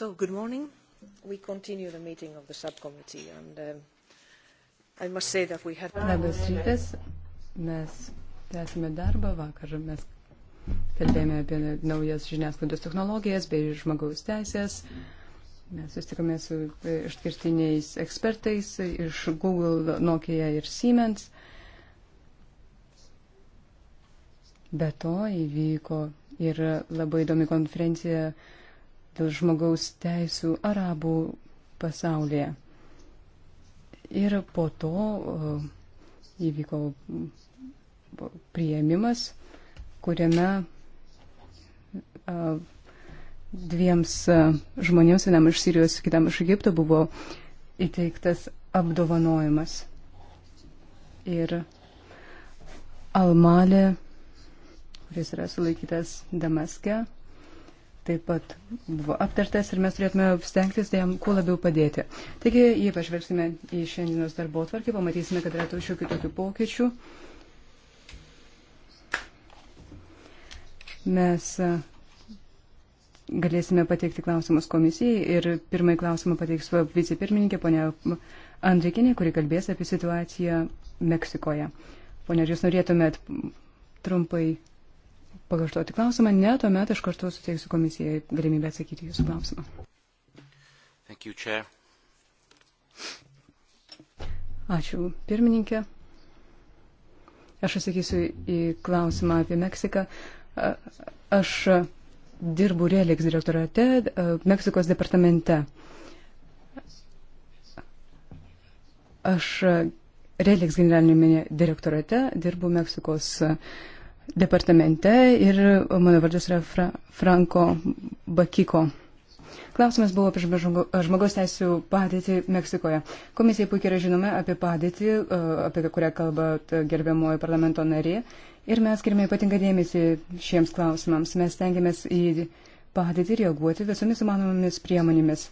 So, good morning. We continue the meeting of the subcommittee, and um, I must say that we had. Labas rytas. Mes tęsime darbą. Vakar mes kalbėjome apie naujas žiniasklaidos technologijas bei žmogaus teisės. Mes susitikome su e, išskirtiniais ekspertais iš Google, Nokia ir Siemens. Be to įvyko ir labai įdomi konferencija žmogaus teisų arabų pasaulyje. Ir po to e, įvyko prieimimas, kuriame e, dviems e, žmonėms, vienam iš Sirijos, kitam iš Egipto, buvo įteiktas apdovanojimas. Ir Almalė, kuris yra sulaikytas Damaske, taip pat buvo aptartas ir mes turėtume stengtis jam kuo labiau padėti. Taigi, jei pažvelgsime į šiandienos darbo tvarkį, pamatysime, kad yra tokių kitokių pokyčių. Mes e, galėsime pateikti klausimus komisijai ir pirmąjį klausimą pateiks vicepirmininkė ponia Andrikinė, kuri kalbės apie situaciją Meksikoje. Pone, ar jūs norėtumėt trumpai pakartoti klausimą? Ne, tuomet aš kartu suteiksiu komisijai galimybę atsakyti jūsų klausimą. Thank you, chair. Ačiū, pirmininkė. Aš atsakysiu į klausimą apie Meksiką. Aš dirbu Relix direktorate Meksikos departamente. Aš Relix generalinėme direktorate dirbu Meksikos uh, departamente ir mano vardas yra Fra Franko Bakiko. Klausimas buvo apie žmogaus teisų padėtį Meksikoje. Komisija puikiai yra žinoma apie padėtį, e, apie kurią kalba gerbiamoji parlamento narė. Ir mes skirime ypatingą dėmesį šiems klausimams. Mes tengiamės į padėtį reaguoti visomis įmanomomis priemonėmis.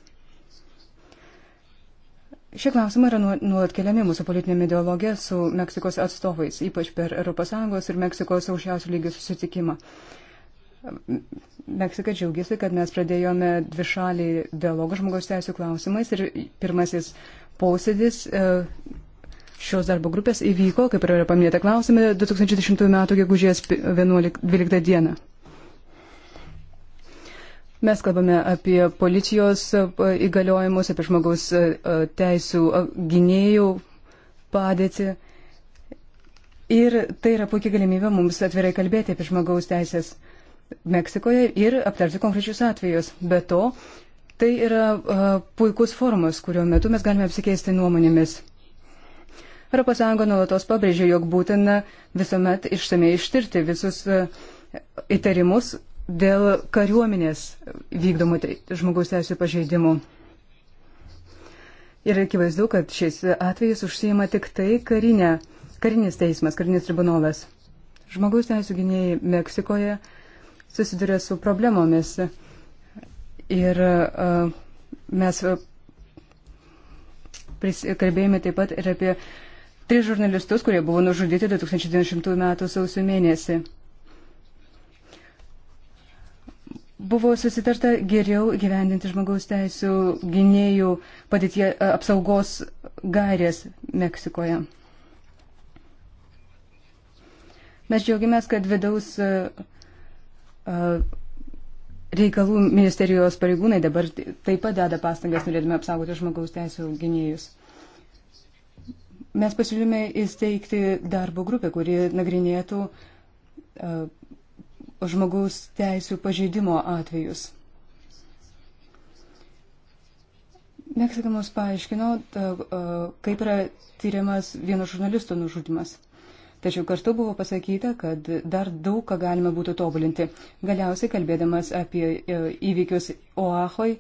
Šie klausimai yra nuolat keliami mūsų politinėme dialoge su Meksikos atstovais, ypač per ES ir Meksikos aukščiausių lygių susitikimą. Meksika džiaugiasi, kad mes pradėjome dvišalį dialogą žmogaus teisų klausimais ir pirmasis posėdis e, šios darbo grupės įvyko, kaip ir yra paminėta klausime, 2010 m. gegužės 12 d. Mes kalbame apie policijos e, įgaliojimus, apie žmogaus e, e, teisų gynėjų padėtį. Ir tai yra puikia galimybė mums atvirai kalbėti apie žmogaus teisės Meksikoje ir aptarti konkrečius atvejus. Be to, tai yra uh, puikus forumas, kurio metu mes galime apsikeisti nuomonėmis. ES nuolatos pabrėžia, jog būtina visuomet išsamei ištirti visus uh, įtarimus dėl kariuomenės vykdomų žmogaus teisų pažeidimų. Ir akivaizdu, kad šis atvejis užsijama tik tai karinė, karinis teismas, karinis tribunolas. Žmogaus teisų gynėjai Meksikoje susiduria su problemomis. Ir uh, mes kalbėjome taip pat ir apie tris žurnalistus, kurie buvo nužudyti 2020 m. sausio mėnesį. buvo susitarta geriau gyvendinti žmogaus teisų gynėjų padėtie apsaugos gairės Meksikoje. Mes džiaugiamės, kad vidaus reikalų ministerijos pareigūnai dabar taip pat deda pastangas, norėdami apsaugoti žmogaus teisų gynėjus. Mes pasiūlyme įsteigti darbo grupę, kuri nagrinėtų uh, žmogaus teisų pažeidimo atvejus. Meksika mums paaiškino, kaip yra tyriamas vieno žurnalisto nužudimas. Tačiau kartu buvo pasakyta, kad dar daug ką galima būtų tobulinti. Galiausiai, kalbėdamas apie e, įvykius Oahoj,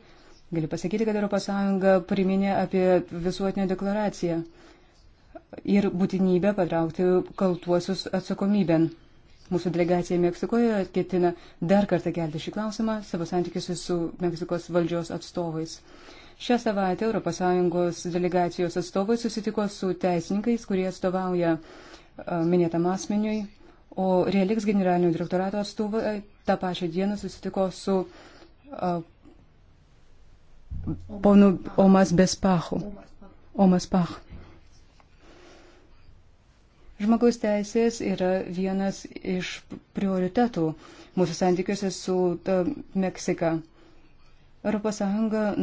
galiu pasakyti, kad ES priminė apie visuotinę deklaraciją ir būtinybę patraukti kaltuosius atsakomybėn. Mūsų delegacija Meksikoje ketina dar kartą kelti šį klausimą savo santykiuose su Meksikos valdžios atstovais. Šią savaitę ES delegacijos atstovai susitiko su teisininkais, kurie atstovauja e, minėtam asmeniui, o Reliks generalinio direktorato atstovai tą pačią dieną susitiko su e, ponu Omas Bespachu. Omas Pach. Žmogaus teisės yra vienas iš prioritetų mūsų santykiuose su e, Meksika. ES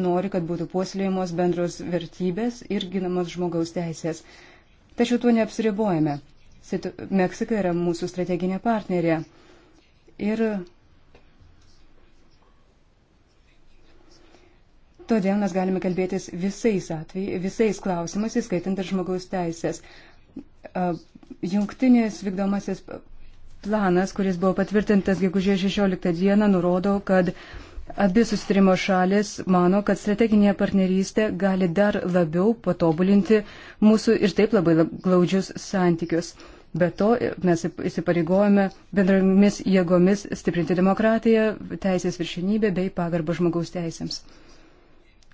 nori, kad būtų puoselėjamos bendros vertybės ir ginamos žmogaus teisės. Tačiau tuo neapsiribojame. Meksika yra mūsų strateginė partnerė. Ir Todėl mes galime kalbėtis visais atvejais, visais klausimais, įskaitant ir žmogaus teisės. Jungtinės vykdomasis planas, kuris buvo patvirtintas gegužės 16 dieną, nurodo, kad abi susitarimo šalis mano, kad strateginė partnerystė gali dar labiau patobulinti mūsų ir taip labai glaudžius santykius. Be to, mes įsipareigojame bendromis jėgomis stiprinti demokratiją, teisės viršinybę bei pagarbą žmogaus teisėms.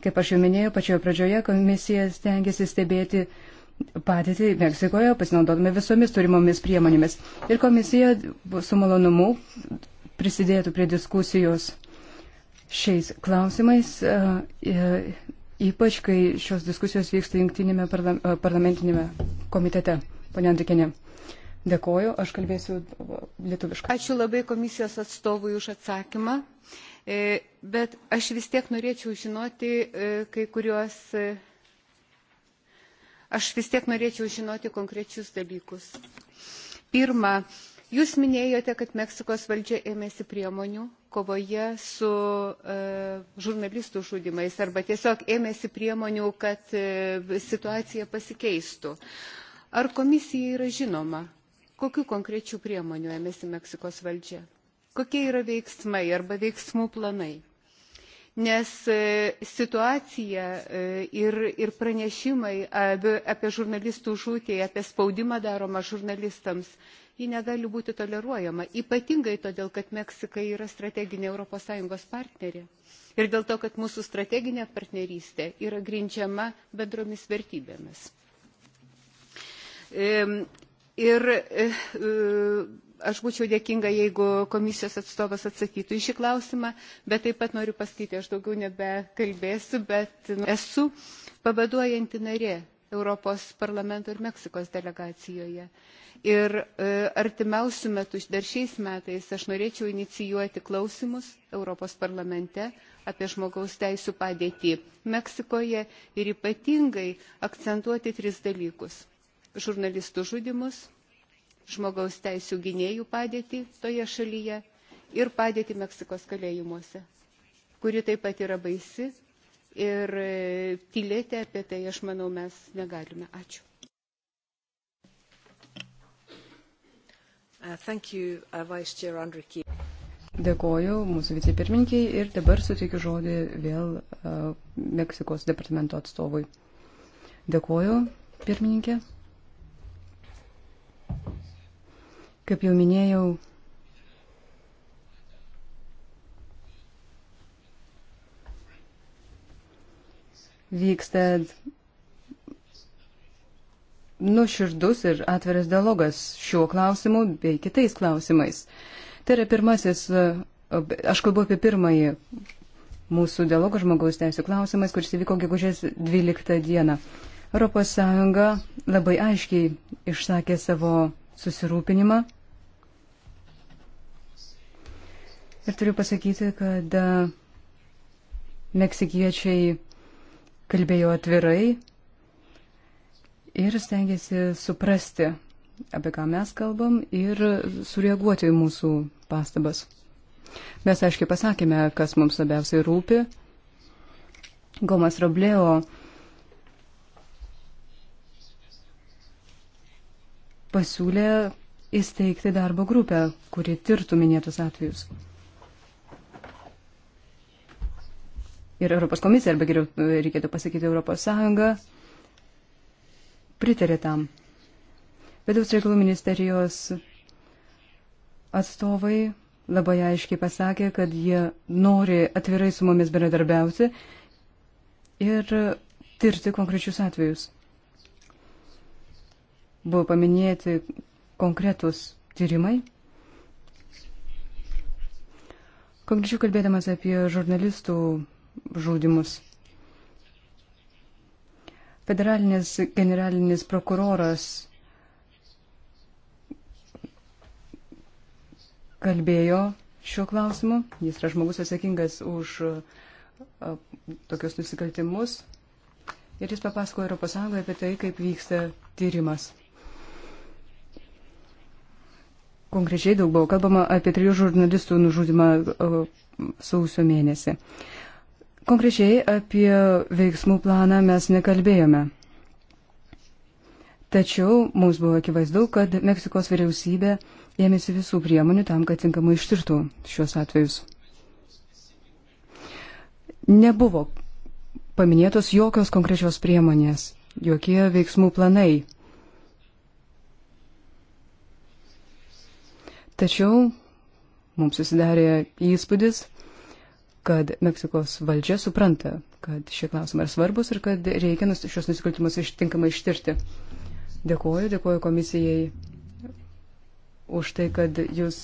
Kaip aš jau minėjau, pačioje pradžioje komisija stengiasi stebėti uh, padėtį Meksikoje, pasinaudodami visomis turimomis priemonėmis. Ir komisija su malonumu prisidėtų prie diskusijos šiais klausimais, e, e, ypač kai šios diskusijos vyksta jungtinėme e, parlamentinėme komitete. Pane Andrikinė, dėkoju, aš kalbėsiu lietuviškai. Ačiū labai komisijos atstovui už atsakymą, bet aš vis tiek norėčiau žinoti kai kuriuos Aš vis tiek norėčiau žinoti konkrečius dalykus. Pirma, jūs minėjote, kad Meksikos valdžia ėmėsi priemonių kovoje su e, žurnalistų žudimais arba tiesiog ėmėsi priemonių, kad e, situacija pasikeistų. Ar komisija yra žinoma, kokiu konkrečiu priemoniu ėmėsi Meksikos valdžia? Kokie yra veiksmai arba veiksmų planai? nes e, situacija e, ir, ir pranešimai apie žurnalistų žūtį, apie spaudimą daromą žurnalistams, ji negali būti toleruojama. Ypatingai todėl, kad Meksika yra strateginė ES partnerė. Ir dėl to, kad mūsų strateginė partnerystė yra grindžiama bendromis vertybėmis. Ir e, Aš būčiau dėkinga, jeigu komisijos atstovas atsakytų į šį klausimą, bet taip pat noriu pasakyti, aš daugiau nebekalbėsiu, bet esu pavaduojanti narė Europos parlamento ir Meksikos delegacijoje. Ir e, artimiausių metų, dar šiais metais, aš norėčiau inicijuoti klausimus Europos parlamente apie žmogaus teisų padėtį Meksikoje ir ypatingai akcentuoti tris dalykus - žurnalistų žudimus, žmogaus teisų gynėjų padėtį toje šalyje ir padėtį Meksikos kalėjimuose, kuri taip pat yra baisi ir e, tylėti apie tai, aš manau, mes negalime. Ačiū. Uh, thank you, uh, Vice Chair Andrikė. Dėkoju mūsų vicepirminkiai ir dabar suteikiu žodį vėl uh, Meksikos departamento atstovui. Dėkoju, pirmininkė. Kaip jau minėjau, vyksta nuširdus ir atviras dialogas šiuo klausimu bei kitais klausimais. Tai yra pirmasis, aš kalbu apie pirmąjį mūsų dialogo žmogaus teisų klausimais, kuris įvyko gegužės 12 dieną. ES labai aiškiai išsakė savo susirūpinimą Ir turiu pasakyti, kad e, meksikiečiai kalbėjo atvirai ir stengiasi suprasti, apie ką mes kalbam ir sureaguoti į mūsų pastabas. Mes aiškiai pasakėme, kas mums labiausiai rūpi. Gomas Robleo pasiūlė įsteigti darbo grupę, kuri tirtų minėtus atvejus. ir Europos komisija, arba geriau e, reikėtų pasakyti Europos Sąjunga, pritarė tam. Vidaus reikalų ministerijos atstovai labai aiškiai pasakė, kad jie nori atvirai su mumis bendradarbiauti ir tirti konkrečius atvejus. Buvo paminėti konkretus tyrimai. Konkrečiau kalbėdamas apie žurnalistų žudimus. Federalinis generalinis prokuroras kalbėjo šiuo klausimu. Jis yra žmogus atsakingas už tokius nusikaltimus. Ir jis papasakojo Europos Sąjungoje apie tai, kaip vyksta tyrimas. Konkrečiai daug buvo kalbama apie trijų žurnalistų nužudimą sausio mėnesį. Konkrečiai apie veiksmų planą mes nekalbėjome. Tačiau mums buvo akivaizdu, kad Meksikos vyriausybė ėmėsi visų priemonių tam, kad tinkamai ištirtų šios atvejus. Nebuvo paminėtos jokios konkrečios priemonės, jokie veiksmų planai. Tačiau mums susidarė įspūdis, kad Meksikos valdžia supranta, kad šie klausimai yra svarbus ir kad reikia šios nusikaltimus ištinkamai ištirti. Dėkuoju, dėkuoju komisijai už tai, kad jūs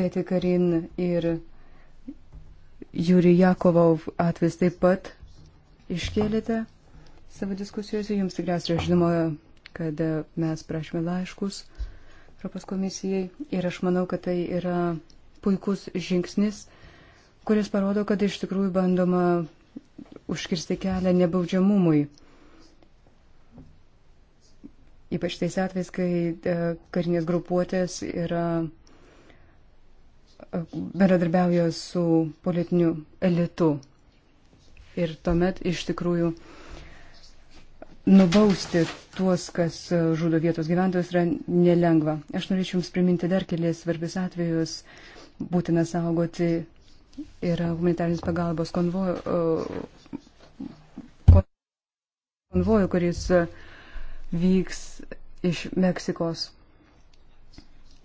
Beti Karin ir Jūri Jakovov atvejs taip pat iškėlėte savo diskusijose. Jums tikriausiai žinoma, kad mes prašome laiškus Europos komisijai ir aš manau, kad tai yra puikus žingsnis kuris parodo, kad iš tikrųjų bandoma užkirsti kelią nebaudžiamumui. Ypač tais atvejais, kai e, karinės grupuotės yra e, bendradarbiauja su politiniu elitu. Ir tuomet iš tikrųjų nubausti tuos, kas e, žudo vietos gyventojus, yra nelengva. Aš norėčiau Jums priminti dar kelias svarbius atvejus. Būtina saugoti ir humanitarinis pagalbos konvojų, konvojų kuris e, vyks iš Meksikos.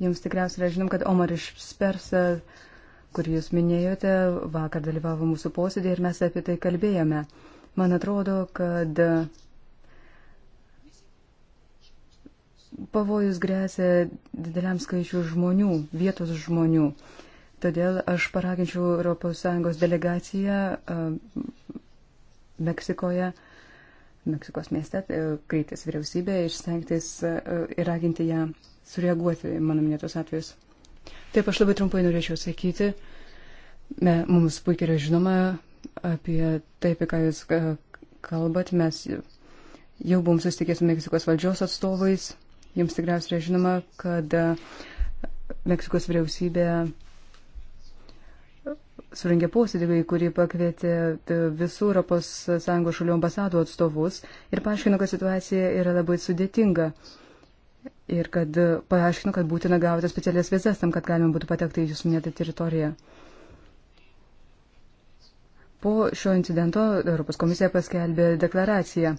Jums tikriausiai yra žinom, kad Omar iš Spersa, kurį jūs minėjote, vakar dalyvavo mūsų posėdėje ir mes apie tai kalbėjome. Man atrodo, kad e, pavojus grėsia dideliam skaičiu žmonių, vietos žmonių. Uh, Todėl aš paraginčiau ES delegaciją e, Meksikoje, Meksikos mieste, e, kreiptis vyriausybę ir stengtis e, ir raginti ją sureaguoti į mano minėtos atvejus. Taip aš labai trumpai norėčiau sakyti. Mums puikiai yra žinoma apie tai, apie ką jūs kalbat. Mes jau buvom susitikę su Meksikos valdžios atstovais. Jums tikriausiai yra žinoma, kad Meksikos vyriausybė surinkė posėdį, į kurį pakvietė e, visų ES šalių ambasadų atstovus ir paaiškino, kad situacija yra labai sudėtinga. Ir kad e, paaiškino, kad būtina gauti specialias vizas tam, kad galima būtų patekti į jūsų minėtą teritoriją. Po šio incidento Europos komisija paskelbė deklaraciją.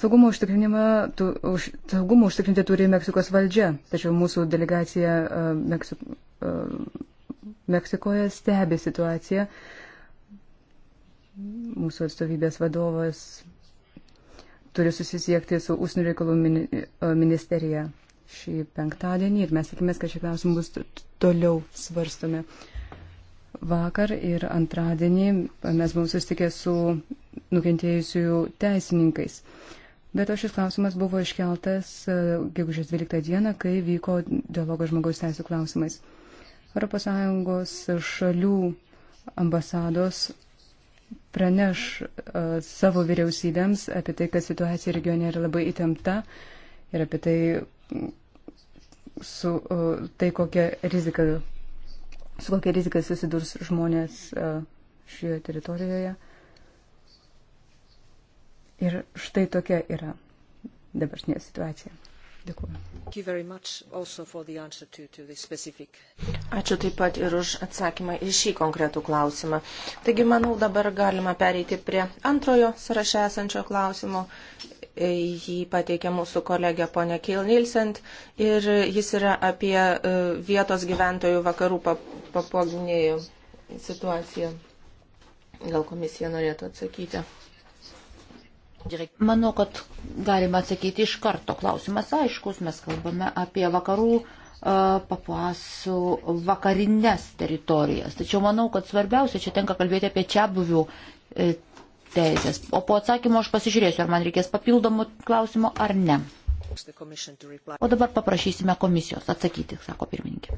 Saugumo, tu, už, saugumo užtikrinti turi Meksikos valdžia, tačiau mūsų delegacija uh, Meksik, uh, Meksikoje stebi situaciją. Mūsų atstovybės vadovas turi susisiekti su Užsienio reikalų e, ministerija šį penktadienį ir mes tikimės, kad šį klausimą bus toliau svarstome. Vakar ir antradienį mes buvome susitikę su nukentėjusiųjų teisininkais. Bet o šis klausimas buvo iškeltas e, gegužės 12 dieną, kai vyko dialogas žmogaus teisų klausimais. ES šalių ambasados praneš e, savo vyriausybėms apie tai, kad situacija regione yra labai įtempta ir apie tai, su, e, tai kokia rizika, su kokia rizika susidurs žmonės e, šioje teritorijoje. Ir štai tokia yra dabartinė situacija. Dėkuoju. Ačiū taip pat ir už atsakymą į šį konkretų klausimą. Taigi, manau, dabar galima pereiti prie antrojo sąraše esančio klausimo. E, jį pateikė mūsų kolegė ponė Keil Nilsent ir jis yra apie e, vietos gyventojų vakarų papoginėjų situaciją. Gal komisija norėtų atsakyti? Manau, kad galima atsakyti iš karto. Klausimas aiškus, mes kalbame apie vakarų e, papuasų vakarinės teritorijas. Tačiau manau, kad svarbiausia čia tenka kalbėti apie čia buvių e, teisės. O po atsakymo aš pasižiūrėsiu, ar man reikės papildomų klausimų ar ne. O dabar paprašysime komisijos atsakyti, sako pirmininkė.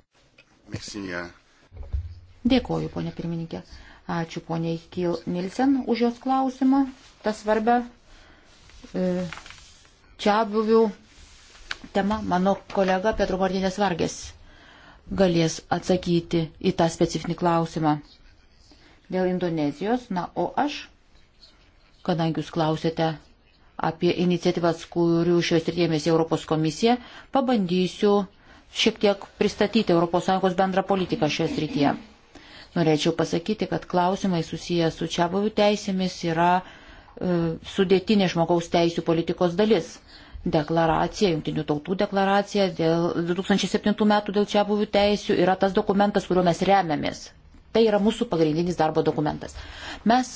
Dėkoju, ponė pirmininkė. Ačiū ponė Kil Nilsen už jos klausimą. Ta svarbia E, čia buvių tema. Mano kolega Petro Martinės Vargės galės atsakyti į tą specifinį klausimą dėl Indonezijos. Na, o aš, kadangi jūs klausėte apie iniciatyvas, kurių šios ir ėmėsi Europos komisija, pabandysiu šiek tiek pristatyti ES bendrą politiką šioje srityje. Norėčiau pasakyti, kad klausimai susiję su čia buvių teisėmis yra E, sudėtinė žmogaus teisų politikos dalis. Deklaracija, Junktinių tautų deklaracija dėl 2007 metų dėl čia buvių teisių yra tas dokumentas, kuriuo mes remiamės. Tai yra mūsų pagrindinis darbo dokumentas. Mes,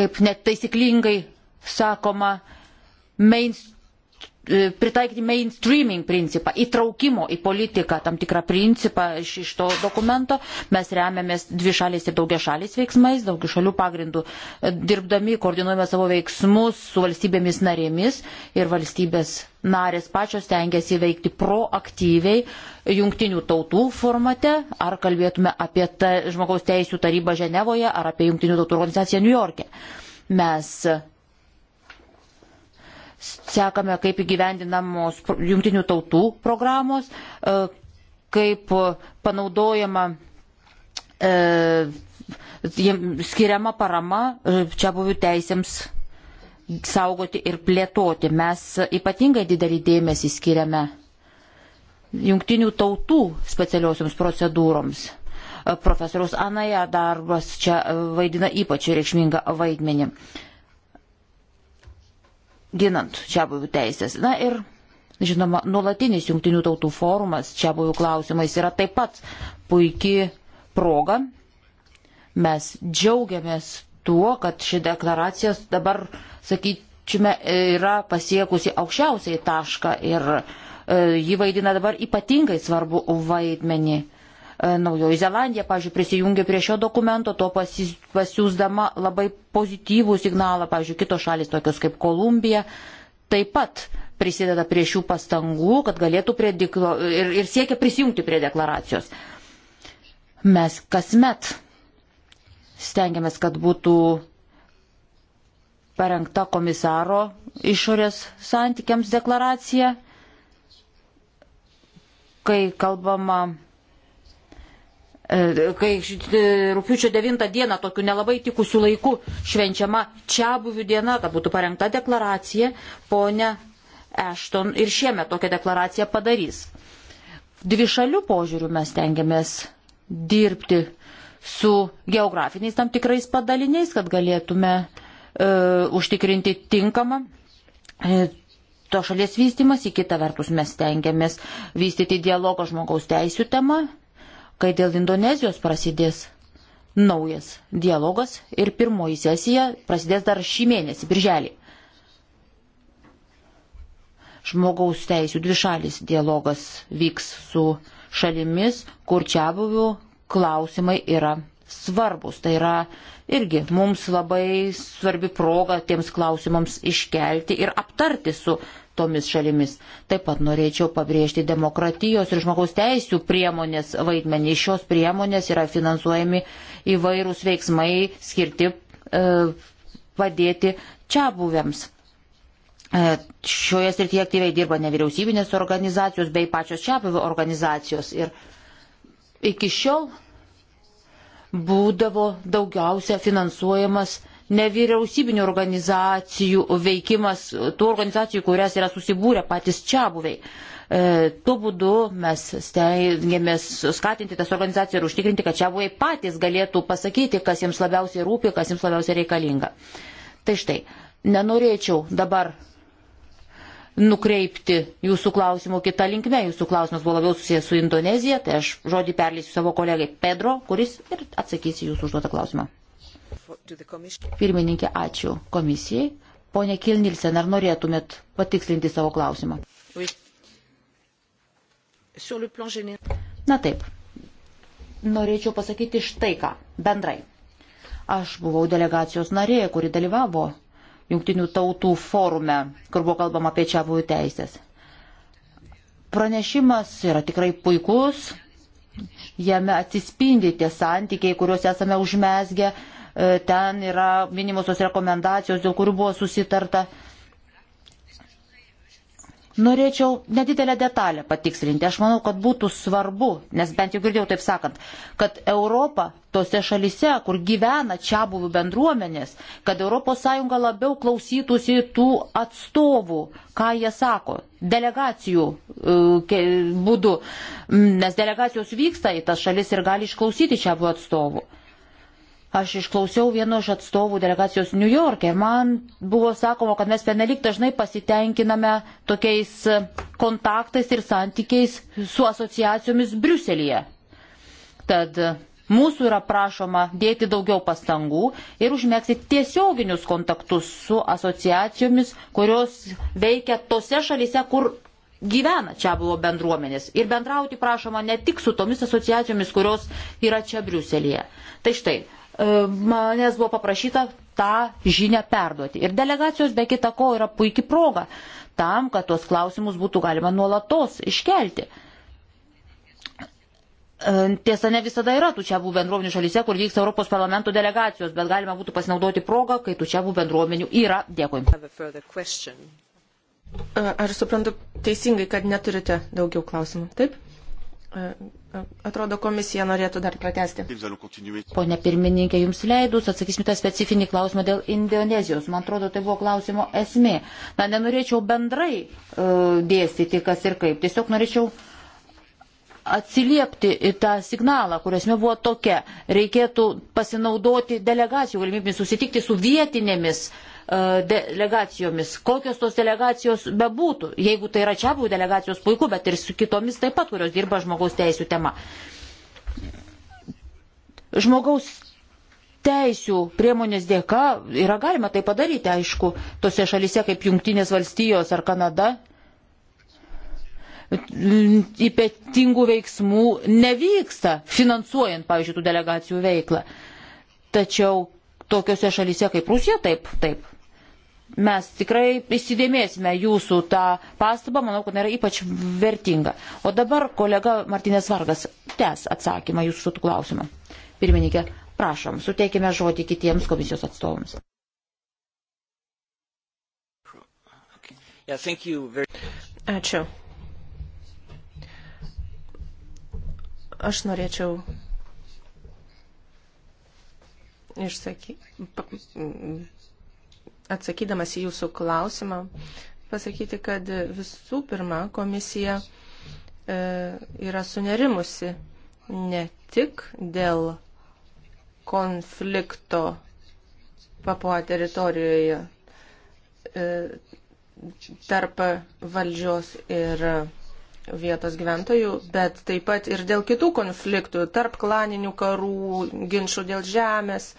kaip net taisyklingai sakoma, mainstream E, pritaikyti mainstreaming principą, įtraukimo į politiką tam tikrą principą iš, iš to dokumento. Mes remiamės dvi šalės ir daugia šalės veiksmais, daugia šalių pagrindų. E, dirbdami koordinuojame savo veiksmus su valstybėmis narėmis ir valstybės narės pačios tengiasi veikti proaktyviai jungtinių tautų formate, ar kalbėtume apie ta, žmogaus teisų tarybą Ženevoje, ar apie jungtinių tautų organizaciją New York'e. Mes sekame, kaip įgyvendinamos jungtinių tautų programos, e, kaip panaudojama e, skiriama parama e, čia buvių teisėms saugoti ir plėtoti. Mes ypatingai didelį dėmesį skiriame jungtinių tautų specialiosioms procedūroms. Profesoriaus Anaja darbas čia vaidina ypač reikšmingą vaidmenį. Uh, ginant čia buvių teisės. Na ir, žinoma, nuolatinis jungtinių tautų forumas čia buvių klausimais yra taip pat puikiai proga. Mes džiaugiamės tuo, kad ši deklaracija dabar, sakyčiame, yra pasiekusi aukščiausiai tašką ir e, jį vaidina dabar ypatingai svarbu vaidmenį. E, Naujoji Zelandija, pavyzdžiui, prisijungė prie šio dokumento, to pasiūsdama labai pozityvų signalą, pavyzdžiui, kitos šalis tokios kaip Kolumbija taip pat prisideda prie šių pastangų, kad galėtų prie diklo, ir, ir siekia prisijungti prie deklaracijos. Mes kasmet stengiamės, kad būtų parengta komisaro išorės santykiams deklaracija, kai kalbama E, kai e, rūpiučio 9 dieną tokiu nelabai tikusiu laiku švenčiama čia buvių diena, kad būtų parengta deklaracija, ponia Ešton ir šiemet tokią deklaraciją padarys. Dvi šalių požiūrių mes tengiamės dirbti su geografiniais tam tikrais padaliniais, kad galėtume e, užtikrinti tinkamą e, to šalies vystimas, į kitą vertus mes tengiamės vystyti dialogą žmogaus teisų temą kai dėl Indonezijos prasidės naujas dialogas ir pirmoji sesija prasidės dar šį mėnesį, birželį. Žmogaus teisų dvišalis dialogas vyks su šalimis, kur čia buvių klausimai yra svarbus. Tai yra irgi mums labai svarbi proga tiems klausimams iškelti ir aptarti su tomis šalimis. Taip pat norėčiau pabrėžti demokratijos ir žmogaus teisų priemonės vaidmenį. Iš šios priemonės yra finansuojami įvairūs veiksmai skirti e, padėti čia buvėms. E, šioje srityje aktyviai dirba nevyriausybinės organizacijos bei pačios čia buvę organizacijos. Ir iki šiol būdavo daugiausia finansuojamas e, nevyriausybinių organizacijų veikimas, tų organizacijų, kurias yra susibūrę patys čia buviai. E, tuo būdu mes stengiamės skatinti tas organizacijas ir užtikrinti, kad čia buvai patys galėtų pasakyti, kas jiems labiausiai rūpi, kas jiems labiausiai reikalinga. Tai štai, nenorėčiau dabar nukreipti jūsų klausimų kitą linkmę. Jūsų klausimas buvo labiau susijęs su Indonezija, tai aš žodį perleisiu savo kolegai Pedro, kuris ir atsakys jūsų užduotą klausimą. Pirmininkė, ačiū komisijai. Pone Kilnilsen, ar norėtumėt patikslinti savo klausimą? Oui. Na taip. Norėčiau pasakyti štai ką, bendrai. Aš buvau delegacijos narė, kuri dalyvavo Junktinių tautų forume, kur buvo kalbama apie čia buvų teisės. Pranešimas yra tikrai puikus, jame atsispindi tie santykiai, kuriuos esame užmesgę ten yra minimos tos rekomendacijos, dėl kurių buvo susitarta. Norėčiau nedidelę detalę patikslinti. Aš manau, kad būtų svarbu, nes bent jau girdėjau taip sakant, kad Europa tose šalise, kur gyvena čia buvų bendruomenės, kad ES labiau klausytųsi tų atstovų, ką jie sako, delegacijų e, būdu, nes delegacijos vyksta į tas šalis ir gali išklausyti čia buvų atstovų. Aš išklausiau vieno iš atstovų delegacijos New York'e. Man buvo sakoma, kad mes penelik dažnai pasitenkiname tokiais kontaktais ir santykiais su asociacijomis Briuselėje. Tad mūsų yra prašoma dėti daugiau pastangų ir užmėgti tiesioginius kontaktus su asociacijomis, kurios veikia tose šalise, kur gyvena čia buvo bendruomenės. Ir bendrauti prašoma ne tik su tomis asociacijomis, kurios yra čia Briuselėje. Tai štai, E, manęs buvo paprašyta tą žinią perduoti. Ir delegacijos be kita ko yra puikia proga tam, kad tuos klausimus būtų galima nuolatos iškelti. E, tiesa, ne visada yra tų čia buvų bendruomenių šalyse, kur vyksta Europos parlamento delegacijos, bet galima būtų pasinaudoti progą, kai tų čia buvų bendruomenių yra. Dėkui. Ar suprantu teisingai, kad neturite daugiau klausimų? Taip? Atrodo, komisija norėtų dar pratesti. Pone pirmininkė, jums leidus atsakysime tą specifinį klausimą dėl Indonezijos. Man atrodo, tai buvo klausimo esmė. Na, nenorėčiau bendrai uh, dėstyti, kas ir kaip. Tiesiog norėčiau atsiliepti į tą signalą, kur esmė buvo tokia. Reikėtų pasinaudoti delegacijų galimybėmis, susitikti su vietinėmis uh, E, delegacijomis, kokios tos delegacijos bebūtų, jeigu tai yra čia buvų delegacijos puiku, bet ir su kitomis taip pat, kurios dirba žmogaus teisų tema. Žmogaus teisių priemonės dėka yra galima tai padaryti, aišku, tose šalise kaip Junktinės valstijos ar Kanada ypatingų veiksmų nevyksta, finansuojant, pavyzdžiui, tų delegacijų veiklą. Tačiau tokiuose šalyse kaip Rusija taip, taip, Mes tikrai įsidėmėsime jūsų tą pastabą, manau, kad yra ypač vertinga. O dabar kolega Martinės Vargas tęs atsakymą jūsų sutų klausimą. Pirmininkė, prašom, suteikime žodį kitiems komisijos atstovams. Ačiū. Aš norėčiau išsakyti, atsakydamas į jūsų klausimą, pasakyti, kad visų pirma komisija e, yra sunerimusi ne tik dėl konflikto Papua teritorijoje e, tarp valdžios ir vietos gyventojų, bet taip pat ir dėl kitų konfliktų, tarp klaninių karų, ginčių dėl žemės,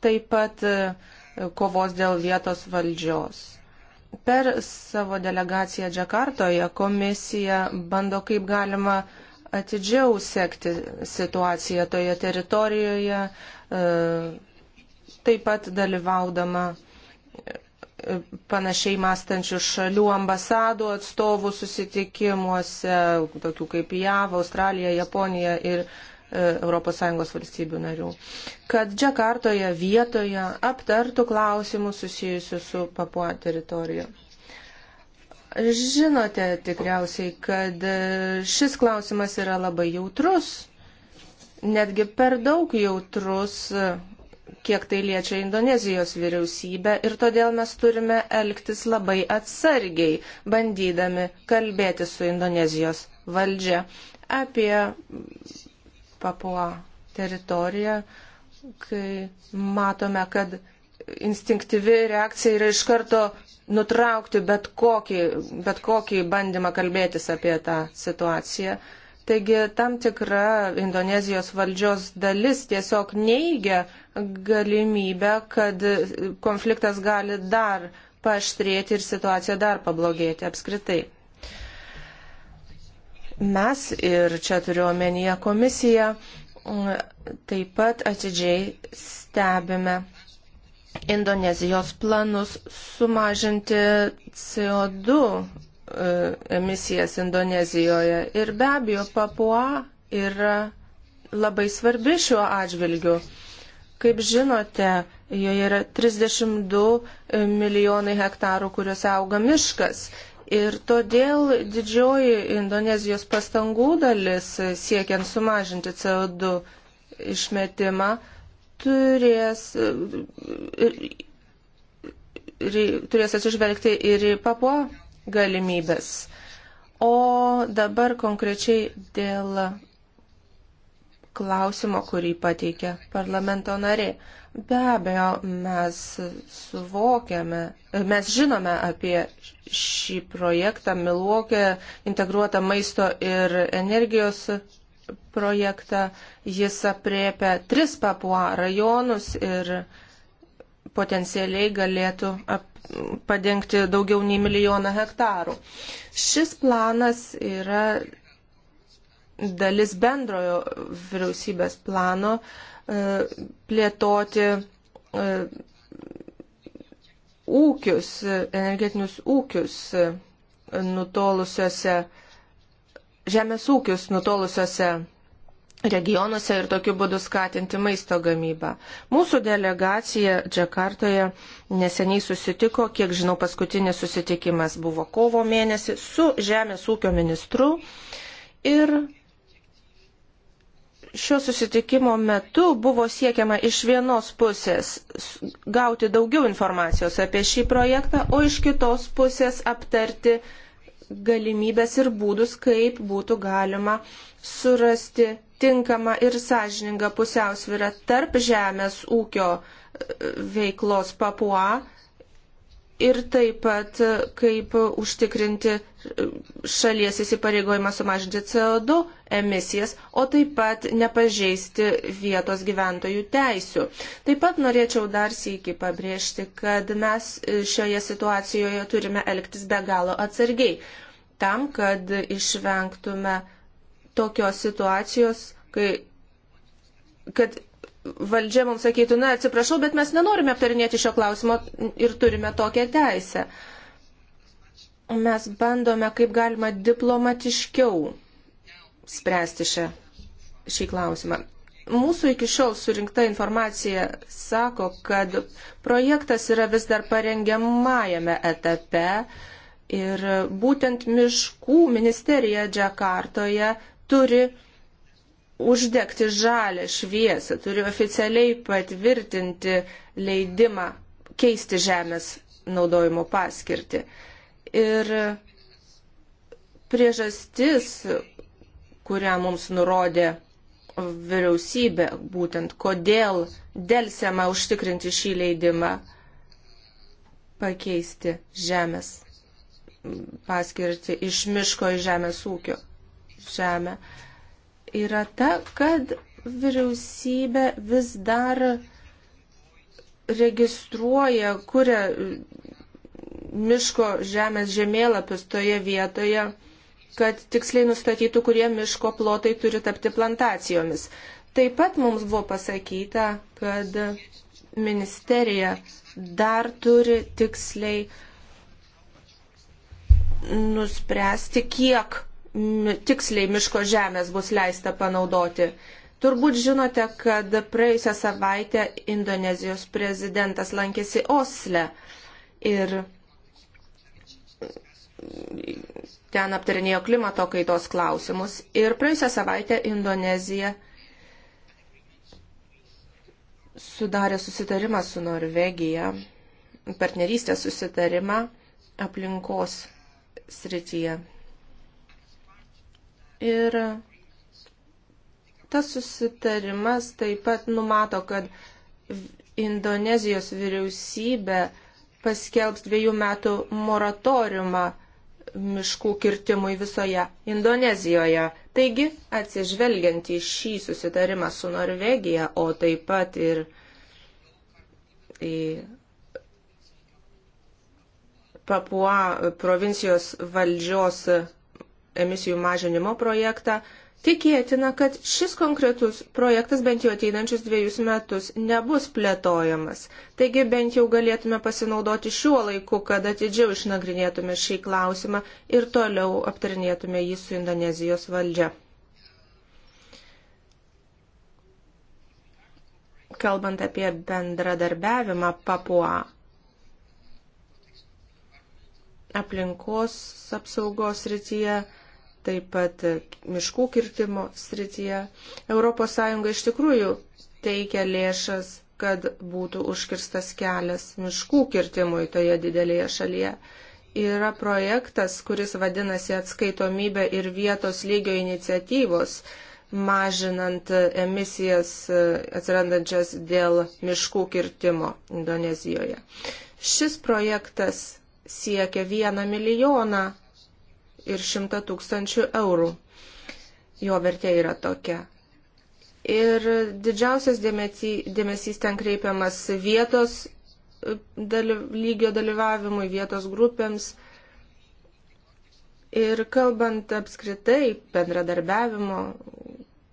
taip pat uh, kovos dėl vietos valdžios. Per savo delegaciją Džakartoje komisija bando kaip galima atidžiau sekti situaciją toje teritorijoje, e, taip pat dalyvaudama e, panašiai mąstančių šalių ambasadų atstovų susitikimuose, tokių kaip JAV, Australija, Japonija ir ES valstybių narių, kad Džakartoje vietoje aptartų klausimus susijusius su Papua teritorija. Žinote tikriausiai, kad šis klausimas yra labai jautrus, netgi per daug jautrus, kiek tai liečia Indonezijos vyriausybę ir todėl mes turime elgtis labai atsargiai, bandydami kalbėti su Indonezijos valdžia apie Papua teritoriją, kai matome, kad instinktyvi reakcija yra iš karto nutraukti bet kokį, bet kokį bandymą kalbėtis apie tą situaciją. Taigi tam tikra Indonezijos valdžios dalis tiesiog neigia galimybę, kad konfliktas gali dar paaštrėti ir situacija dar pablogėti apskritai. Mes ir čia turiu omenyje komisiją taip pat atidžiai stebime Indonezijos planus sumažinti CO2 e, emisijas Indonezijoje. Ir be abejo, Papua yra labai svarbi šiuo atžvilgiu. Kaip žinote, joje yra 32 milijonai hektarų, kuriuose auga miškas. Ir todėl didžioji Indonezijos pastangų dalis e, siekiant sumažinti CO2 išmetimą turės, e, turės atsižvelgti ir į papo galimybės. O dabar konkrečiai dėl klausimo, kurį pateikė parlamento narė. Be abejo, mes suvokiame, mes žinome apie šį projektą Milvokė integruotą maisto ir energijos projektą. Jis apriepia tris papua rajonus ir potencialiai galėtų padengti daugiau nei milijoną hektarų. Šis planas yra dalis bendrojo vyriausybės plano e, plėtoti e, ūkius, energetinius ūkius nutolusiuose, žemės ūkius nutolusiuose regionuose ir tokiu būdu skatinti maisto gamybą. Mūsų delegacija Džakartoje neseniai susitiko, kiek žinau, paskutinis susitikimas buvo kovo mėnesį su žemės ūkio ministru ir šio susitikimo metu buvo siekiama iš vienos pusės gauti daugiau informacijos apie šį projektą, o iš kitos pusės aptarti galimybės ir būdus, kaip būtų galima surasti tinkamą ir sąžiningą pusiausvyrą tarp žemės ūkio e, veiklos papua ir taip pat kaip užtikrinti šalies įsipareigojimą sumažinti CO2 emisijas, o taip pat nepažeisti vietos gyventojų teisių. Taip pat norėčiau dar sėki pabrėžti, kad mes šioje situacijoje turime elgtis be galo atsargiai, tam, kad išvengtume tokios situacijos, kai kad valdžia mums sakytų, na atsiprašau, bet mes nenorime aptarinėti šio klausimo ir turime tokią teisę. Mes bandome kaip galima diplomatiškiau spręsti šią, šį klausimą. Mūsų iki šiol surinkta informacija sako, kad projektas yra vis dar parengiamajame etape ir būtent miškų ministerija Džakartoje turi uždegti žalę šviesą, turi oficialiai patvirtinti leidimą keisti žemės naudojimo paskirtį. Ir priežastis, kurią mums nurodė vyriausybė, būtent kodėl dėlsiama užtikrinti šį leidimą pakeisti žemės paskirti iš miško į žemės ūkio žemę. Uh, yra ta, kad vyriausybė vis dar registruoja, kuria miško žemės žemėlapius toje vietoje, kad tiksliai nustatytų, kurie miško plotai turi tapti plantacijomis. Taip pat mums buvo pasakyta, kad ministerija dar turi tiksliai nuspręsti, kiek tiksliai miško žemės bus leista panaudoti. Turbūt žinote, kad praėjusią savaitę Indonezijos prezidentas lankėsi Osle ir ten aptarinėjo klimato kaitos klausimus. Ir praėjusią savaitę Indonezija sudarė susitarimą su Norvegija, partnerystės susitarimą aplinkos srityje. Ir tas susitarimas taip pat numato, kad Indonezijos vyriausybė paskelbs dviejų metų moratoriumą miškų kirtimui visoje Indonezijoje. Taigi, atsižvelgiant į šį susitarimą su Norvegija, o taip pat ir į Papua provincijos valdžios emisijų mažinimo projektą, tikėtina, kad šis konkretus projektas bent jau ateinančius dviejus metus nebus plėtojamas. Taigi bent jau galėtume pasinaudoti šiuo laiku, kad atidžiau išnagrinėtume šį klausimą ir toliau aptarinėtume jį su Indonezijos valdžia. Kalbant apie bendradarbiavimą Papua, aplinkos apsaugos rytyje taip pat miškų kirtimo srityje. ES iš tikrųjų teikia lėšas, kad būtų užkirstas kelias miškų kirtimui toje didelėje šalyje. Yra projektas, kuris vadinasi atskaitomybė ir vietos lygio iniciatyvos, mažinant emisijas e, atsirandančias dėl miškų kirtimo Indonezijoje. Šis projektas siekia vieną milijoną ir 100 tūkstančių eurų. Jo vertė yra tokia. Ir didžiausias dėmesys, dėmesys ten kreipiamas vietos e, dalyv, lygio dalyvavimui, vietos grupėms. Ir kalbant apskritai bendradarbiavimo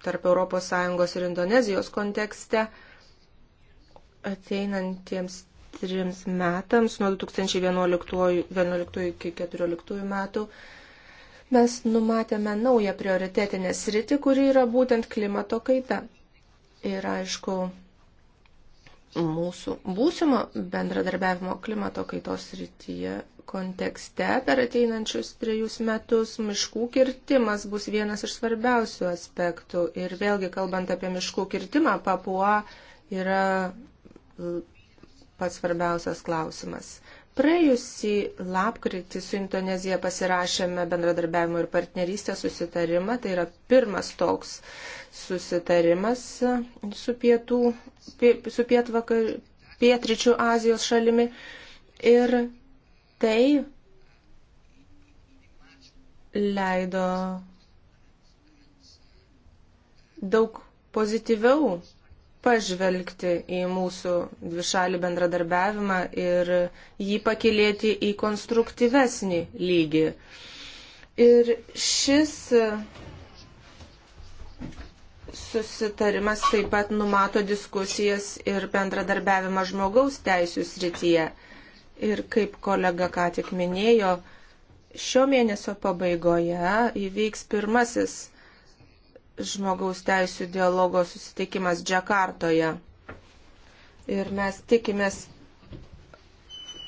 tarp ES ir Indonezijos kontekste, ateinantiems trims metams, nuo 2011 iki 2014 metų, mes numatėme naują prioritetinę sritį, kuri yra būtent klimato kaita. Ir aišku, mūsų būsimo bendradarbiavimo klimato kaitos srityje kontekste per ateinančius trejus metus miškų kirtimas bus vienas iš svarbiausių aspektų. Ir vėlgi, kalbant apie miškų kirtimą, papua yra pats svarbiausias klausimas. Praėjusį lapkritį su Indonezija pasirašėme bendradarbiavimo ir partnerystės susitarimą. Tai yra pirmas toks susitarimas su, pietų, su pietvakar, pietričių Azijos šalimi. Ir tai leido daug pozityviau pažvelgti į mūsų dvišalį bendradarbiavimą ir jį pakilėti į konstruktyvesnį lygį. Ir šis susitarimas taip pat numato diskusijas ir bendradarbiavimą žmogaus teisų srityje. Ir kaip kolega ką tik minėjo, šio mėnesio pabaigoje įvyks pirmasis žmogaus teisų dialogo susitikimas Džakartoje. Ir mes tikimės,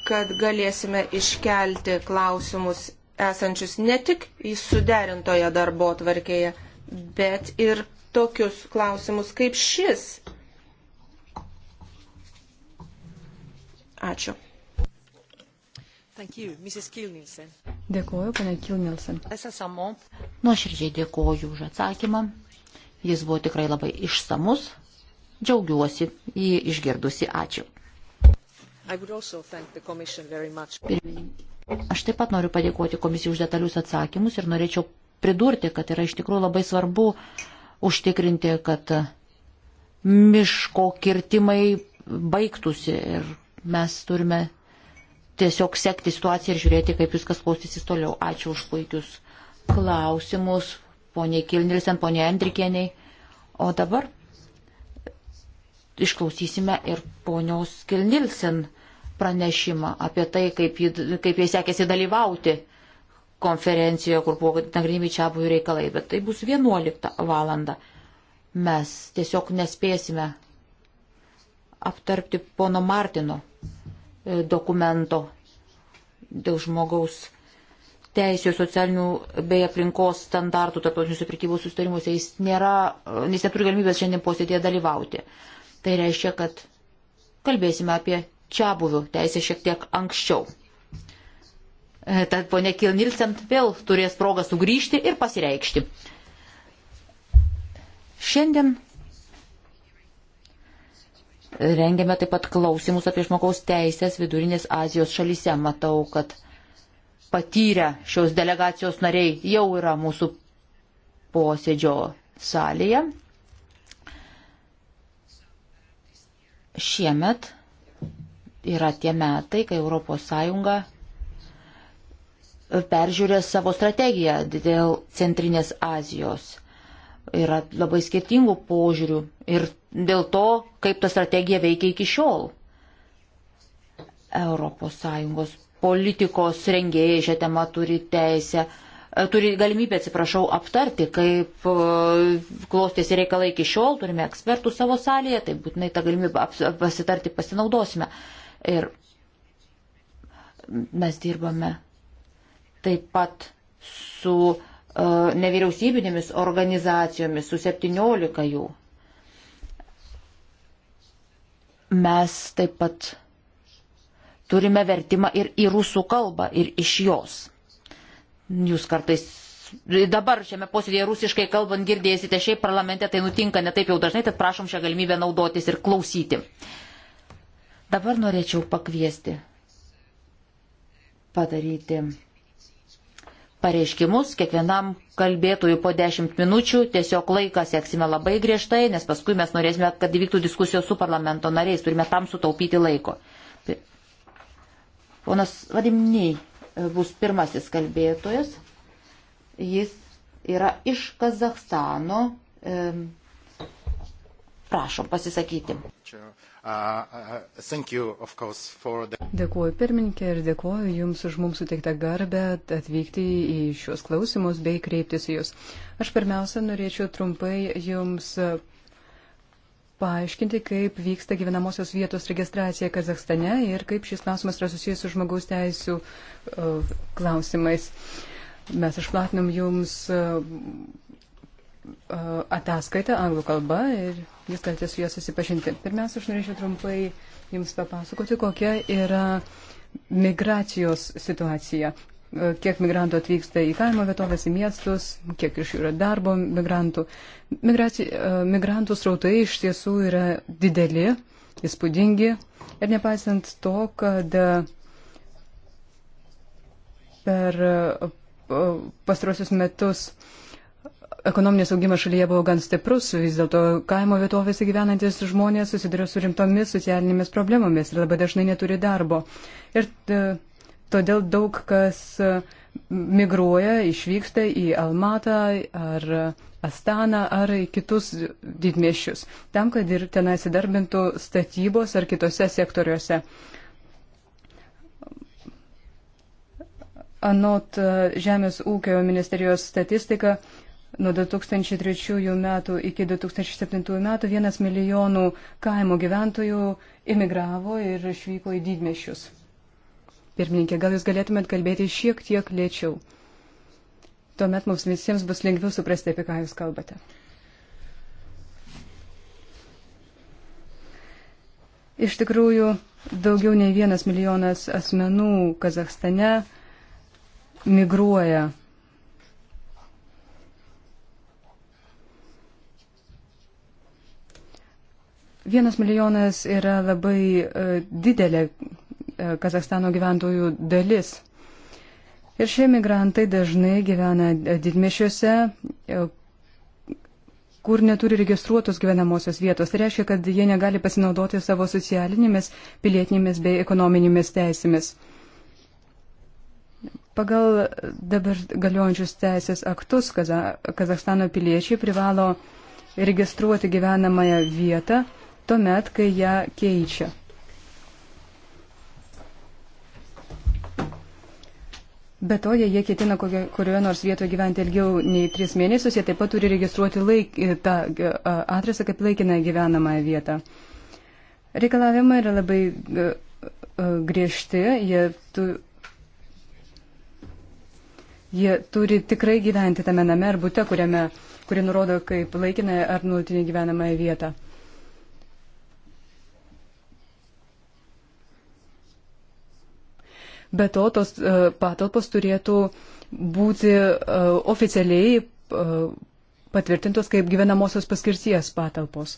kad galėsime iškelti klausimus esančius ne tik į suderintoje darbo tvarkėje, bet ir tokius klausimus kaip šis. Ačiū. Dėkuoju, pana Kilnilsen. Nuoširdžiai dėkuoju už atsakymą. Jis buvo tikrai labai išsamus. Džiaugiuosi jį išgirdusi. Ačiū. Aš taip pat noriu padėkoti komisijai už detalius atsakymus ir norėčiau pridurti, kad yra iš tikrųjų labai svarbu užtikrinti, kad miško kirtimai baigtųsi ir mes turime tiesiog sekti situaciją ir žiūrėti, kaip viskas klausysis toliau. Ačiū už puikius klausimus, poniai Kilnilsen, poniai Andrikieniai. O dabar išklausysime ir ponios Kilnilsen pranešimą apie tai, kaip, jį, kaip jai sekėsi dalyvauti konferencijoje, kur buvo nagrinimi čia buvę reikalai, bet tai bus 11 valanda. Mes tiesiog nespėsime aptarpti pono Martino E, dokumento dėl žmogaus teisės, socialinių bei aplinkos standartų tarptautiniuose prekybos sustarimuose. Jis, nėra, e, jis neturi galimybės šiandien posėdėje dalyvauti. Tai reiškia, kad kalbėsime apie čia buvių teisę šiek tiek anksčiau. E, tad ponė Kilnilsent vėl turės progą sugrįžti ir pasireikšti. Šiandien Rengiame taip pat klausimus apie žmogaus teisės vidurinės Azijos šalyse. Matau, kad patyrę šios delegacijos nariai jau yra mūsų posėdžio salėje. Šiemet yra tie metai, kai ES peržiūrės savo strategiją dėl Centrinės Azijos Yra labai skirtingų požiūrių ir dėl to, kaip ta strategija veikia iki šiol. ES politikos rengėjai šią temą turi teisę, e, turi galimybę, atsiprašau, aptarti, kaip e, klostėsi reikalai iki šiol, turime ekspertų savo salėje, tai būtinai tą galimybę pasitarti pasinaudosime. Ir mes dirbame taip pat su E, nevyriausybinėmis organizacijomis, su 17 jų. Mes taip pat turime vertimą ir į rusų kalbą, ir iš jos. Jūs kartais dabar šiame posėdėje rusiškai kalbant girdėsite, šiaip parlamente tai nutinka netaip jau dažnai, tad prašom šią galimybę naudotis ir klausyti. Dabar norėčiau pakviesti padaryti pareiškimus, kiekvienam kalbėtojui po 10 minučių, tiesiog laiką seksime labai griežtai, nes paskui mes norėsime, kad įvyktų diskusijos su parlamento nariais, turime tam sutaupyti laiko. Tai- Ponas Vadimniai e, bus pirmasis kalbėtojas, jis yra iš Kazakstano. Prašom pasisakyti. Čia. Uh, uh, dėkuoju pirmininkė ir dėkuoju Jums už mums suteiktą garbę atvykti į šios klausimus bei kreiptis į Jūs. Aš pirmiausia norėčiau trumpai Jums paaiškinti, kaip vyksta gyvenamosios vietos registracija Kazakstane ir kaip šis klausimas yra susijęs su žmogaus teisų uh, klausimais. Mes išplatinom Jums ataskaitą anglų kalba ir jūs galite su juo susipažinti. Pirmiausia, aš norėčiau trumpai jums papasakoti, kokia yra migracijos situacija. Kiek migrantų atvyksta į kaimo vietovės, į miestus, kiek iš jų yra darbo migrantų. Migraci... Migrantų srautai iš tiesų yra dideli, įspūdingi ir nepaisant to, kad per pastrosius metus uh, ekonominės augimas šalyje buvo gan stiprus, vis dėlto kaimo vietovėse gyvenantis žmonės susiduria su rimtomis socialinėmis problemomis ir labai dažnai neturi darbo. Ir e, todėl daug kas e, migruoja, išvyksta į Almatą ar Astaną ar į kitus didmešius, tam, kad ir tenai įsidarbintų statybos ar kitose sektoriuose. Anot e, Žemės ūkio ministerijos statistika, Nuo 2003 metų iki 2007 metų vienas milijonų kaimo gyventojų emigravo ir išvyko į didmešius. Pirmininkė, gal jūs galėtumėt kalbėti šiek tiek lėčiau? Tuomet mums visiems bus lengviau suprasti, apie ką jūs kalbate. Iš tikrųjų, daugiau nei vienas milijonas asmenų Kazakstane migruoja Vienas milijonas yra labai e, didelė e, Kazakstano gyventojų dalis. Ir šie migrantai dažnai gyvena e, didmešiuose, kur neturi registruotos gyvenamosios vietos. Tai reiškia, kad jie negali pasinaudoti savo socialinėmis, pilietinėmis bei ekonominėmis teisėmis. Pagal dabar galiojančius teisės aktus Kazakstano piliečiai privalo registruoti gyvenamąją vietą tuomet, kai ją keičia. Be to, jei jie ketina kurioje nors vietoje gyventi ilgiau nei 3 mėnesius, jie taip pat turi registruoti laik, e, tą e, adresą kaip laikiną gyvenamąją vietą. Reikalavimai yra labai e, griežti, jie, tu, jie turi tikrai gyventi tame name ar būte, kuriame, kuri nurodo kaip laikinąją ar nuolatinį gyvenamąją vietą. Be to, tos e, patalpos turėtų būti e, oficialiai e, patvirtintos kaip gyvenamosios paskirties patalpos.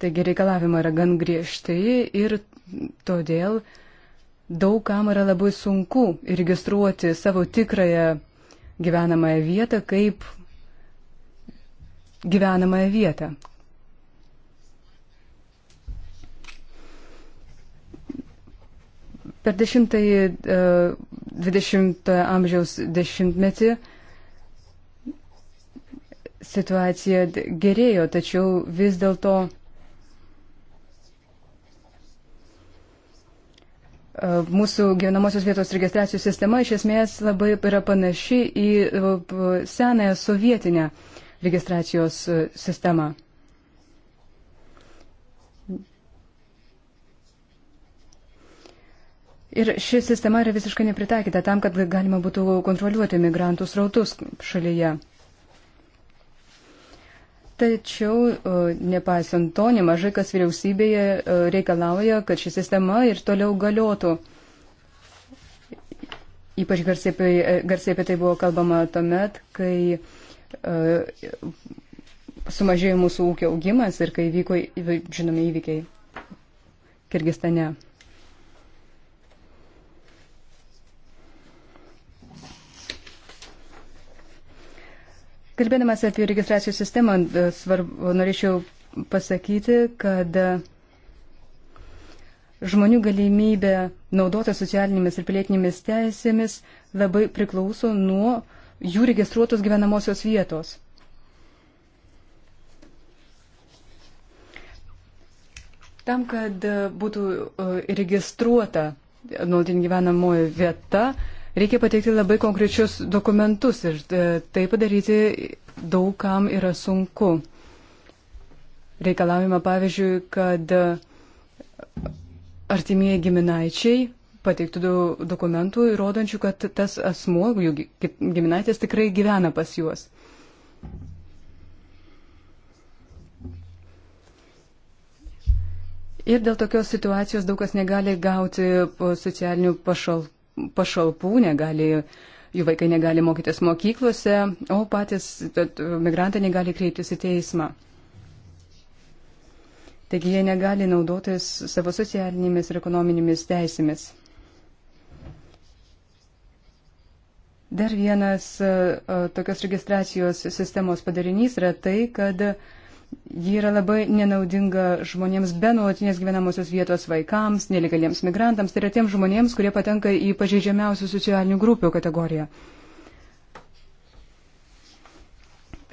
Taigi reikalavimai yra gan griežti ir todėl daug kam yra labai sunku įregistruoti savo tikrąją gyvenamąją vietą kaip gyvenamąją vietą, Per dešimtąjį e, dvidešimtojo amžiaus dešimtmetį situacija gerėjo, tačiau vis dėlto e, mūsų gyvenamosios vietos registracijų sistema iš esmės labai yra panaši į e, senąją sovietinę registracijos sistemą. Ir ši sistema yra visiškai nepritaikyta tam, kad galima būtų kontroliuoti migrantų srautus šalyje. Tačiau, nepaisant to, nemažai kas vyriausybėje reikalauja, kad ši sistema ir toliau galiotų. Ypač garsiai apie, garsiai apie tai buvo kalbama tuomet, kai sumažėjo mūsų ūkio augimas ir kai vyko, žinome, įvykiai Kirgistane. Kalbėdamas apie registracijos sistemą, e, svarbu, norėčiau pasakyti, kad e, žmonių galimybė naudoti socialinėmis ir pilietinėmis teisėmis labai priklauso nuo jų registruotos gyvenamosios vietos. Tam, kad e, būtų registruota nuolatinė gyvenamoji vieta, Reikia pateikti labai konkrečius dokumentus ir e, tai padaryti daug kam yra sunku. Reikalavimą, pavyzdžiui, kad e, artimieji giminaičiai pateiktų dokumentų įrodančių, kad tas asmuo, jų giminaitis tikrai gyvena pas juos. Ir dėl tokios situacijos daug kas negali gauti socialinių pašalpų pašalpų, negali, jų vaikai negali mokytis mokyklose, o patys migrantai negali kreiptis į teismą. Taigi jie negali naudotis savo socialinėmis ir ekonominėmis teisėmis. Dar vienas e, tokios registracijos sistemos padarinys yra tai, kad uh, Ji yra labai nenaudinga žmonėms be nuolatinės gyvenamosios vietos vaikams, nelegaliems migrantams, tai yra tiems žmonėms, kurie patenka į pažeidžiamiausių socialinių grupių kategoriją.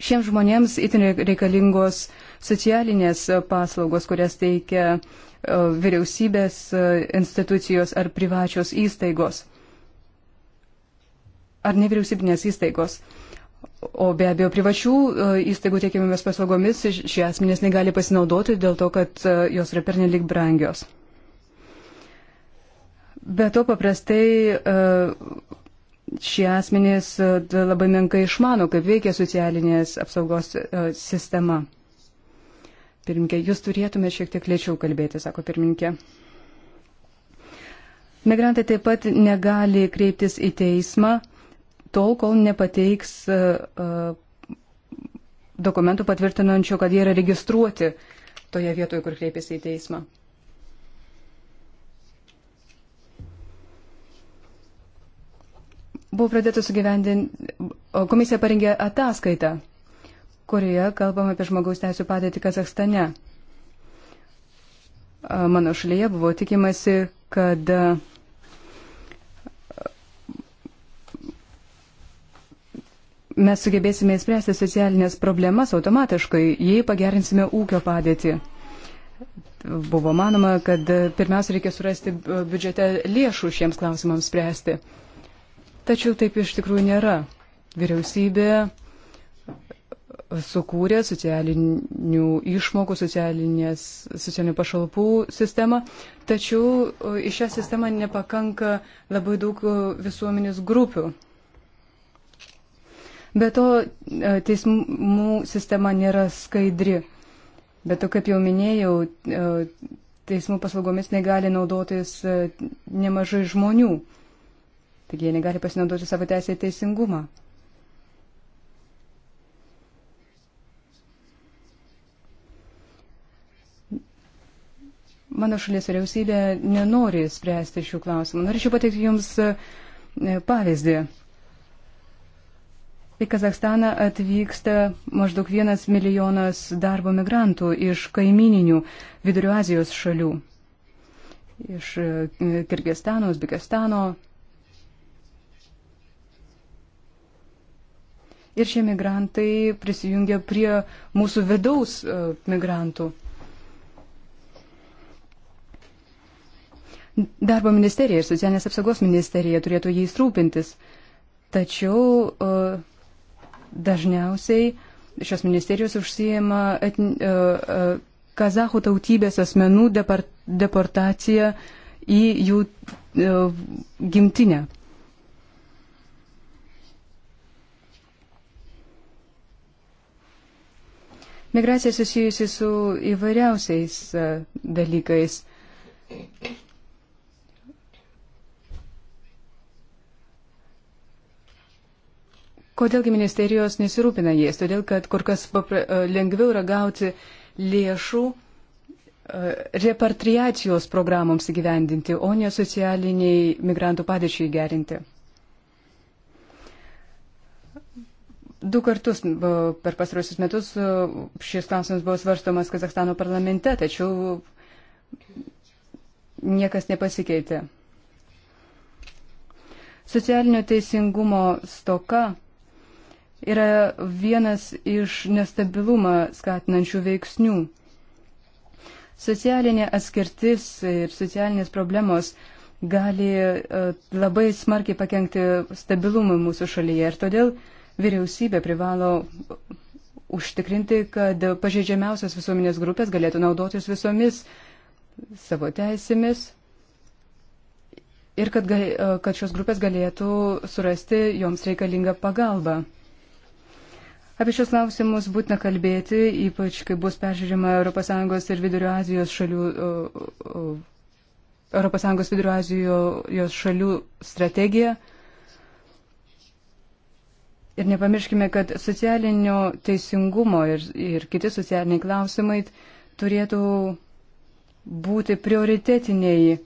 Šiems žmonėms itin reikalingos socialinės paslaugos, kurias teikia e, vyriausybės e, institucijos ar privačios įstaigos ar nevyriausybinės įstaigos. O be abejo, privačių e, įstaigų teikiamomis paslaugomis šie asmenys negali pasinaudoti dėl to, kad e, jos yra pernelik brangios. Be to paprastai e, šie asmenys labai menkai išmano, kaip veikia socialinės apsaugos sistema. Pirminkė, jūs turėtumėte šiek tiek lėčiau kalbėti, sako pirminkė. Migrantai taip pat negali kreiptis į teismą tol, kol nepateiks e, e, dokumentų patvirtinančių, kad jie yra registruoti toje vietoje, kur kreipėsi į teismą. Buvo pradėta sugyvendinti, komisija parengė ataskaitą, kurioje kalbama apie žmogaus teisų padėtį Kazakstane. Mano šalyje buvo tikimasi, kad mes sugebėsime įspręsti socialinės problemas automatiškai, jei pagerinsime ūkio padėtį. Buvo manoma, kad pirmiausia reikia surasti biudžete lėšų šiems klausimams spręsti. Tačiau taip iš tikrųjų nėra. Vyriausybė sukūrė socialinių išmokų, socialinių pašalpų sistemą, tačiau į šią sistemą nepakanka labai daug visuomenės grupių. Be to, e, teismų sistema nėra skaidri. Bet to, kaip jau minėjau, e, teismų paslaugomis negali naudotis e, nemažai žmonių. Taigi jie negali pasinaudoti savo teisę į teisingumą. Mano šalies vyriausybė nenori spręsti šių klausimų. Norėčiau pateikti Jums pavyzdį. Į Kazakstaną atvyksta maždaug vienas milijonas darbo migrantų iš kaimininių Vidurio Azijos šalių. Iš e, Kirgistano, Uzbekistano. Ir šie migrantai prisijungia prie mūsų vidaus e, migrantų. Darbo ministerija ir socialinės apsaugos ministerija turėtų jais rūpintis. Tačiau uh, Dažniausiai šios ministerijos užsijama etn, uh, e, uh, e, kazahų tautybės asmenų depart, deportacija į jų uh, gimtinę. Migracija susijusi su įvairiausiais dalykais. Kodėlgi ministerijos nesirūpina jais? Todėl, kad kur kas papra, e, lengviau yra gauti lėšų e, repatriacijos programoms įgyvendinti, o ne socialiniai migrantų padėčiai gerinti. Du kartus per pastarosius metus e, šis klausimas buvo svarstomas Kazakstano parlamente, tačiau niekas nepasikeitė. Socialinio teisingumo stoka yra vienas iš nestabilumą skatinančių veiksnių. Socialinė atskirtis ir socialinės problemos gali e, labai smarkiai pakengti stabilumui mūsų šalyje ir todėl vyriausybė privalo užtikrinti, kad pažeidžiamiausios visuomenės grupės galėtų naudotis visomis savo teisėmis ir kad, gal, e, kad šios grupės galėtų surasti joms reikalingą pagalbą. Apie šios klausimus būtina kalbėti, ypač kai bus peržiūrima ES ir Vidurio Azijos šalių, ES Vidurio Azijos šalių strategija. Ir nepamirškime, kad socialinio teisingumo ir, ir kiti socialiniai klausimai turėtų būti prioritetiniai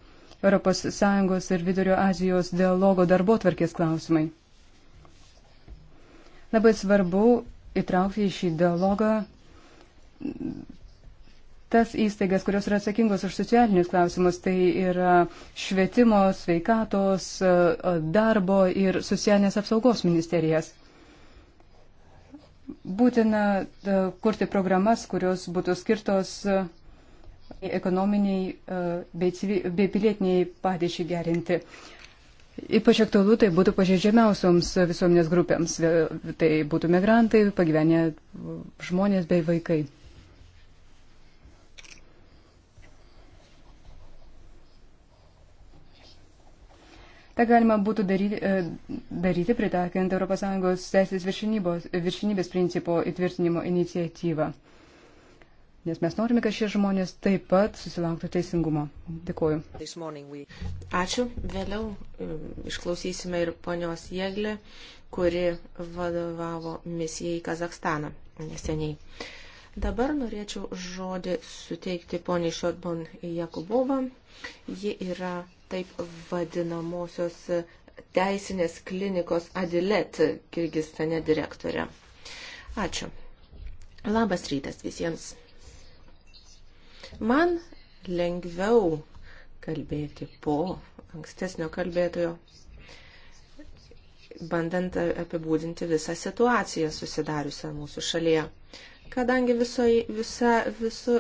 ES ir Vidurio Azijos dialogo darbo tvarkės klausimai. Labai svarbu įtraukti į šį dialogą tas įstaigas, kurios yra atsakingos už socialinius klausimus, tai yra švietimo, sveikatos, darbo ir socialinės apsaugos ministerijas. Būtina e, kurti programas, kurios būtų skirtos e, ekonominiai e, bei, bei pilietiniai padėčiai gerinti. Ypač aktualu tai būtų pažeidžiamiausioms visuomenės grupėms. Tai būtų migrantai, pagyvenę žmonės bei vaikai. Ta galima būtų daryti, e, daryti pritakiant ES teisės viršinybės principo įtvirtinimo iniciatyvą nes mes norime, kad šie žmonės taip pat susilauktų teisingumo. Dėkuoju. Ačiū. Vėliau um, išklausysime ir ponios Jėglį, kuri vadovavo misijai į Kazakstaną neseniai. Dabar norėčiau žodį suteikti poniai Šotbon Jakubovą. Ji yra taip vadinamosios teisinės klinikos Adilet Kirgistane direktorė. Ačiū. Labas rytas visiems. Man lengviau kalbėti po ankstesnio kalbėtojo, bandant apibūdinti visą situaciją susidariusią mūsų šalyje. Kadangi visoj, visa, visu,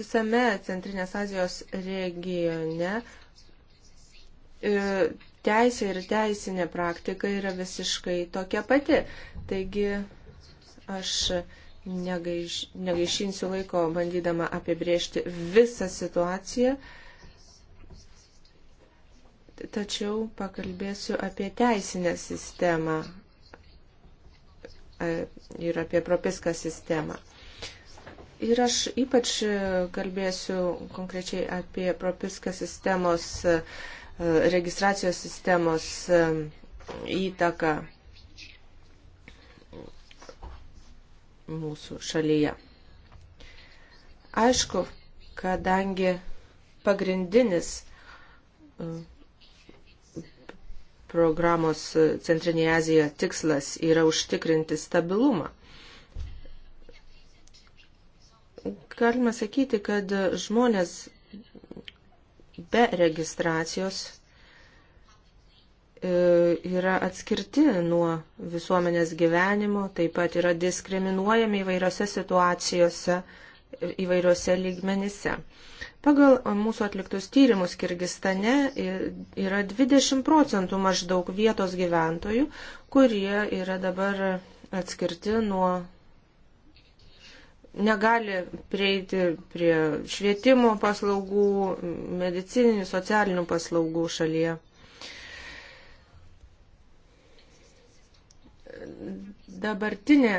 visame Centrinės Azijos regione e, teisė ir teisinė praktika yra visiškai tokia pati. Taigi aš negaiš, negaišinsiu laiko bandydama apibriežti visą situaciją, tačiau pakalbėsiu apie teisinę sistemą e, ir apie propiską sistemą. Ir aš ypač kalbėsiu konkrečiai apie propiską sistemos, e, registracijos sistemos e, įtaką mūsų šalyje. Aišku, kadangi pagrindinis e, programos Centrinėje Azijoje tikslas yra užtikrinti stabilumą. Galima sakyti, kad žmonės be registracijos E, yra atskirti nuo visuomenės gyvenimo, taip pat yra diskriminuojami įvairiose situacijose ir įvairiose lygmenyse. Pagal mūsų atliktus tyrimus Kirgistane yra 20 procentų maždaug vietos gyventojų, kurie yra dabar atskirti nuo negali prieiti prie švietimo paslaugų, medicininių, socialinių paslaugų šalyje. dabartinė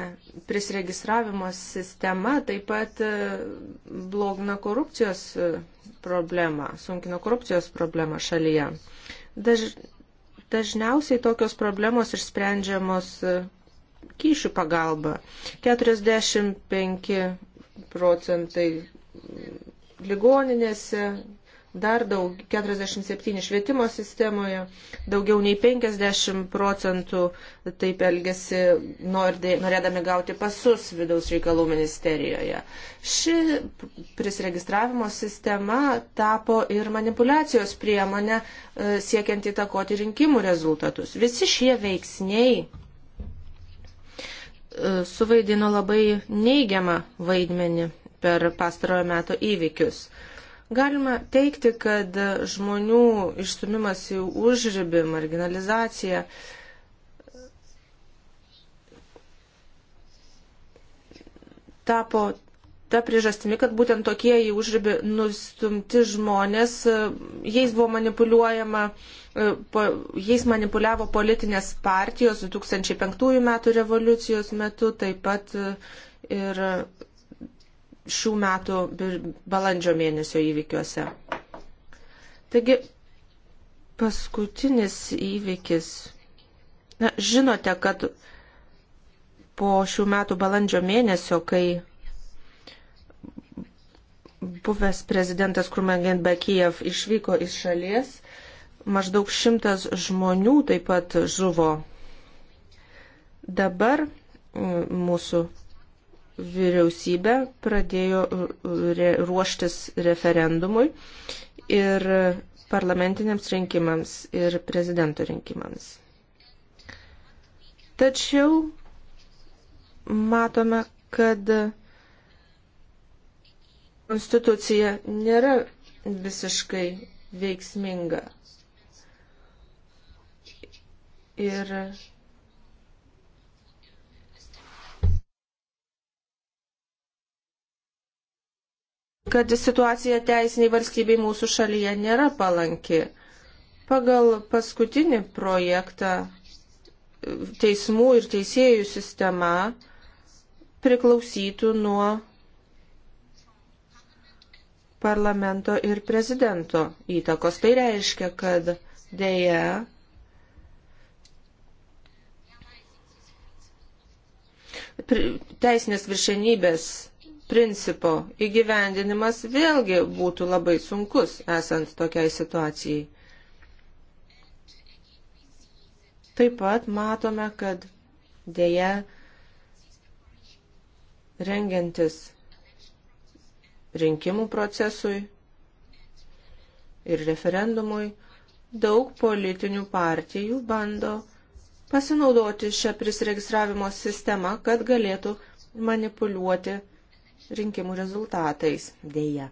prisregistravimo sistema taip pat e, blogina korupcijos e, problemą, sunkina korupcijos problemą šalyje. Daž, dažniausiai tokios problemos išsprendžiamos e, kyšių pagalba. 45 procentai ligoninėse dar daug 47 švietimo sistemoje, daugiau nei 50 procentų taip elgesi norėdami gauti pasus vidaus reikalų ministerijoje. Ši prisiregistravimo sistema tapo ir manipulacijos priemonė e, siekiant įtakoti rinkimų rezultatus. Visi šie veiksniai e, suvaidino labai neigiamą vaidmenį per pastarojo meto įvykius. Galima teikti, kad žmonių išstumimas į užribį, marginalizacija tapo ta priežastimi, kad būtent tokie į užribį nustumti žmonės, jais buvo manipuliuojama, jais manipuliavo politinės partijos 2005 metų revoliucijos metu, taip pat ir šių metų balandžio mėnesio įvykiuose. Taigi, paskutinis įvykis. Na, žinote, kad po šių metų balandžio mėnesio, kai buvęs prezidentas Krumengen Bekijev išvyko iš šalies, maždaug šimtas žmonių taip pat žuvo. Dabar mūsų vyriausybė pradėjo ruoštis referendumui ir parlamentiniams rinkimams ir prezidento rinkimams. Tačiau matome, kad konstitucija nėra visiškai veiksminga. Ir kad situacija teisiniai valstybei mūsų šalyje nėra palanki. Pagal paskutinį projektą teismų ir teisėjų sistema priklausytų nuo parlamento ir prezidento įtakos. Tai reiškia, kad dėja teisinės viršenybės principo įgyvendinimas vėlgi būtų labai sunkus esant tokiai situacijai. Taip pat matome, kad dėja rengiantis rinkimų procesui ir referendumui, daug politinių partijų bando pasinaudoti šią prisiregistravimo sistemą, kad galėtų manipuliuoti rinkimų rezultatais, dėja.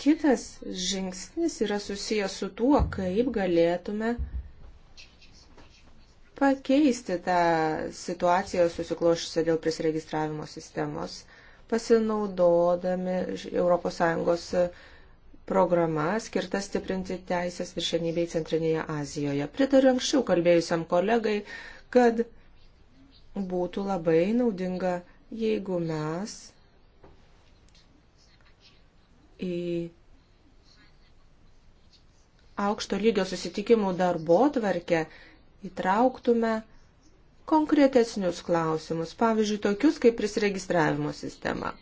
Kitas žingsnis yra susijęs su tuo, kaip galėtume pakeisti tą situaciją susiklošusią dėl prisiregistravimo sistemos, pasinaudodami ES programa skirta stiprinti teisės viršenybei Centrinėje Azijoje. Pritariu anksčiau kalbėjusiam kolegai, kad būtų labai naudinga, jeigu mes į aukšto lygio susitikimų darbo tvarkę įtrauktume konkretesnius klausimus, pavyzdžiui, tokius kaip prisiregistravimo sistema.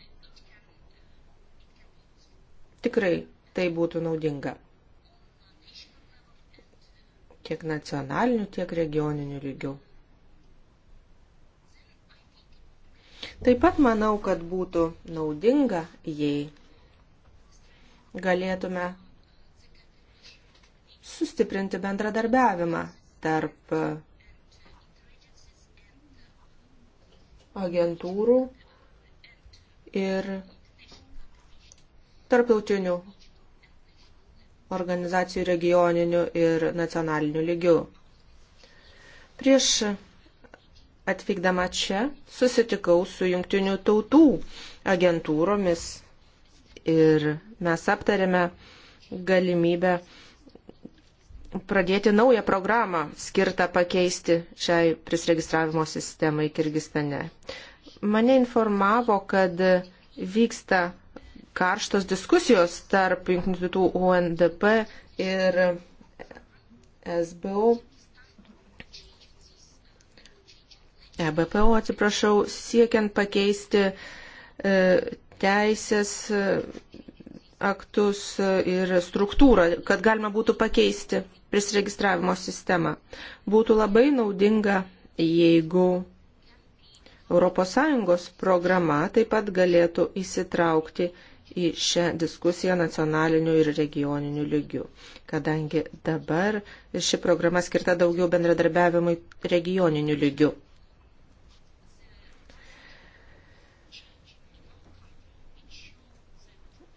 Tikrai tai būtų naudinga. Tiek nacionaliniu, tiek regioniniu lygiu. Taip pat manau, kad būtų naudinga, jei galėtume sustiprinti bendradarbiavimą tarp agentūrų ir tarptautinių organizacijų regioninių ir nacionalinių lygių. Prieš atvykdama čia susitikau su jungtinių tautų agentūromis ir mes aptarėme galimybę pradėti naują programą skirtą pakeisti šiai prisregistravimo sistemai Kirgistane. Mane informavo, kad vyksta karštos diskusijos tarp jungtinių tautų UNDP ir SBO. EBPO, atsiprašau, siekiant pakeisti e, teisės e, aktus e, ir struktūrą, kad galima būtų pakeisti prisiregistravimo sistemą. Būtų labai naudinga, jeigu ES programa taip pat galėtų įsitraukti į šią diskusiją nacionaliniu ir regioniniu lygiu, kadangi dabar ši programa skirta daugiau bendradarbiavimui regioniniu lygiu.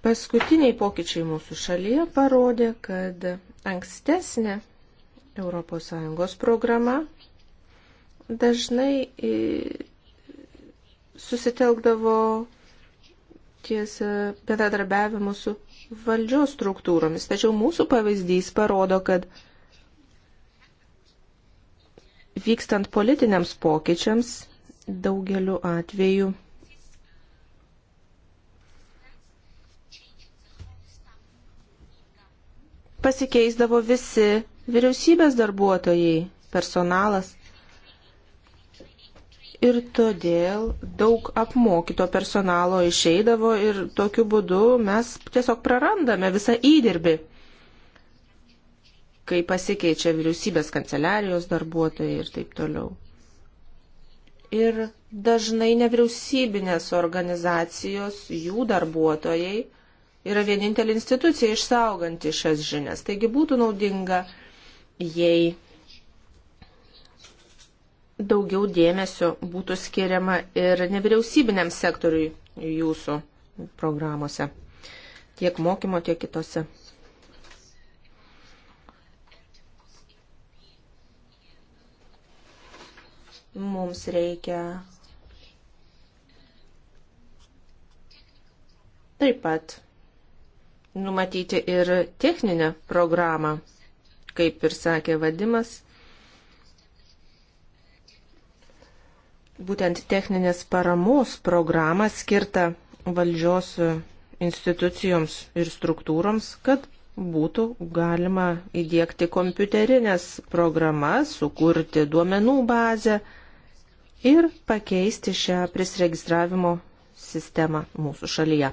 Paskutiniai pokyčiai mūsų šalyje parodė, kad ankstesnė ES programa dažnai e, susitelkdavo ties e, bendradarbiavimu su valdžios struktūromis. Tačiau mūsų pavyzdys parodo, kad vykstant politiniams pokyčiams daugeliu atveju pasikeisdavo visi vyriausybės darbuotojai, personalas ir todėl daug apmokyto personalo išeidavo ir tokiu būdu mes tiesiog prarandame visą įdirbį, kai pasikeičia vyriausybės kanceliarijos darbuotojai ir taip toliau. Ir dažnai nevyriausybinės organizacijos, jų darbuotojai yra vienintelė institucija išsauganti šias žinias. Taigi būtų naudinga, jei daugiau dėmesio būtų skiriama ir nevyriausybiniam sektoriui jūsų programuose, tiek mokymo, tiek kitose. Mums reikia taip pat numatyti ir techninę programą, kaip ir sakė vadimas būtent techninės paramos programą skirtą valdžios institucijoms ir struktūroms, kad būtų galima įdėkti kompiuterinės programas, sukurti duomenų bazę ir pakeisti šią prisregistravimo sistemą mūsų šalyje.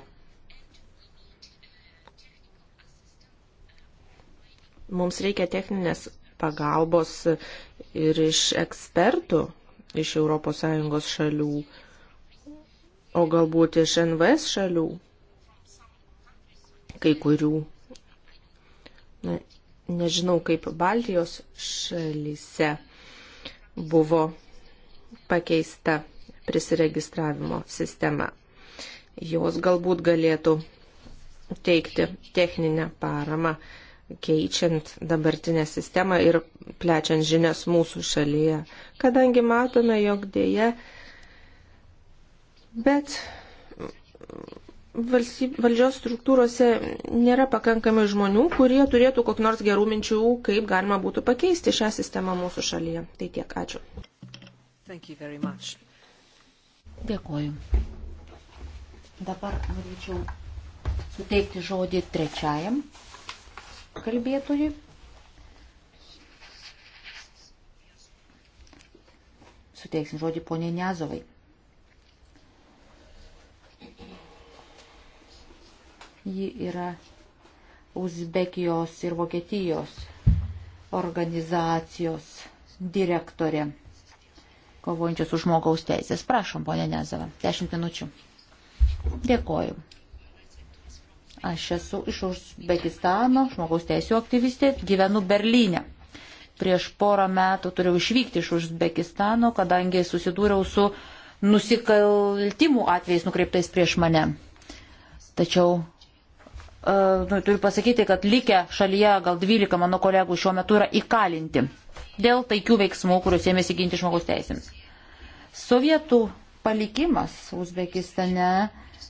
Mums reikia techninės pagalbos ir iš ekspertų, iš ES šalių, o galbūt iš NVS šalių, kai kurių. Ne, nežinau, kaip Baltijos šalyse buvo pakeista prisiregistravimo sistema. Jos galbūt galėtų teikti techninę paramą keičiant dabartinę sistemą ir plečiant žinias mūsų šalyje, kadangi matome, jog dėje, bet valstyb, valdžios struktūrose nėra pakankamai žmonių, kurie turėtų kok nors gerų minčių, kaip galima būtų pakeisti šią sistemą mūsų šalyje. Tai tiek, ačiū. Dėkoju. Dabar norėčiau suteikti žodį trečiajam kalbėtojui. Suteiksim žodį poniai Nezovai. Ji yra Uzbekijos ir Vokietijos organizacijos direktorė kovojančios už žmogaus teisės. Prašom, ponė Nezava, 10 minučių. Dėkoju. Aš esu iš Uzbekistano, žmogaus teisų aktyvistė, gyvenu Berlyne. Prieš porą metų turėjau išvykti iš Uzbekistano, kadangi susidūriau su nusikaltimų atvejais nukreiptais prieš mane. Tačiau e, nu, turiu pasakyti, kad likę šalyje gal 12 mano kolegų šiuo metu yra įkalinti dėl taikių veiksmų, kuriuos ėmėsi ginti žmogaus teisėms. Sovietų palikimas Uzbekistane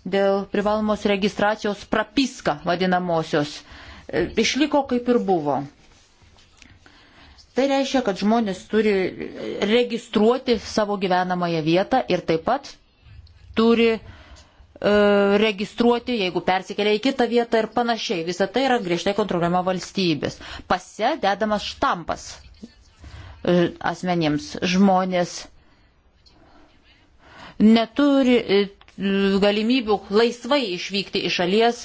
dėl privalomos registracijos prapiska vadinamosios e, išliko kaip ir buvo. Tai reiškia, kad žmonės turi registruoti savo gyvenamąją vietą ir taip pat turi e, registruoti, jeigu persikelia į kitą vietą ir panašiai. Visą tai yra griežtai kontroliuojama valstybės. Pase dedamas štampas e, asmenėms. Žmonės neturi e, galimybių laisvai išvykti iš šalies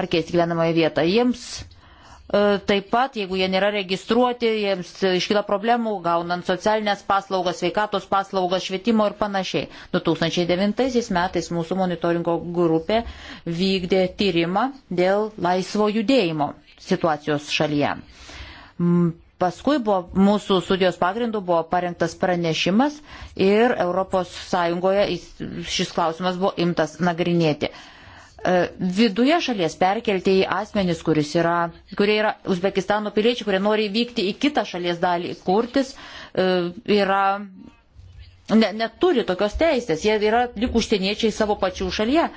ar keisti gyvenamąją vietą. Jiems e, taip pat, jeigu jie nėra registruoti, jiems iškyla problemų gaunant socialinės paslaugas, sveikatos paslaugas, švietimo ir panašiai. 2009 metais mūsų monitoringo grupė vykdė tyrimą dėl laisvo judėjimo situacijos šalyje. Paskui buvo, mūsų studijos pagrindų buvo parengtas pranešimas ir ES šis klausimas buvo imtas nagrinėti. E, viduje šalies perkeltieji asmenys, yra, kurie yra Uzbekistano piliečiai, kurie nori vykti į kitą šalies dalį kurtis, e, yra, ne, neturi tokios teisės. Jie yra lik užsieniečiai savo pačių šalyje.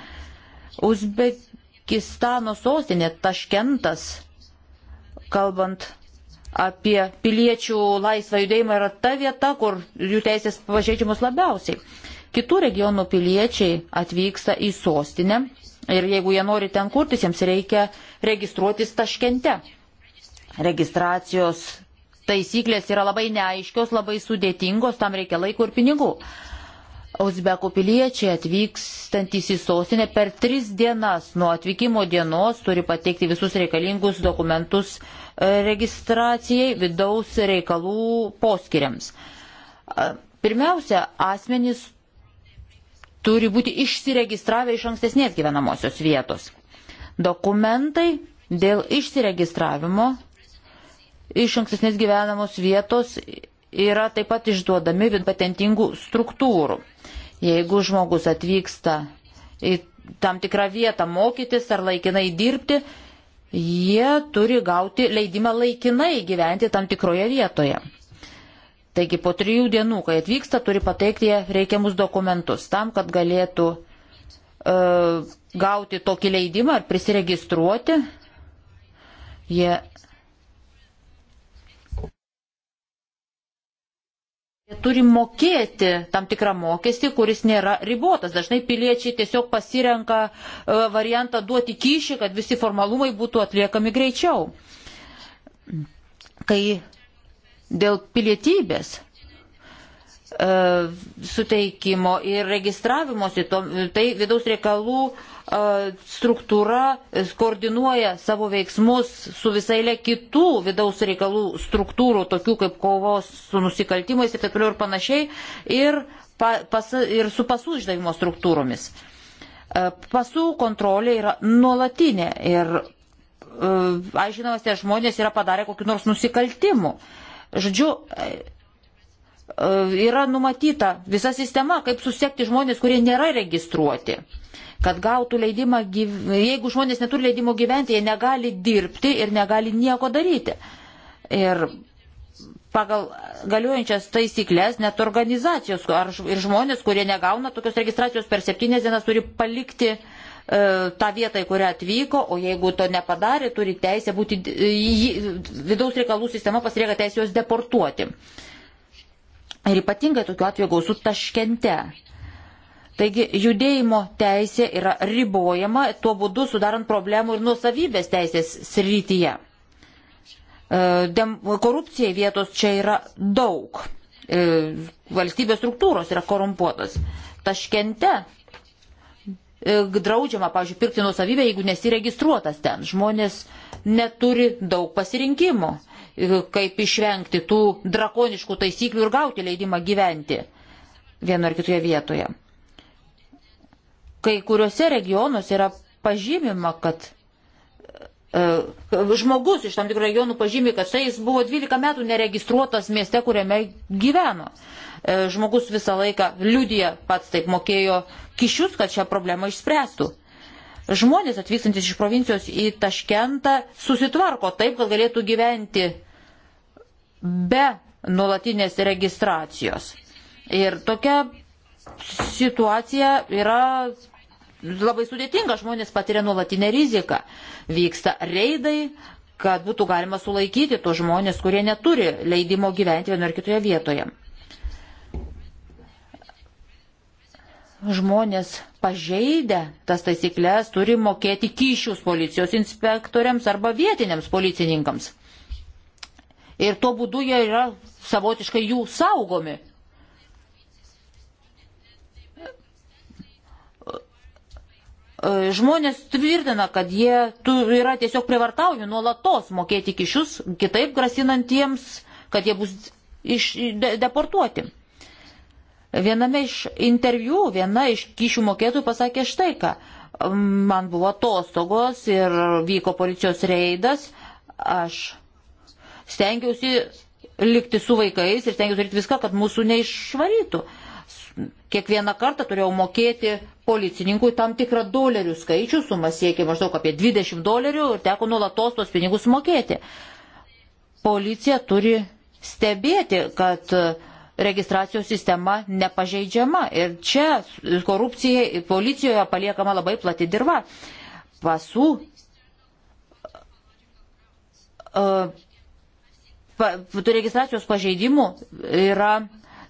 Uzbekistano sostinė Taškentas, kalbant apie piliečių laisvą judėjimą yra ta vieta, kur jų teisės pažeidžiamos labiausiai. Kitų regionų piliečiai atvyksta į sostinę ir jeigu jie nori ten kurtis, jiems reikia registruotis taškente. Registracijos taisyklės yra labai neaiškios, labai sudėtingos, tam reikia laiko ir pinigų. Uzbekų piliečiai atvykstantys į sostinę per tris dienas nuo atvykimo dienos turi pateikti visus reikalingus dokumentus uh, registracijai vidaus reikalų poskiriams. Pirmiausia, asmenys turi būti išsiregistravę iš ankstesnės gyvenamosios vietos. Dokumentai dėl išsiregistravimo iš ankstesnės gyvenamos vietos yra taip pat išduodami patentingų struktūrų. Jeigu žmogus atvyksta į tam tikrą vietą mokytis ar laikinai dirbti, jie turi gauti leidimą laikinai gyventi tam tikroje vietoje. Taigi po trijų dienų, kai atvyksta, turi pateikti reikiamus dokumentus tam, kad galėtų e, gauti tokį leidimą ar prisiregistruoti. Jie Jie turi mokėti tam tikrą mokestį, kuris nėra ribotas. Dažnai piliečiai tiesiog pasirenka e, variantą duoti kyšį, kad visi formalumai būtų atliekami greičiau. Kai dėl pilietybės e, suteikimo ir registravimo, tai vidaus reikalų uh, struktūra koordinuoja savo veiksmus su visai lė kitų vidaus reikalų struktūrų, tokių kaip kovos su nusikaltimais ir taip toliau ir panašiai, ir, pa, pas, ir su pasų išdavimo struktūromis. Pasų kontrolė yra nuolatinė ir, aiškinamas, tie žmonės yra padarę kokiu nors nusikaltimu. Žodžiu, yra numatyta visa sistema, kaip susiekti žmonės, kurie nėra registruoti kad gautų leidimą, gyv... jeigu žmonės neturi leidimo gyventi, jie negali dirbti ir negali nieko daryti. Ir pagal galiojančias taisyklės net organizacijos ar, ir žmonės, kurie negauna tokios registracijos per septynės dienas, turi palikti e, tą vietą, į kurią atvyko, o jeigu to nepadarė, turi teisę būti, e, vidaus reikalų sistema pasirieka teisę juos deportuoti. Ir ypatingai tokiu atveju gausu taškente. Taigi judėjimo teisė yra ribojama, tuo būdu sudarant problemų ir nusavybės teisės srityje. E, korupcijai vietos čia yra daug. E, valstybės struktūros yra korumpuotos. Taškente e, draudžiama, pavyzdžiui, pirkti nusavybę, jeigu nesiregistruotas ten. Žmonės neturi daug pasirinkimų, kaip išvengti tų drakoniškų taisyklių ir gauti leidimą gyventi vienoje ar kitoje vietoje kai kuriuose regionuose yra pažymima, kad e, e, žmogus iš tam tikrų regionų pažymė, kad tai jis buvo 12 metų neregistruotas mieste, kuriame gyveno. E, žmogus visą laiką liudija, pats taip mokėjo kišius, kad šią problemą išspręstų. Žmonės atvykstantis iš provincijos į Taškentą susitvarko taip, kad galėtų gyventi be nuolatinės registracijos. Ir tokia situacija yra labai sudėtinga, žmonės patiria nuolatinę riziką. Vyksta reidai, kad būtų galima sulaikyti tos žmonės, kurie neturi leidimo gyventi vienoje ar kitoje vietoje. Žmonės pažeidę tas taisyklės turi mokėti kyšius policijos inspektoriams arba vietiniams policininkams. Ir tuo būdu jie yra savotiškai jų saugomi. E, žmonės tvirtina, kad jie yra tiesiog privartaujami nuolatos mokėti kišius, kitaip grasinantiems, kad jie bus iš, de, deportuoti. Viename iš interviu viena iš kišių mokėtojų pasakė štai ką. Man buvo atostogos ir vyko policijos reidas. Aš stengiausi likti su vaikais ir stengiausi daryti viską, kad mūsų neišvarytų. Uh, kiekvieną kartą turėjau mokėti policininkui tam tikrą dolerių skaičių, suma siekia maždaug apie 20 dolerių ir teko nuolatos tos pinigus mokėti. Policija turi stebėti, kad registracijos sistema nepažeidžiama ir čia korupcija policijoje paliekama labai plati dirba. Pasų uh, pa, registracijos pažeidimų yra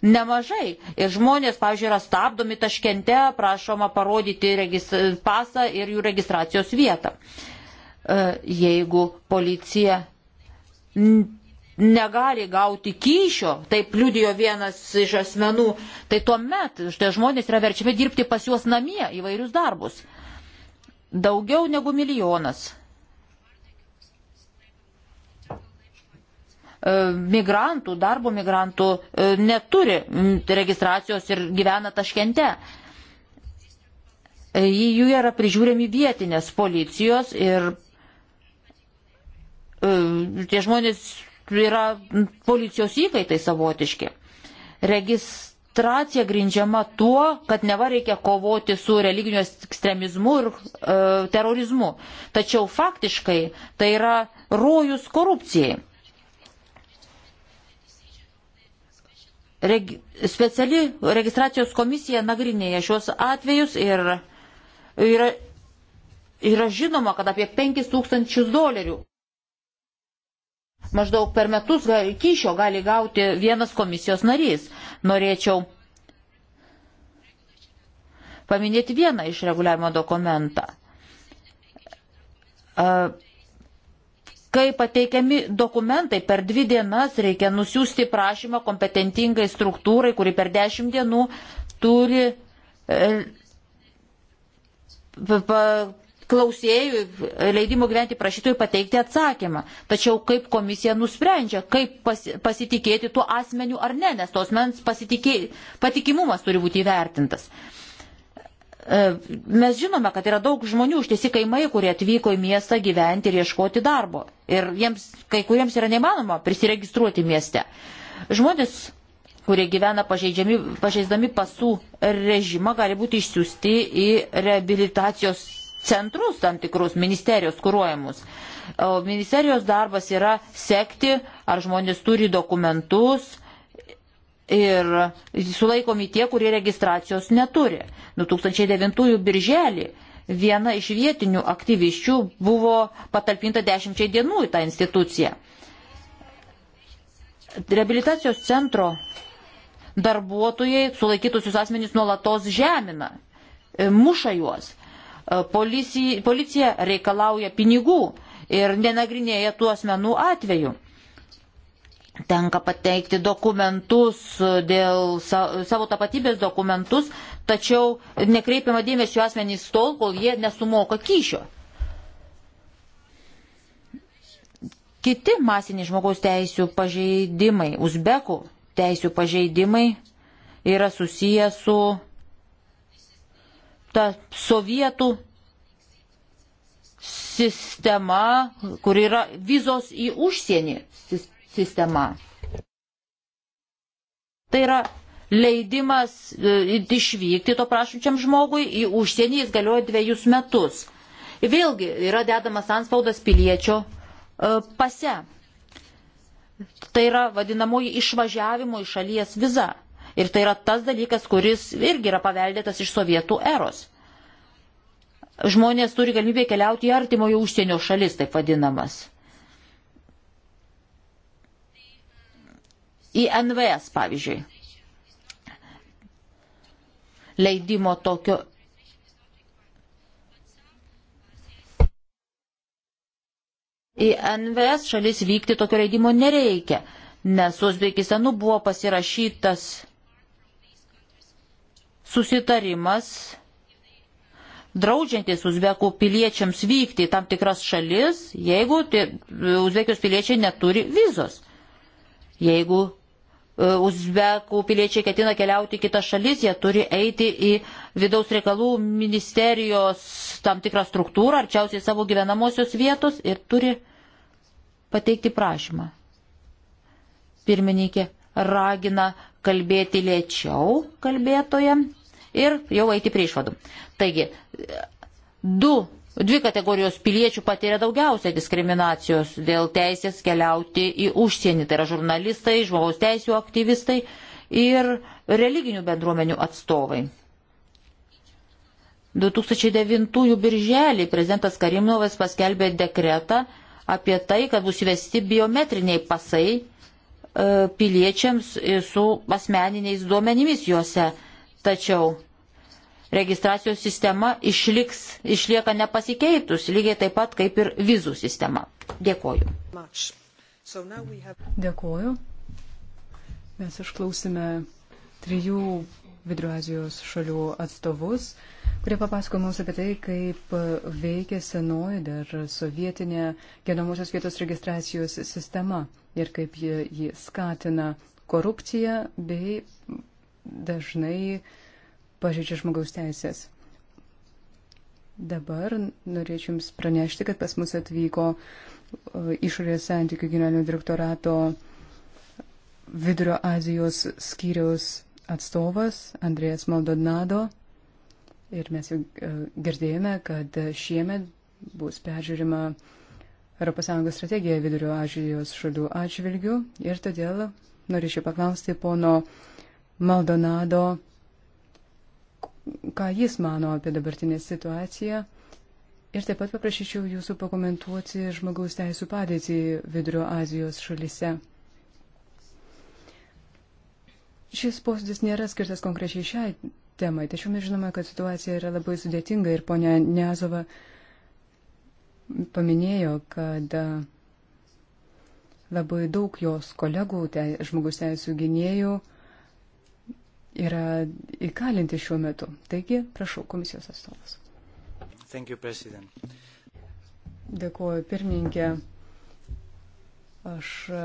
nemažai. Ir žmonės, pavyzdžiui, yra stabdomi taškente, prašoma parodyti pasą ir jų registracijos vietą. E, jeigu policija negali gauti kyšio, taip liudijo vienas iš asmenų, tai tuomet štai žmonės yra verčiami dirbti pas juos namie įvairius darbus. Daugiau negu milijonas E, migrantų, darbo migrantų e, neturi registracijos ir gyvena taškente. E, jų yra prižiūrėmi vietinės policijos ir tie žmonės yra policijos įkaitai savotiški. Registracija grindžiama tuo, kad neva reikia kovoti su religiniu ekstremizmu ir e, terorizmu. Tačiau faktiškai tai yra rojus korupcijai. regi speciali registracijos komisija nagrinėja šios atvejus ir yra, yra žinoma, kad apie 5000 dolerių maždaug per metus kyšio gali gauti vienas komisijos narys. Norėčiau paminėti vieną iš reguliavimo dokumentą. Uh, Kai pateikiami dokumentai per dvi dienas reikia nusiųsti prašymą kompetentingai struktūrai, kuri per dešimt dienų turi e, klausėjui, leidimo gyventi prašytojui pateikti atsakymą. Tačiau kaip komisija nusprendžia, kaip pasitikėti tuo asmeniu ar ne, nes tos mens patikė, patikimumas turi būti įvertintas. E, mes žinome, kad yra daug žmonių, ištiesi kaimai, kurie atvyko į miestą gyventi ir ieškoti darbo. Ir jiems, kai kuriems yra neįmanoma prisiregistruoti mieste. Žmonės, kurie gyvena pažeisdami pasų režimą, gali būti išsiųsti į rehabilitacijos centrus tam tikrus ministerijos kūruojamus. O ministerijos darbas yra sekti, ar žmonės turi dokumentus, ir sulaikomi tie, kurie registracijos neturi. 2009 birželį viena iš vietinių aktyviščių buvo patalpinta dešimčiai dienų į tą instituciją. Rehabilitacijos centro darbuotojai sulaikytusius asmenys nuolatos žemina, e, muša juos. E, policija, policija reikalauja pinigų ir nenagrinėja tų asmenų atveju tenka pateikti dokumentus dėl savo tapatybės dokumentus, tačiau nekreipiama dėmesio asmenys tol, kol jie nesumoka kyšio. Kiti masiniai žmogaus teisų pažeidimai, uzbekų teisų pažeidimai yra susiję su ta sovietų sistema, kur yra vizos į užsienį sistema sistema. Tai yra leidimas e, išvykti to prašančiam žmogui į užsienį, jis galioja dviejus metus. Vėlgi yra dedamas anspaudas piliečio e, pase. Tai yra vadinamoji išvažiavimo iš šalies viza. Ir tai yra tas dalykas, kuris irgi yra paveldėtas iš sovietų eros. Žmonės turi galimybę keliauti į artimojo užsienio šalis, taip vadinamas. į NVS, pavyzdžiui. Leidimo tokio. Į NVS šalis vykti tokio leidimo nereikia, nes su Uzbekistanu buvo pasirašytas susitarimas draudžiantis uzbekų piliečiams vykti į tam tikras šalis, jeigu tie uzbekijos piliečiai neturi vizos. Jeigu E, uzbekų piliečiai ketina keliauti į kitas šalis, jie turi eiti į vidaus reikalų ministerijos tam tikrą struktūrą, arčiausiai savo gyvenamosios vietos ir turi pateikti prašymą. Pirmininkė ragina kalbėti lėčiau kalbėtoje ir jau eiti prie išvadų. Taigi, du Dvi kategorijos piliečių patiria daugiausia diskriminacijos dėl teisės keliauti į užsienį. Tai yra žurnalistai, žmogaus teisų aktyvistai ir religinių bendruomenių atstovai. 2009 birželį prezidentas Karimnovas paskelbė dekretą apie tai, kad bus įvesti biometriniai pasai e, piliečiams su asmeniniais duomenimis juose. Tačiau registracijos sistema išliks, išlieka nepasikeitus, lygiai taip pat kaip ir vizų sistema. Dėkoju. Dėkoju. Mes išklausime trijų Vidurio Azijos šalių atstovus, kurie papasako mums apie tai, kaip veikia senoji dar sovietinė genomosios vietos registracijos sistema ir kaip ji, ji skatina korupciją bei dažnai uh, pažeidžia žmogaus teisės. Dabar norėčiau Jums pranešti, kad pas mus atvyko e, išorės santykių generalinio direktorato Vidurio Azijos skyriaus atstovas Andrėjas Maldonado. Ir mes jau e, girdėjome, kad šiemet bus peržiūrima ES strategija Vidurio Azijos šalių atžvilgių. Ir todėl norėčiau paklausti pono Maldonado ką jis mano apie dabartinę situaciją. Ir taip pat paprašyčiau jūsų pakomentuoti žmogaus teisų padėtį Vidurio Azijos šalise. Šis posėdis nėra skirtas konkrečiai šiai temai, tačiau mes žinome, kad situacija yra labai sudėtinga ir ponia Nezova paminėjo, kad e, labai daug jos kolegų, te, žmogus teisų gynėjų, yra įkalinti šiuo metu. Taigi, prašau, komisijos atstovas. Thank you, President. Dėkuoju, pirmininkė. Aš e,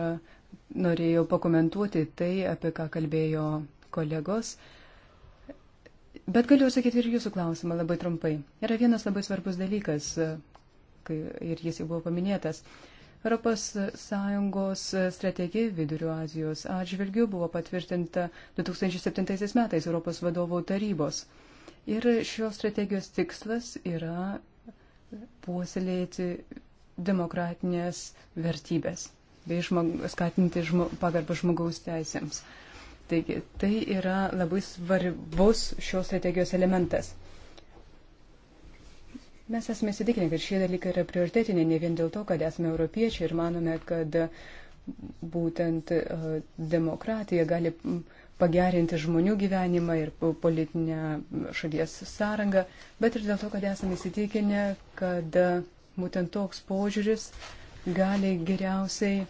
norėjau pakomentuoti tai, apie ką kalbėjo kolegos. Bet galiu atsakyti ir jūsų klausimą labai trumpai. Yra vienas labai svarbus dalykas, e, kai, ir jis jau buvo paminėtas. Uh, ES strategija Vidurio Azijos atžvilgių buvo patvirtinta 2007 metais Europos vadovų tarybos. Ir šios strategijos tikslas yra puoselėti demokratinės vertybės bei žmog, skatinti žmo, pagarbą žmogaus teisėms. Taigi, tai yra labai svarbus šios strategijos elementas. Mes esame įsitikinę, kad šie dalykai yra prioritetiniai ne vien dėl to, kad esame europiečiai ir manome, kad būtent e, demokratija gali pagerinti žmonių gyvenimą ir politinę šalies sąrangą, bet ir dėl to, kad esame įsitikinę, kad būtent toks požiūris gali geriausiai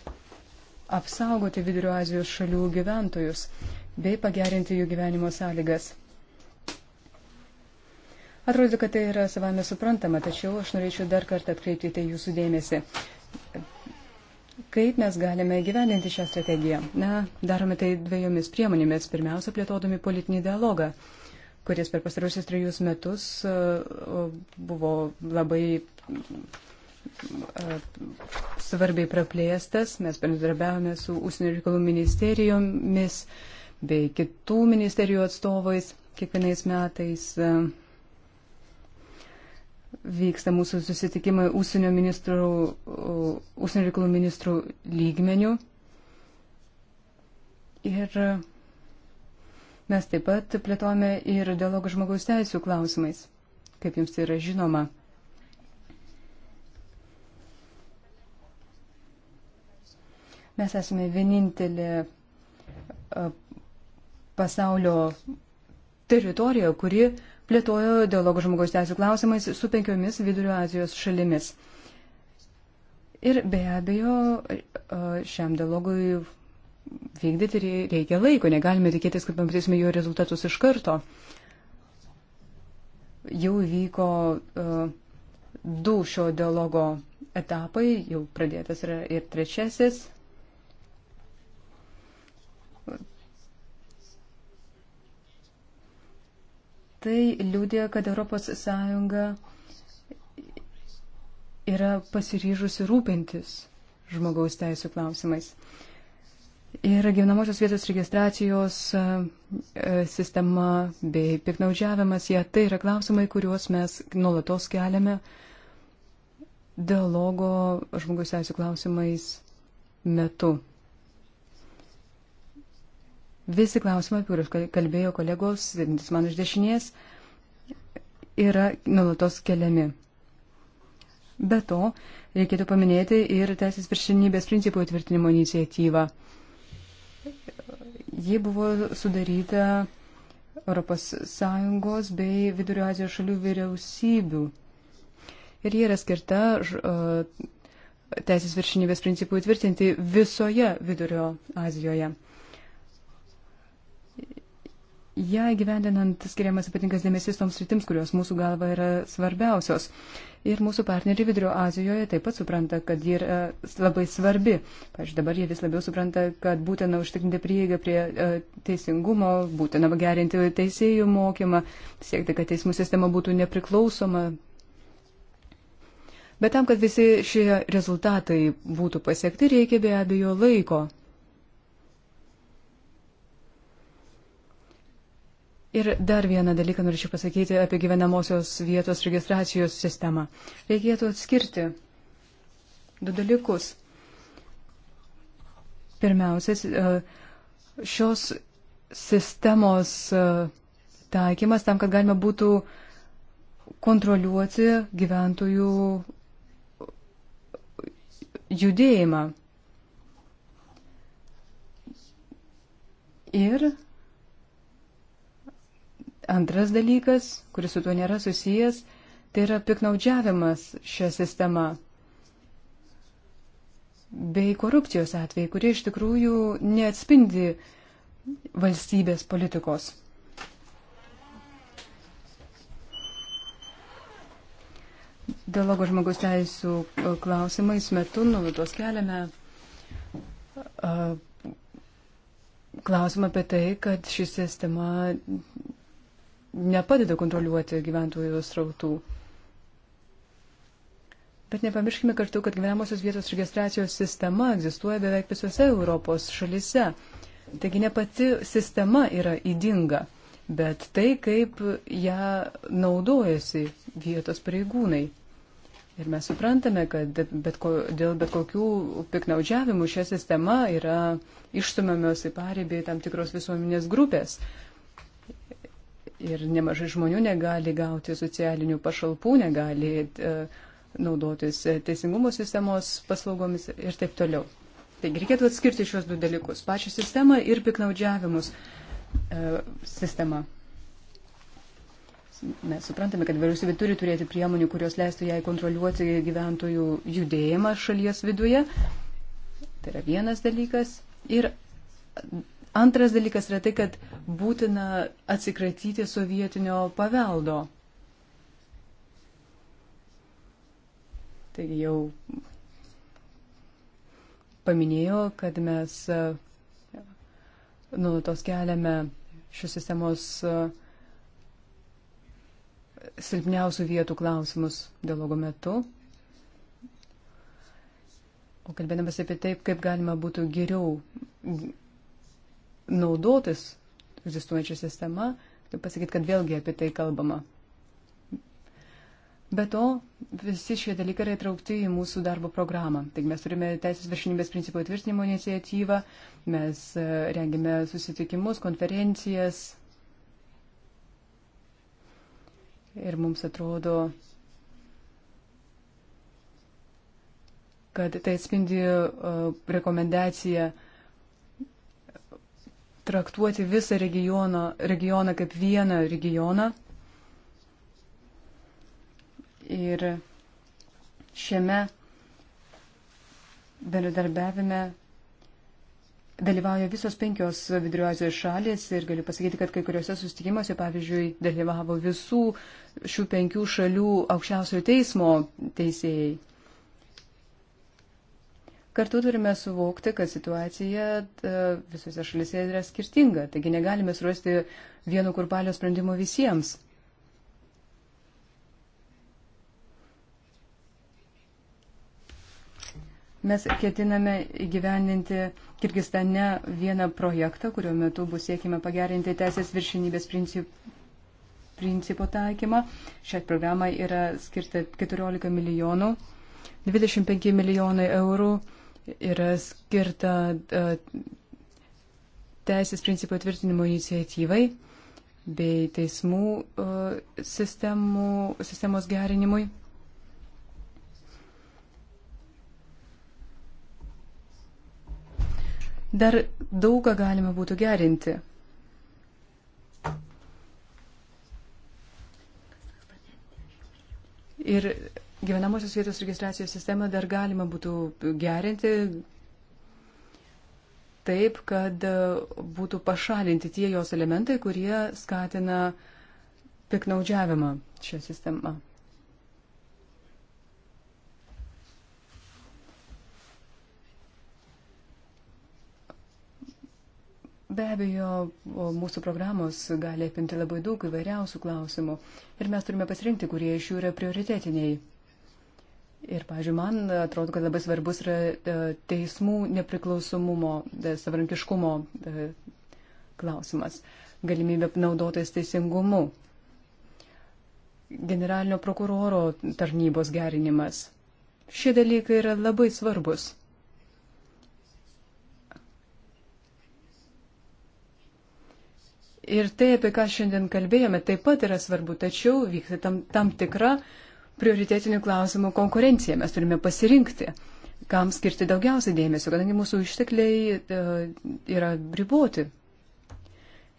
apsaugoti Vidurio Azijos šalių gyventojus bei pagerinti jų gyvenimo sąlygas. Atrodo, kad tai yra savame suprantama, tačiau aš norėčiau dar kartą atkreipti tai jūsų dėmesį. Kaip mes galime gyveninti šią strategiją? Na, darome tai dviejomis priemonėmis. Pirmiausia, plėtodami politinį dialogą, kuris per pastarusius trejus metus uh, buvo labai uh, svarbiai praplėstas. Mes bendradarbiavome su Užsienio reikalų ministerijomis bei kitų ministerijų atstovais kiekvienais metais. Uh, vyksta mūsų susitikimai užsienio, ministrų, užsienio reikalų ministrų lygmenių. Ir mes taip pat plėtojame ir dialogą žmogaus teisų klausimais, kaip jums tai yra žinoma. Mes esame vienintelė pasaulio teritorija, kuri uh, plėtojo dialogų žmogaus teisų klausimais su penkiomis Vidurio Azijos šalimis. Ir be abejo, šiam dialogui vykdyti reikia laiko, negalime tikėtis, kad pamatysime jo rezultatus iš karto. Jau vyko uh, du šio dialogo etapai, jau pradėtas yra ir trečiasis. Tai liūdė, kad ES yra pasiryžusi rūpintis žmogaus teisų klausimais. Ir gyvenamosios vietos registracijos e, e, sistema bei piknaudžiavimas, jie tai yra klausimai, kuriuos mes nuolatos keliame dialogo žmogus teisų klausimais metu. Visi klausimai, kuriuos kalbėjo kolegos, sėdintis man iš dešinės, yra nulatos keliami. Be to, reikėtų paminėti ir teisės viršinybės principų įtvirtinimo iniciatyvą. Ji buvo sudaryta ES bei Vidurio Azijos šalių vyriausybių. Ir ji yra skirta teisės viršinybės principų įtvirtinti visoje Vidurio Azijoje ją įgyvendinant skiriamas ypatingas dėmesys toms rytims, kurios mūsų galva yra svarbiausios. Ir mūsų partneriai Vidurio Azijoje taip pat supranta, kad ji yra labai svarbi. Pavyzdžiui, dabar jie vis labiau supranta, kad būtina užtikrinti prieigą prie e, teisingumo, būtina gerinti teisėjų mokymą, siekti, kad teismų sistema būtų nepriklausoma. Bet tam, kad visi šie rezultatai būtų pasiekti, reikia be abejo laiko. Ir dar vieną dalyką norėčiau pasakyti apie gyvenamosios vietos registracijos sistemą. Reikėtų atskirti du dalykus. Pirmiausias, e, šios sistemos e, taikymas tam, kad galima būtų kontroliuoti gyventojų judėjimą. Ir Antras dalykas, kuris su tuo nėra susijęs, tai yra piknaudžiavimas šią sistemą bei korupcijos atvejai, kurie iš tikrųjų neatspindi valstybės politikos. Dialogo žmogus teisų klausimais metu nuolatos keliame klausimą apie tai, kad ši sistema nepadeda kontroliuoti gyventojų srautų. Bet nepamirškime kartu, kad gyvenamosios vietos registracijos sistema egzistuoja beveik visose Europos šalise. Taigi ne pati sistema yra įdinga, bet tai, kaip ją naudojasi vietos pareigūnai. Ir mes suprantame, kad bet ko, dėl bet kokių piknaudžiavimų šią sistemą yra išstumiamios į pareibį tam tikros visuomenės grupės, ir nemažai žmonių negali gauti socialinių pašalpų, negali e, naudotis e, teisingumo sistemos paslaugomis ir taip toliau. Taigi reikėtų atskirti šios du dalykus - pačią sistemą ir piknaudžiavimus e, sistema. Mes suprantame, kad vyriausybė turi turėti priemonių, kurios leistų jai kontroliuoti gyventojų judėjimą šalies viduje. Tai yra vienas dalykas. Ir antras dalykas yra tai, kad uh, būtina atsikratyti sovietinio paveldo. Taigi jau paminėjo, kad mes e, nuolatos keliame šios sistemos e, silpniausių vietų klausimus dialogo metu. O kalbėdamas apie taip, kaip galima būtų geriau naudotis egzistuojančią sistemą, tai pasakyti, kad vėlgi apie tai kalbama. Be to, visi šie dalykai yra įtraukti į mūsų darbo programą. Taigi mes turime teisės viršinybės principų įtvirtinimo iniciatyvą, mes e, rengime susitikimus, konferencijas. Ir mums atrodo, kad tai atspindi e, rekomendaciją traktuoti visą regiono, regioną kaip vieną regioną. Ir šiame bendradarbiavime dalyvauja visos penkios Vidurio Azijos šalis ir galiu pasakyti, kad kai kuriuose sustikimuose, pavyzdžiui, dalyvavo visų šių penkių šalių aukščiausiojo teismo teisėjai. Kartu turime suvokti, kad situacija e, visose šalise yra skirtinga, taigi negalime surasti vieno kurpalio sprendimo visiems. Mes ketiname įgyvendinti Kirgistane vieną projektą, kurio metu bus siekime pagerinti teisės viršinybės principų principo taikymą. Šią programą yra skirta 14 milijonų, 25 milijonai eurų yra skirta e, teisės principų tvirtinimo iniciatyvai bei teismų e, sistemų, sistemos gerinimui. Dar daugą galima būtų gerinti. Ir gyvenamosios vietos registracijos sistemą dar galima būtų gerinti taip, kad e, būtų pašalinti tie jos elementai, kurie skatina piknaudžiavimą šią sistemą. Be abejo, mūsų programos gali apimti labai daug įvairiausių klausimų ir mes turime pasirinkti, kurie iš jų yra prioritetiniai. Ir, pažiūrėjau, man atrodo, kad labai svarbus yra e, teismų nepriklausomumo, e, savarankiškumo e, klausimas, galimybė naudotis teisingumu, generalinio prokuroro tarnybos gerinimas. Šie dalykai yra labai svarbus. Ir tai, apie ką šiandien kalbėjome, taip pat yra svarbu, tačiau vyksta tam, tam tikra uh, prioritetinių klausimų konkurencija. Mes turime pasirinkti, kam skirti daugiausiai dėmesio, kadangi mūsų ištekliai e, yra riboti.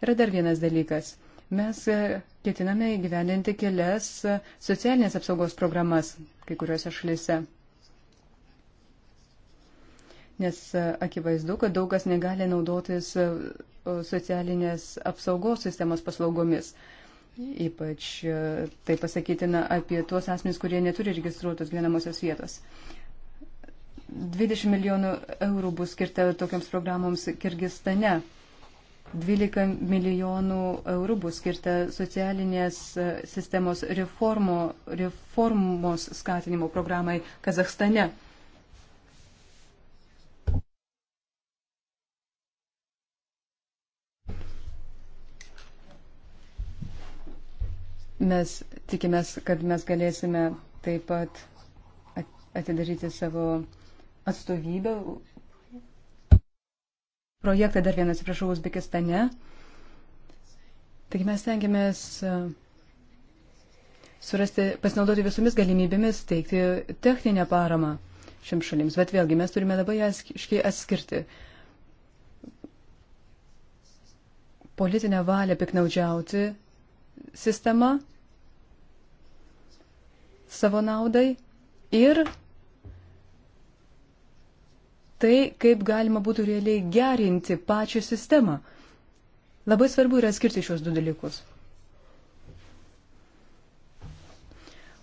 Yra dar vienas dalykas. Mes e, ketiname įgyvendinti kelias e, socialinės apsaugos programas kai kuriuose šalyse. Nes akivaizdu, kad daugas negali naudotis socialinės apsaugos sistemos paslaugomis. Uh, Ypač e, tai pasakytina apie tuos asmenys, kurie neturi registruotos gyvenamosios vietos. 20 milijonų eurų bus skirta tokiams programoms Kirgistane. 12 milijonų eurų bus skirta socialinės e, sistemos reformo, reformos skatinimo programai Kazahstane. Mes tikimės, kad mes galėsime taip pat atidaryti savo atstovybę. Projektą dar vieną, atsiprašau, Uzbekistane. Taigi mes tengiamės e, surasti, pasinaudoti visomis galimybėmis teikti techninę paramą šiam šalims. Bet vėlgi mes turime labai aiškiai atskirti politinę valią piknaudžiauti sistema savo naudai ir tai, kaip galima būtų realiai gerinti pačią sistemą. Labai svarbu yra skirti šios du dalykus.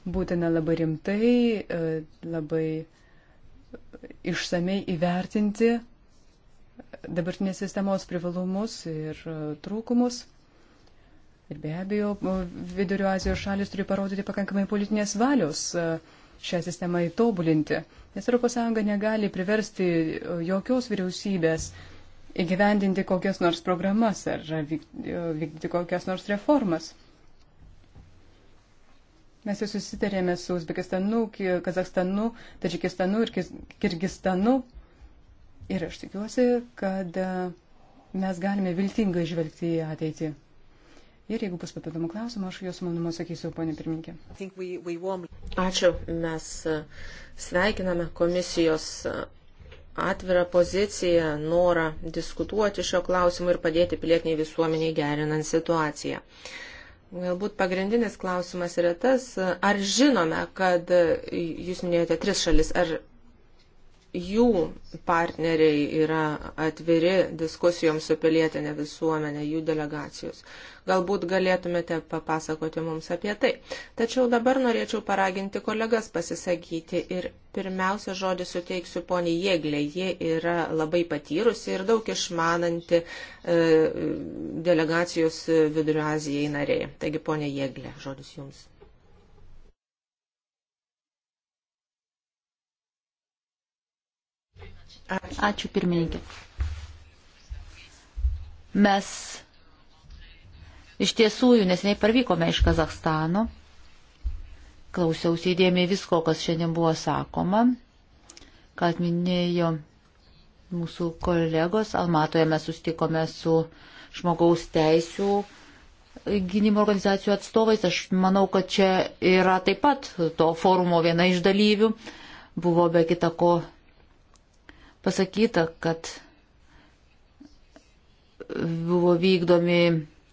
Būtina labai rimtai, e, labai išsamei įvertinti dabartinės sistemos privalumus ir e, trūkumus. Ir be abejo, Vidurio Azijos šalis turi parodyti pakankamai politinės valios e, šią sistemą įtobulinti, nes ES negali priversti e, jokios vyriausybės įgyvendinti kokias nors programas ar e, vykdyti kokias nors reformas. Mes jau susitarėme su Uzbekistanu, Kazakstanu, Tadžikistanu ir Kirgistanu. Ir aš tikiuosi, kad mes galime viltingai žvelgti į ateitį. Ir jeigu bus papildomų klausimų, aš juos malonu sakysiu, ponė pirmininkė. Ačiū. Mes e, sveikiname komisijos e, atvirą poziciją, norą diskutuoti šio klausimu ir padėti pilietiniai visuomeniai gerinant situaciją. Galbūt pagrindinis klausimas yra tas, ar žinome, kad e, jūs minėjote tris šalis, ar jų partneriai yra atviri diskusijoms su pilietinė visuomenė, jų delegacijos. Galbūt galėtumėte papasakoti mums apie tai. Tačiau dabar norėčiau paraginti kolegas pasisakyti ir pirmiausia žodį suteiksiu poniai Jėglė. Ji yra labai patyrusi ir daug išmananti e, delegacijos Vidurio Azijai narė. Taigi, ponė Jėglė, žodis jums. Ačiū, Ačiū pirmininkė. Mes iš tiesų jų neseniai parvykome iš Kazakstano. Klausiausi įdėmiai visko, kas šiandien buvo sakoma, kad minėjo mūsų kolegos. Almatoje mes sustikome su žmogaus teisų gynimo organizacijų atstovais. Aš manau, kad čia yra taip pat to forumo viena iš dalyvių. Buvo be kita ko pasakyta, kad buvo vykdomi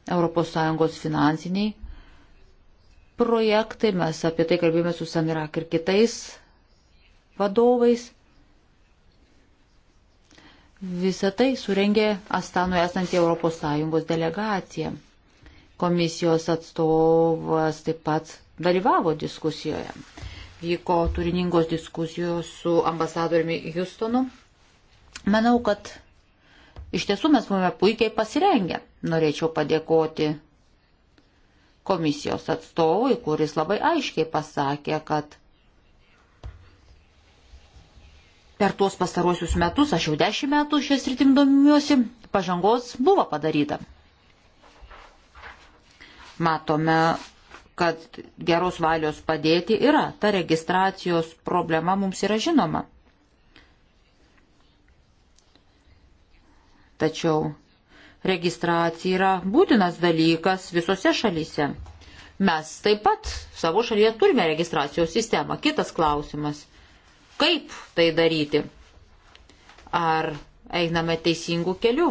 ES finansiniai projektai, mes apie tai kalbėjome su Samirak ir kitais vadovais. Visą tai surengė Astanoje esanti ES delegacija. Komisijos atstovas taip pat dalyvavo diskusijoje. Vyko turiningos diskusijos su ambasadoriumi Houstonu Manau, kad iš tiesų mes buvome puikiai pasirengę. Norėčiau padėkoti komisijos atstovui, kuris labai aiškiai pasakė, kad per tuos pastaruosius metus, aš jau dešimt metų šias rytim domiuosi, pažangos buvo padaryta. Matome, kad geros valios padėti yra. Ta registracijos problema mums yra žinoma. Tačiau registracija yra būtinas dalykas visose šalyse. Mes taip pat savo šalyje turime registracijos sistemą. Kitas klausimas. Kaip tai daryti? Ar einame teisingų kelių?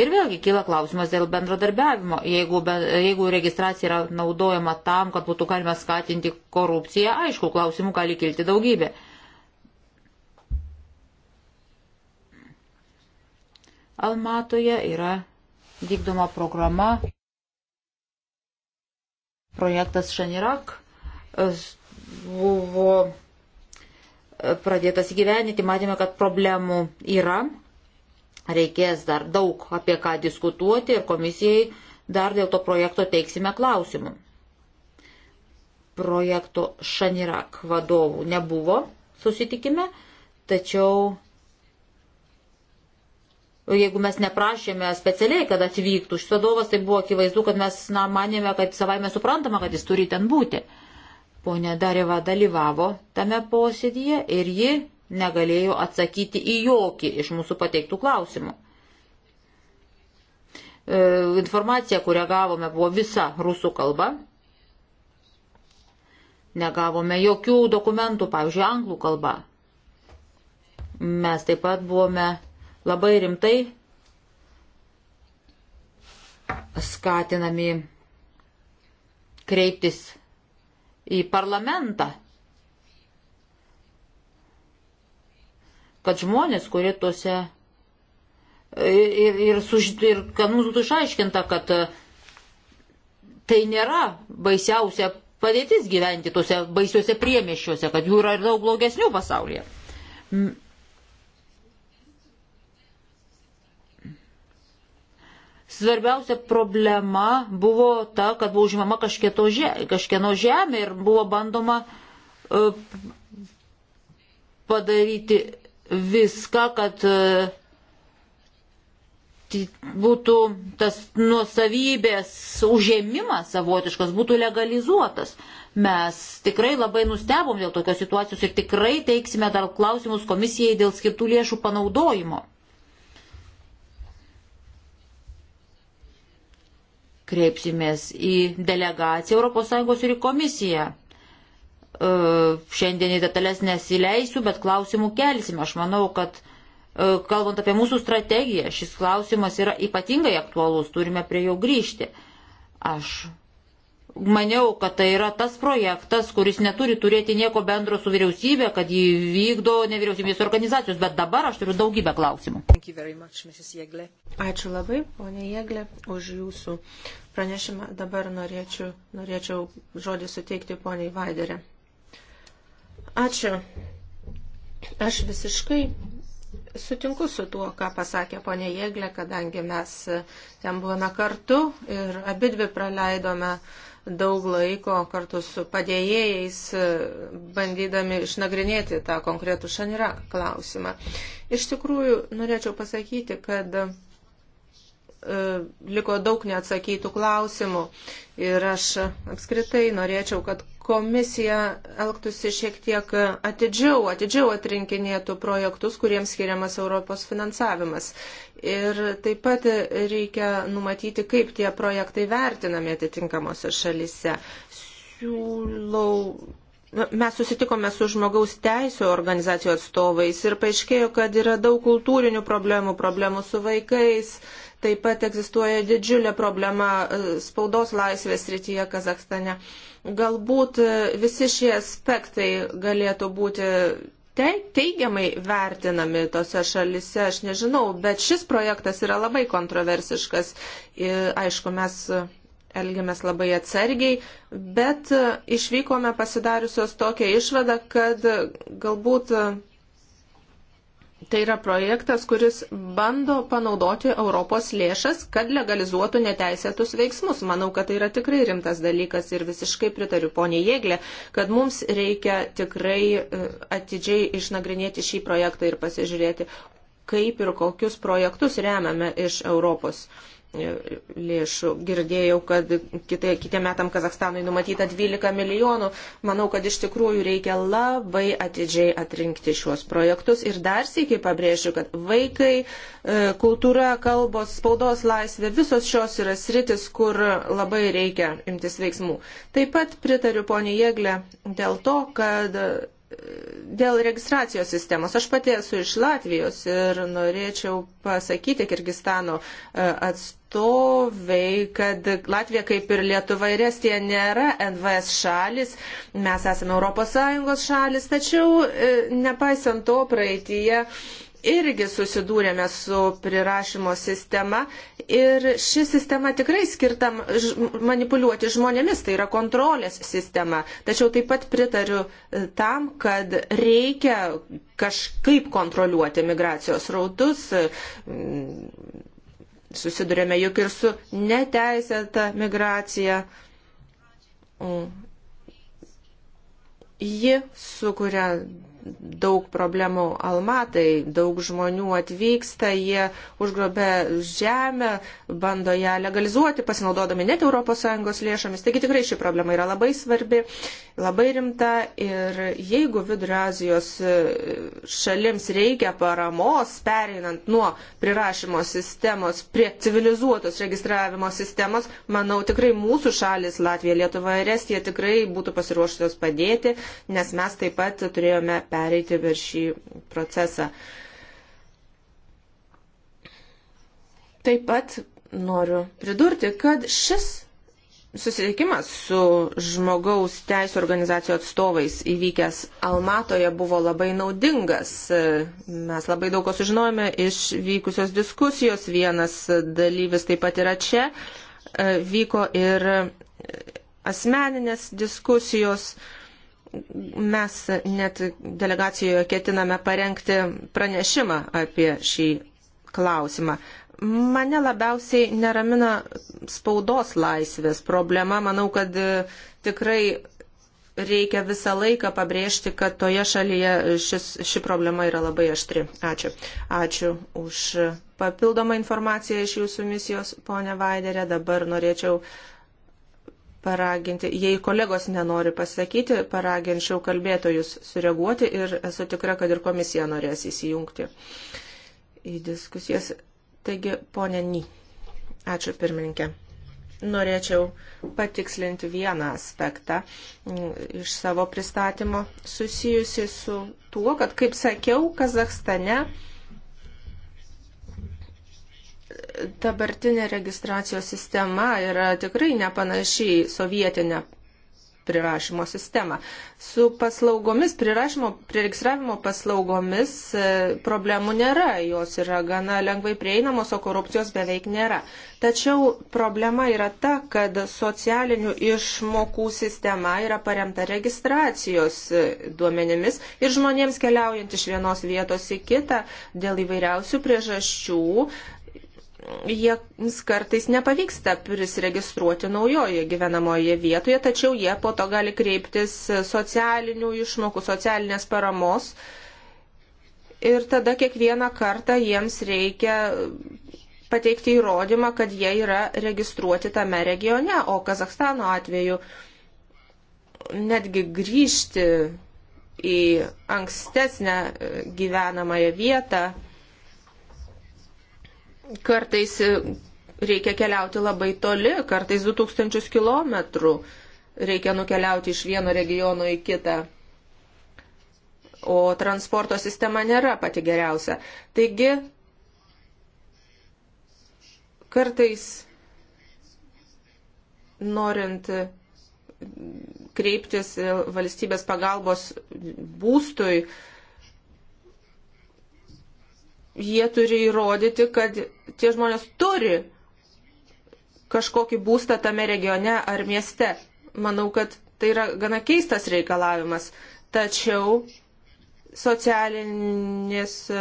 Ir vėlgi kyla klausimas dėl bendradarbiavimo. Jeigu, be, jeigu registracija yra naudojama tam, kad būtų galima skatinti korupciją, aišku, klausimų gali kilti daugybė. Almatoje yra vykdoma programa projektas Šanirak e, buvo e, pradėtas įgyveninti, matėme, kad problemų yra, reikės dar daug apie ką diskutuoti ir komisijai dar dėl to projekto teiksime klausimų. Projekto Šanirak vadovų nebuvo susitikime, tačiau jeigu mes neprašėme specialiai, kad atvyktų šis vadovas, tai buvo akivaizdu, kad mes na, manėme, kad savaime suprantama, kad jis turi ten būti. Pone Dareva dalyvavo tame posėdyje ir ji negalėjo atsakyti į jokį iš mūsų pateiktų klausimų. E, informacija, kurią gavome, buvo visa rusų kalba. Negavome jokių dokumentų, pavyzdžiui, anglų kalba. Mes taip pat buvome labai rimtai skatinami kreiptis į parlamentą, kad žmonės, kurie tuose ir, ir, suž, ir kad mums būtų išaiškinta, kad tai nėra baisiausia padėtis gyventi tuose baisiuose priemiščiuose, kad jų yra ir daug blogesnių pasaulyje. Svarbiausia problema buvo ta, kad buvo užimama žemė, kažkieno žemė ir buvo bandoma e, padaryti viską, kad e, būtų tas nuosavybės užėmimas savotiškas, būtų legalizuotas. Mes tikrai labai nustebom dėl tokios situacijos ir tikrai teiksime dar klausimus komisijai dėl skirtų lėšų panaudojimo. kreipsimės į delegaciją ES ir į komisiją. E, šiandien į detalės nesileisiu, bet klausimų kelsime. Aš manau, kad e, kalbant apie mūsų strategiją, šis klausimas yra ypatingai aktualus, turime prie jo grįžti. Aš maniau, kad tai yra tas projektas, kuris neturi turėti nieko bendro su vyriausybė, kad jį vykdo nevyriausybės organizacijos, bet dabar aš turiu daugybę klausimų. Much, Ačiū labai, ponė Jėglė, už jūsų pranešimą. Dabar norėčiau, norėčiau žodį suteikti poniai Vaiderė. Ačiū. Aš visiškai sutinku su tuo, ką pasakė ponė Jėglė, kadangi mes ten buvome kartu ir abi dvi praleidome uh, daug laiko kartu su padėjėjais, e, bandydami išnagrinėti tą konkretų šanirą klausimą. Iš tikrųjų, norėčiau pasakyti, kad e, liko daug neatsakytų klausimų ir aš apskritai norėčiau, kad komisija elgtųsi šiek tiek atidžiau, atidžiau atrinkinėtų projektus, kuriems skiriamas Europos finansavimas. Ir taip pat reikia numatyti, kaip tie projektai vertinami atitinkamose šalise. Siūlau Mes susitikome su žmogaus teisų organizacijų atstovais ir paaiškėjo, kad yra daug kultūrinių problemų, problemų su vaikais, Taip pat egzistuoja didžiulė problema e, spaudos laisvės rytyje Kazakstane. Galbūt e, visi šie aspektai galėtų būti teigiamai vertinami tose šalise, aš nežinau, bet šis projektas yra labai kontroversiškas. Ir, aišku, mes elgiamės labai atsargiai, bet e, išvykome pasidariusios tokią išvadą, kad galbūt Tai yra projektas, kuris bando panaudoti Europos lėšas, kad legalizuotų neteisėtus veiksmus. Manau, kad tai yra tikrai rimtas dalykas ir visiškai pritariu ponė Jėglė, kad mums reikia tikrai e, atidžiai išnagrinėti šį projektą ir pasižiūrėti, kaip ir kokius projektus remiame iš Europos lėšų. Girdėjau, kad kitai, kitiem metam Kazakstanui numatyta 12 milijonų. Manau, kad iš tikrųjų reikia labai atidžiai atrinkti šiuos projektus. Ir dar sėkiai pabrėžiu, kad vaikai, e, kultūra, kalbos, spaudos laisvė, visos šios yra sritis, kur labai reikia imtis veiksmų. Taip pat pritariu poniai Jėglė dėl to, kad e, dėl registracijos sistemos. Aš pati esu iš Latvijos ir norėčiau pasakyti Kirgistano e, atstovui pastoviai, kad Latvija kaip ir Lietuva ir Estija nėra NVS šalis, mes esame ES šalis, tačiau e, nepaisant to praeitįje irgi susidūrėme su prirašymo sistema ir ši sistema tikrai skirta manipuliuoti žmonėmis, tai yra kontrolės sistema. Tačiau taip pat pritariu e, tam, kad reikia kažkaip kontroliuoti migracijos rautus, e, susidurėme juk ir su neteisėta migracija. Mm. Ji sukuria daug problemų Almatai, daug žmonių atvyksta, jie užgrobė žemę, bando ją legalizuoti, pasinaudodami net ES lėšomis. Taigi tikrai ši problema yra labai svarbi, labai rimta ir jeigu Vidurio Azijos e, šalims reikia paramos, pereinant nuo prirašymo sistemos prie civilizuotos registravimo sistemos, manau tikrai mūsų šalis Latvija, Lietuva ir Estija tikrai būtų pasiruošusios padėti, nes mes taip pat turėjome perėti pereiti per šį procesą. Taip pat noriu pridurti, kad šis Susitikimas su žmogaus teisų organizacijų atstovais įvykęs Almatoje buvo labai naudingas. Mes labai daug ko sužinojome iš vykusios diskusijos. Vienas dalyvis taip pat yra čia. Vyko ir asmeninės diskusijos. Mes net delegacijoje ketiname parengti pranešimą apie šį klausimą. Mane labiausiai neramina spaudos laisvės problema. Manau, kad e, tikrai reikia visą laiką pabrėžti, kad toje šalyje šis, ši problema yra labai aštri. Ačiū. Ačiū už papildomą informaciją iš jūsų misijos, ponė Vaiderė. Dabar norėčiau paraginti, jei kolegos nenori pasakyti, paraginčiau kalbėtojus sureaguoti ir esu tikra, kad ir komisija norės įsijungti į diskusijas. Taigi, ponė Ny, ačiū pirmininkė. Norėčiau patikslinti vieną aspektą mm, iš savo pristatymo susijusi su tuo, kad, kaip sakiau, Kazakstane dabartinė registracijos sistema yra tikrai nepanašiai sovietinė prirašymo sistemą. Su paslaugomis, prirašymo, priregistravimo paslaugomis e, problemų nėra, jos yra gana lengvai prieinamos, o korupcijos beveik nėra. Tačiau problema yra ta, kad socialinių išmokų sistema yra paremta registracijos e, duomenimis ir žmonėms keliaujant iš vienos vietos į kitą dėl įvairiausių priežasčių jiems kartais nepavyksta prisiregistruoti naujoje gyvenamoje vietoje, tačiau jie po to gali kreiptis socialinių išmokų, socialinės paramos. Ir tada kiekvieną kartą jiems reikia pateikti įrodymą, kad jie yra registruoti tame regione, o Kazakstano atveju netgi grįžti į ankstesnę gyvenamąją vietą Kartais e, reikia keliauti labai toli, kartais 2000 km reikia nukeliauti iš vieno regiono į kitą. O transporto sistema nėra pati geriausia. Taigi, kartais norint kreiptis e, valstybės pagalbos būstui, jie turi įrodyti, kad tie žmonės turi kažkokį būstą tame regione ar mieste. Manau, kad tai yra gana keistas reikalavimas. Tačiau socialinės e,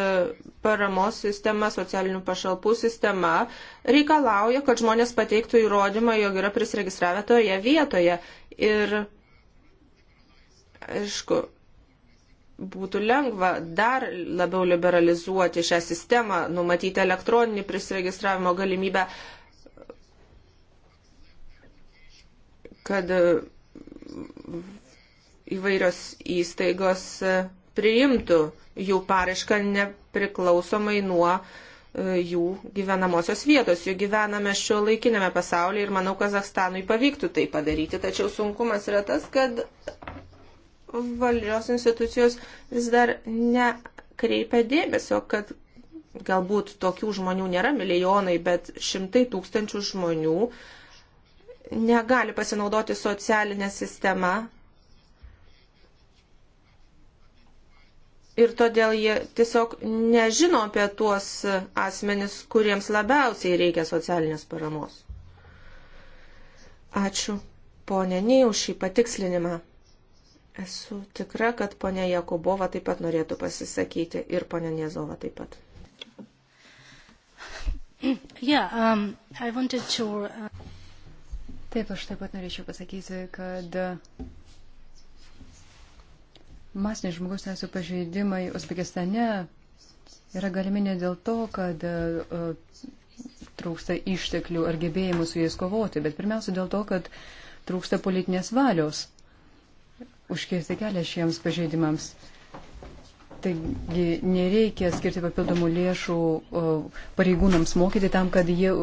paramos sistema, socialinių pašalpų sistema reikalauja, kad žmonės pateiktų įrodymą, jog yra prisiregistravę toje vietoje. Ir, aišku, būtų lengva dar labiau liberalizuoti šią sistemą, numatyti elektroninį prisiregistravimo galimybę, kad mm, įvairios įstaigos e, priimtų jų paraišką nepriklausomai nuo e, jų gyvenamosios vietos. Jų gyvename šio laikinėme pasaulyje ir manau, Kazakstanui pavyktų tai padaryti, tačiau sunkumas yra tas, kad valdžios institucijos vis dar nekreipia dėmesio, kad galbūt tokių žmonių nėra milijonai, bet šimtai tūkstančių žmonių negali pasinaudoti socialinę sistemą. Ir todėl jie tiesiog nežino apie tuos asmenis, kuriems labiausiai reikia socialinės paramos. Ačiū, ponė Nei, už šį patikslinimą. Esu tikra, kad ponia Jakubova taip pat norėtų pasisakyti ir ponia Niezova taip pat. Yeah, um, I wanted to, uh... Taip, aš taip pat norėčiau pasakyti, kad masiniai žmogus teisų pažeidimai Uzbekistane yra galimi ne dėl to, kad uh, trūksta išteklių ar gebėjimų su jais kovoti, bet pirmiausia dėl to, kad trūksta politinės valios užkirsti kelią šiems pažeidimams. Taigi nereikia skirti papildomų lėšų pareigūnams mokyti tam, kad jie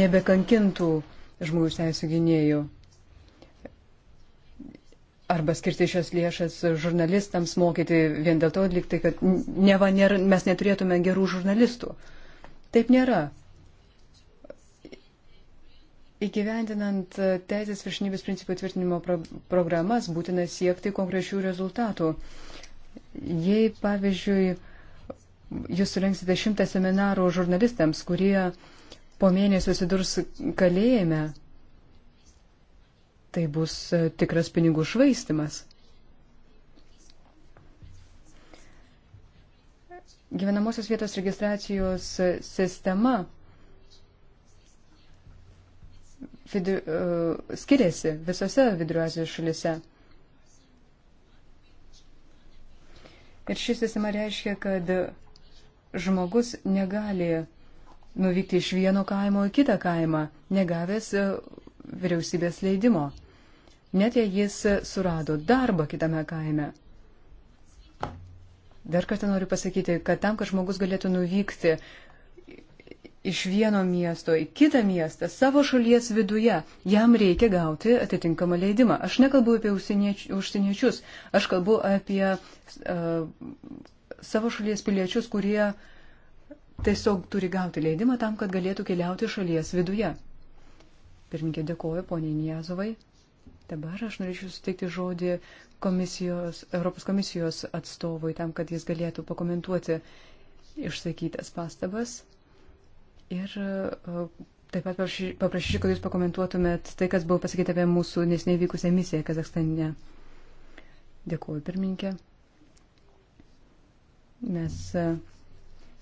nebekankintų žmogus teisų gynėjų. Arba skirti šios lėšas žurnalistams mokyti vien dėl to likti, kad neva nėra, mes neturėtume gerų žurnalistų. Taip nėra. Įgyvendinant teisės viršinybės principų tvirtinimo pro programas būtina siekti konkrečių rezultatų. Jei, pavyzdžiui, jūs surenksite šimtą seminarų žurnalistams, kurie po mėnesio atsidurs kalėjime, tai bus e, tikras pinigų švaistimas. Gyvenamosios vietos registracijos e, sistema vidur, uh, e, skiriasi visose Vidurio Azijos šalise. Ir ši sistema reiškia, kad žmogus negali nuvykti iš vieno kaimo į kitą kaimą, negavęs e, vyriausybės leidimo, net jei jis surado darbą kitame kaime. Dar kartą noriu pasakyti, kad tam, kad žmogus galėtų nuvykti iš vieno miesto į kitą miestą savo šalies viduje, jam reikia gauti atitinkamą leidimą. Aš nekalbu apie užsieniečius, aš kalbu apie uh, savo šalies piliečius, kurie tiesiog turi gauti leidimą tam, kad galėtų keliauti šalies viduje. Pirminkė dėkoju poniai Niezovai. Dabar aš norėčiau suteikti žodį komisijos, Europos komisijos atstovui tam, kad jis galėtų pakomentuoti išsakytas pastabas. Ir e, taip pat paprašyčiau, kad jūs pakomentuotumėt tai, kas buvo pasakyta apie mūsų nesiniai vykusią misiją Kazakstane. Dėkuoju, pirmininkė. Mes e,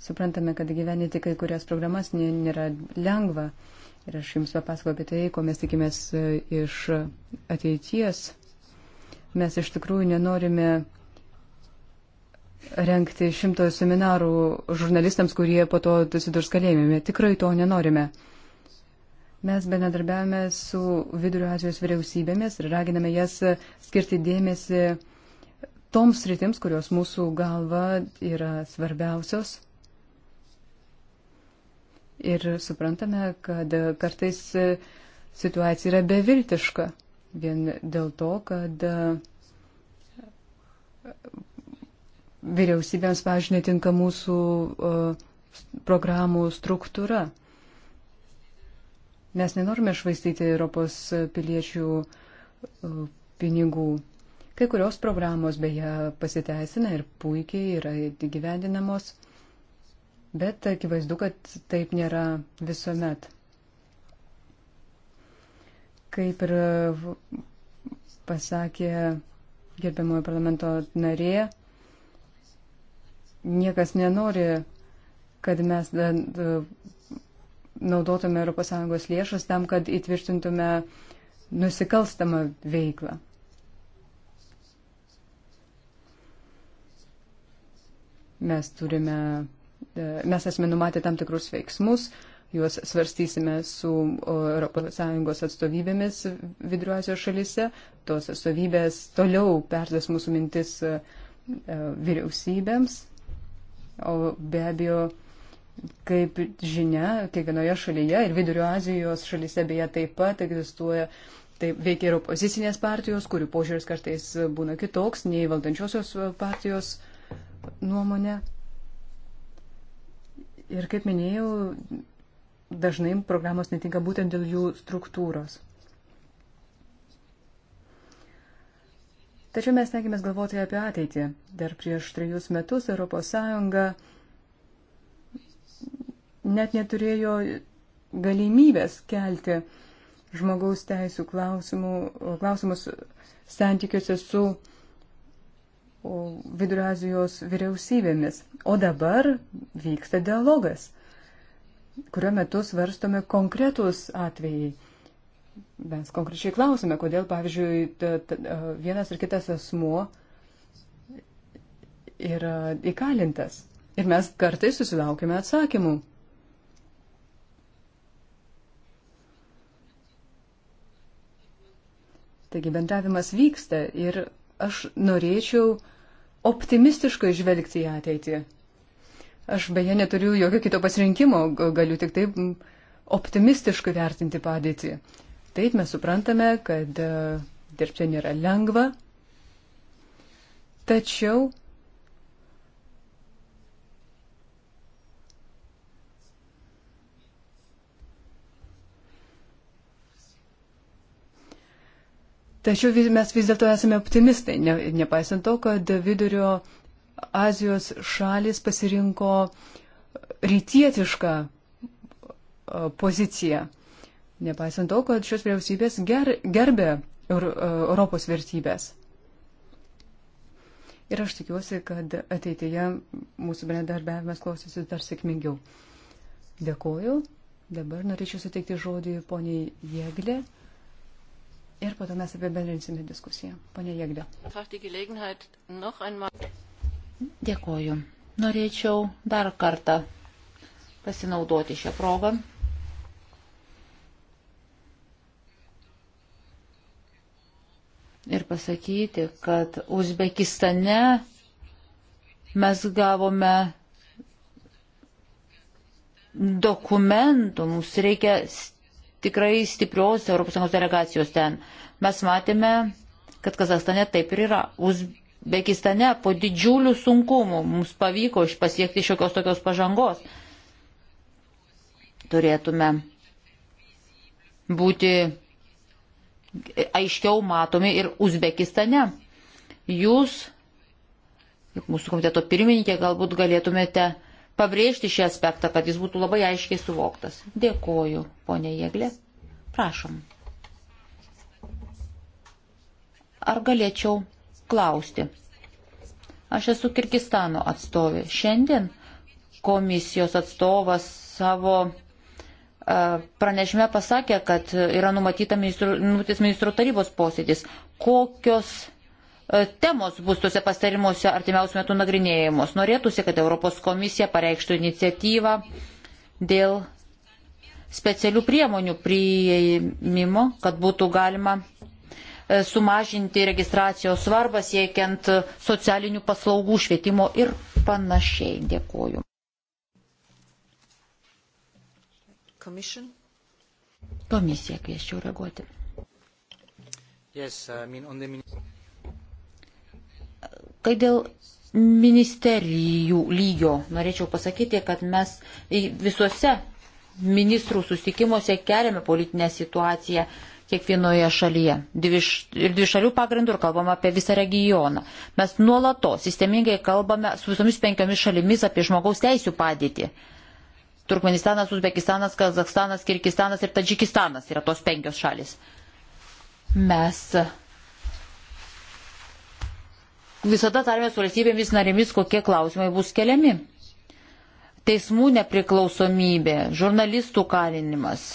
suprantame, kad gyveninti kai kurias programas nėra lengva. Ir aš jums papasakau apie tai, ko mes tikimės e, iš ateities. Mes iš tikrųjų nenorime rengti šimto seminarų žurnalistams, kurie po to susidurs kalėjime. Tikrai to nenorime. Mes bendradarbiavame su Vidurio Azijos vyriausybėmis ir raginame jas skirti dėmesį toms rytims, kurios mūsų galva yra svarbiausios. Ir suprantame, kad kartais situacija yra beviltiška vien dėl to, kad vyriausybėms, pažiūrėjau, netinka mūsų e, programų struktūra. Mes nenorime švaistyti Europos piliečių e, pinigų. Kai kurios programos beje pasiteisina ir puikiai yra įgyvendinamos, bet akivaizdu, kad taip nėra visuomet. Kaip ir pasakė gerbiamojo parlamento narė, Niekas nenori, kad mes naudotume ES lėšas tam, kad įtvirtintume nusikalstamą veiklą. Mes turime, mes esame numatę tam tikrus veiksmus, juos svarstysime su ES atstovybėmis Vidurio Azijos šalyse. Tos atstovybės toliau perduos mūsų mintis e, vyriausybėms O be abejo, kaip žinia, kiekvienoje šalyje ir Vidurio Azijos šalyse beje taip pat egzistuoja. Taip veikia ir opozicinės partijos, kurių požiūris kartais būna kitoks nei valdančiosios partijos nuomonė. Ir kaip minėjau, dažnai programos netinka būtent dėl jų struktūros. Tačiau mes tenkime galvoti apie ateitį. Dar prieš trejus metus ES net neturėjo galimybės kelti žmogaus teisų klausimų, klausimus santykiuose su Vidurio Azijos vyriausybėmis. O dabar vyksta dialogas, kurio metu svarstome konkretus atvejai mes konkrečiai klausime, kodėl, pavyzdžiui, t, t, vienas ir kitas asmuo yra įkalintas. Ir mes kartais susilaukime atsakymų. Taigi bendravimas vyksta ir aš norėčiau optimistiškai žvelgti į ateitį. Aš beje neturiu jokio kito pasirinkimo, galiu tik taip optimistiškai vertinti padėtį. Taip, mes suprantame, kad e, dirbti nėra lengva, tačiau Tačiau mes vis dėlto esame optimistai, ne, nepaisant to, kad vidurio Azijos šalis pasirinko rytietišką e, poziciją nepaisant to, kad šios vyriausybės ger, gerbė e, Europos vertybės. Ir aš tikiuosi, kad ateityje mūsų bendradarbiavimas klausysi dar sėkmingiau. Dėkoju. Dabar norėčiau suteikti žodį poniai Jėglė. Ir po to mes apibendrinsime diskusiją. Pone Jėglė. Dėkoju. Norėčiau dar kartą pasinaudoti šią progą pasakyti, kad Uzbekistane mes gavome dokumentų, mums reikia tikrai stiprios ES delegacijos ten. Mes matėme, kad Kazastane taip ir yra. Uzbekistane po didžiulių sunkumų mums pavyko pasiekti šiokios tokios pažangos. Turėtume būti aiškiau matomi ir Uzbekistane. Jūs, kaip mūsų komiteto pirmininkė, galbūt galėtumėte pabrėžti šį aspektą, kad jis būtų labai aiškiai suvoktas. Dėkoju, ponė Jėglė. Prašom. Ar galėčiau klausti? Aš esu Kirgistano atstovė. Šiandien komisijos atstovas savo pranešime pasakė, kad yra numatytas ministrų, ministrų tarybos posėdis. Kokios e, temos bus tuose pastarimuose artimiausių metų nagrinėjimos? Norėtųsi, kad Europos komisija pareikštų iniciatyvą dėl specialių priemonių prieimimo, kad būtų galima e, sumažinti registracijos svarbą siekiant socialinių paslaugų švietimo ir panašiai. Dėkuoju. Komisija kvieščiau reaguoti. Yes, uh, I mean the... Kai dėl ministerijų lygio, norėčiau pasakyti, kad mes visuose ministrų susitikimuose keliame politinę situaciją kiekvienoje šalyje. Dviš, ir dvišalių pagrindų, ir kalbam apie visą regioną. Mes nuolatos sistemingai kalbame su visomis penkiomis šalimis apie žmogaus teisų padėtį. Uh, Turkmenistanas, Uzbekistanas, Kazakstanas, Kirgistanas ir Tadžikistanas yra tos penkios šalis. Mes visada tarėmės su valstybėmis narėmis, kokie klausimai bus keliami. Teismų nepriklausomybė, žurnalistų kalinimas,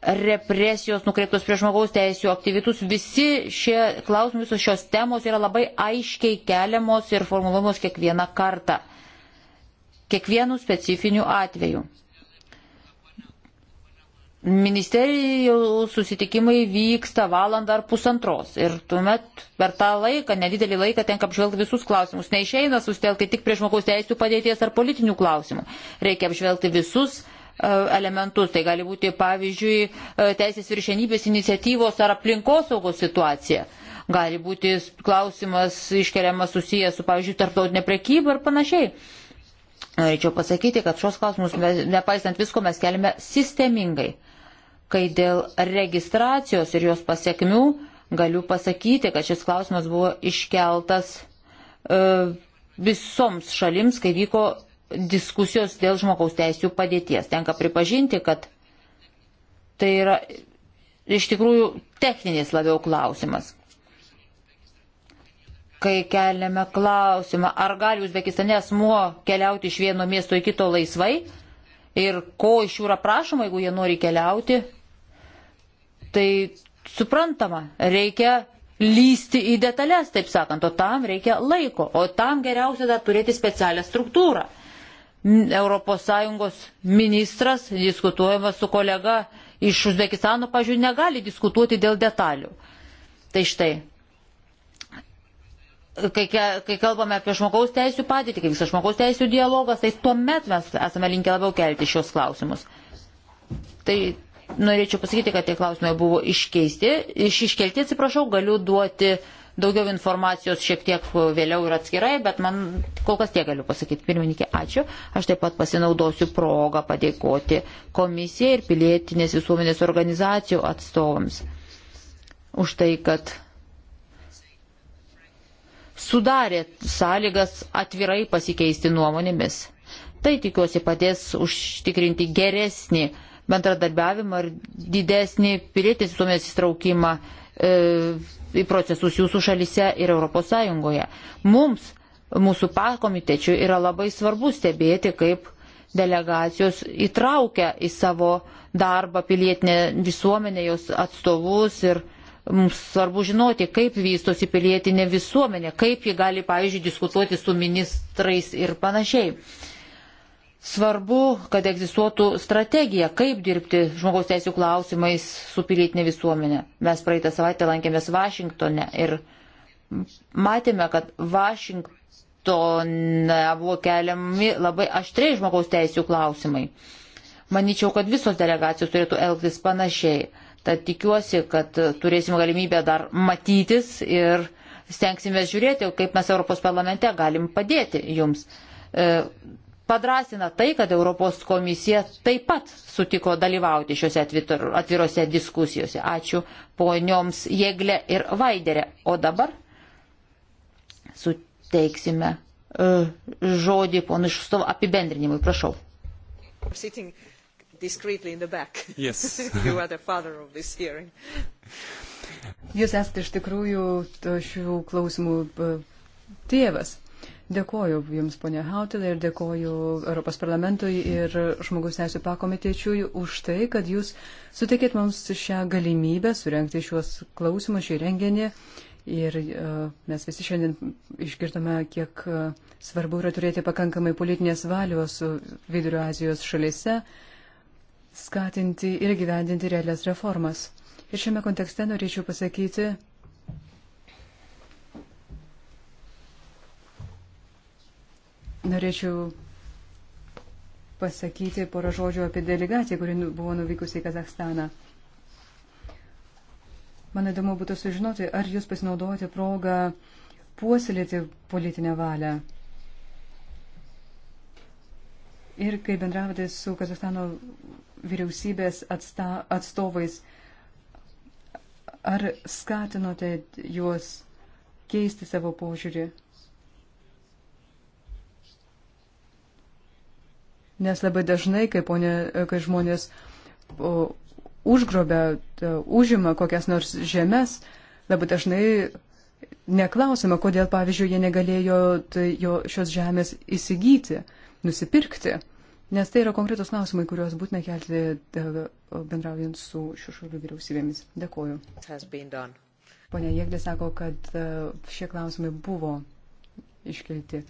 represijos nukreiptos prie žmogaus teisų aktyvitus, visi šie klausimai, visos šios temos yra labai aiškiai keliamos ir formuluojamos kiekvieną kartą kiekvienų specifinių atvejų. Ministerijų susitikimai vyksta valandą ar pusantros ir tuomet per tą laiką, nedidelį laiką tenka apžvelgti visus klausimus. Neišeina sustelkti tik prie žmogaus teisų padėties ar politinių klausimų. Reikia apžvelgti visus e, elementus. Tai gali būti, pavyzdžiui, e, teisės viršenybės iniciatyvos ar aplinkosaugos situacija. Gali būti klausimas iškeliamas susijęs su, pavyzdžiui, tarptautinė prekyba ir panašiai. Norėčiau pasakyti, kad šios klausimus, nepaisant visko, mes keliame sistemingai. Kai dėl registracijos ir jos pasiekmių galiu pasakyti, kad šis klausimas buvo iškeltas e, visoms šalims, kai vyko diskusijos dėl žmogaus teisų padėties. Tenka pripažinti, kad tai yra iš tikrųjų techninis labiau klausimas kai keliame klausimą, ar gali Uzbekistane asmuo keliauti iš vieno miesto į kito laisvai ir ko iš jų yra prašoma, jeigu jie nori keliauti, tai suprantama, reikia lysti į detalės, taip sakant, o tam reikia laiko, o tam geriausia dar turėti specialią struktūrą. ES ministras, diskutuojamas su kolega iš Uzbekistano, pažiūrėjau, negali diskutuoti dėl detalių. Tai štai, kai, kai kalbame apie žmogaus teisų padėtį, kai visas žmogaus teisų dialogas, tai tuomet mes esame linkę labiau kelti šios klausimus. Tai norėčiau pasakyti, kad tie klausimai buvo iškeisti, iš iškelti, atsiprašau, galiu duoti daugiau informacijos šiek tiek vėliau ir atskirai, bet man kol kas tiek galiu pasakyti. Pirmininkė, ačiū. Aš taip pat pasinaudosiu progą padėkoti komisijai ir pilietinės visuomenės organizacijų atstovams už tai, kad sudarė sąlygas atvirai pasikeisti nuomonėmis. Tai tikiuosi padės užtikrinti geresnį bendradarbiavimą ir didesnį pilietis visuomenės įstraukimą e, į procesus jūsų šalise ir ES. Mums, mūsų pakomitečių, yra labai svarbu stebėti, kaip delegacijos įtraukia į savo darbą pilietinę visuomenę, jos atstovus ir e, Mums svarbu žinoti, kaip vystosi pilietinė visuomenė, kaip ji gali, pavyzdžiui, diskutuoti su ministrais ir panašiai. Svarbu, kad egzistuotų strategija, kaip dirbti žmogaus teisų klausimais su pilietinė visuomenė. Mes praeitą savaitę lankėmės Vašingtone ir matėme, kad Vašingtone buvo keliami labai aštriai žmogaus teisų klausimai. Maničiau, kad visos delegacijos turėtų elgtis panašiai. Tad tikiuosi, kad turėsim galimybę dar matytis ir stengsime žiūrėti, kaip mes Europos parlamente galim padėti jums. E, padrasina tai, kad Europos komisija taip pat sutiko dalyvauti šiuose atvirose diskusijose. Ačiū ponioms Jėglė ir Vaiderė. O dabar suteiksime e, žodį ponui Šustovui apibendrinimui. Prašau. Sitting discreetly in the back. Yes. you are the father of this hearing. Jūs esate iš tikrųjų šių klausimų e, tėvas. Dėkoju Jums, ponia Hautilė, ir dėkoju Europos parlamentui ir žmogus teisų pakomitečiui už tai, kad Jūs suteikėt mums šią galimybę surenkti šiuos klausimus, šį renginį. Ir uh, mes visi šiandien išgirdome, kiek uh, svarbu yra turėti pakankamai politinės valios Vidurio Azijos šalyse. Uh, skatinti ir gyvendinti realias reformas. Ir šiame kontekste norėčiau pasakyti, norėčiau pasakyti porą žodžių apie delegaciją, kuri nu, buvo nuvykusi į Kazakstaną. Man įdomu būtų sužinoti, ar jūs pasinaudojate progą puoselėti politinę valią. Ir kai bendravote su Kazakstano vyriausybės atsta, atstovais. Ar skatinote juos keisti savo požiūrį? Nes labai dažnai, kai, ponė, kai žmonės o, užgrobia, užima kokias nors žemės, labai dažnai neklausime, kodėl, pavyzdžiui, jie negalėjo tai, jo, šios žemės įsigyti, nusipirkti. Nes tai yra konkretos klausimai, kuriuos būtina kelti e, bendraujant su šių šalių vyriausybėmis. Dėkuoju. Pone Jėglė sako, kad e, šie klausimai buvo iškelti.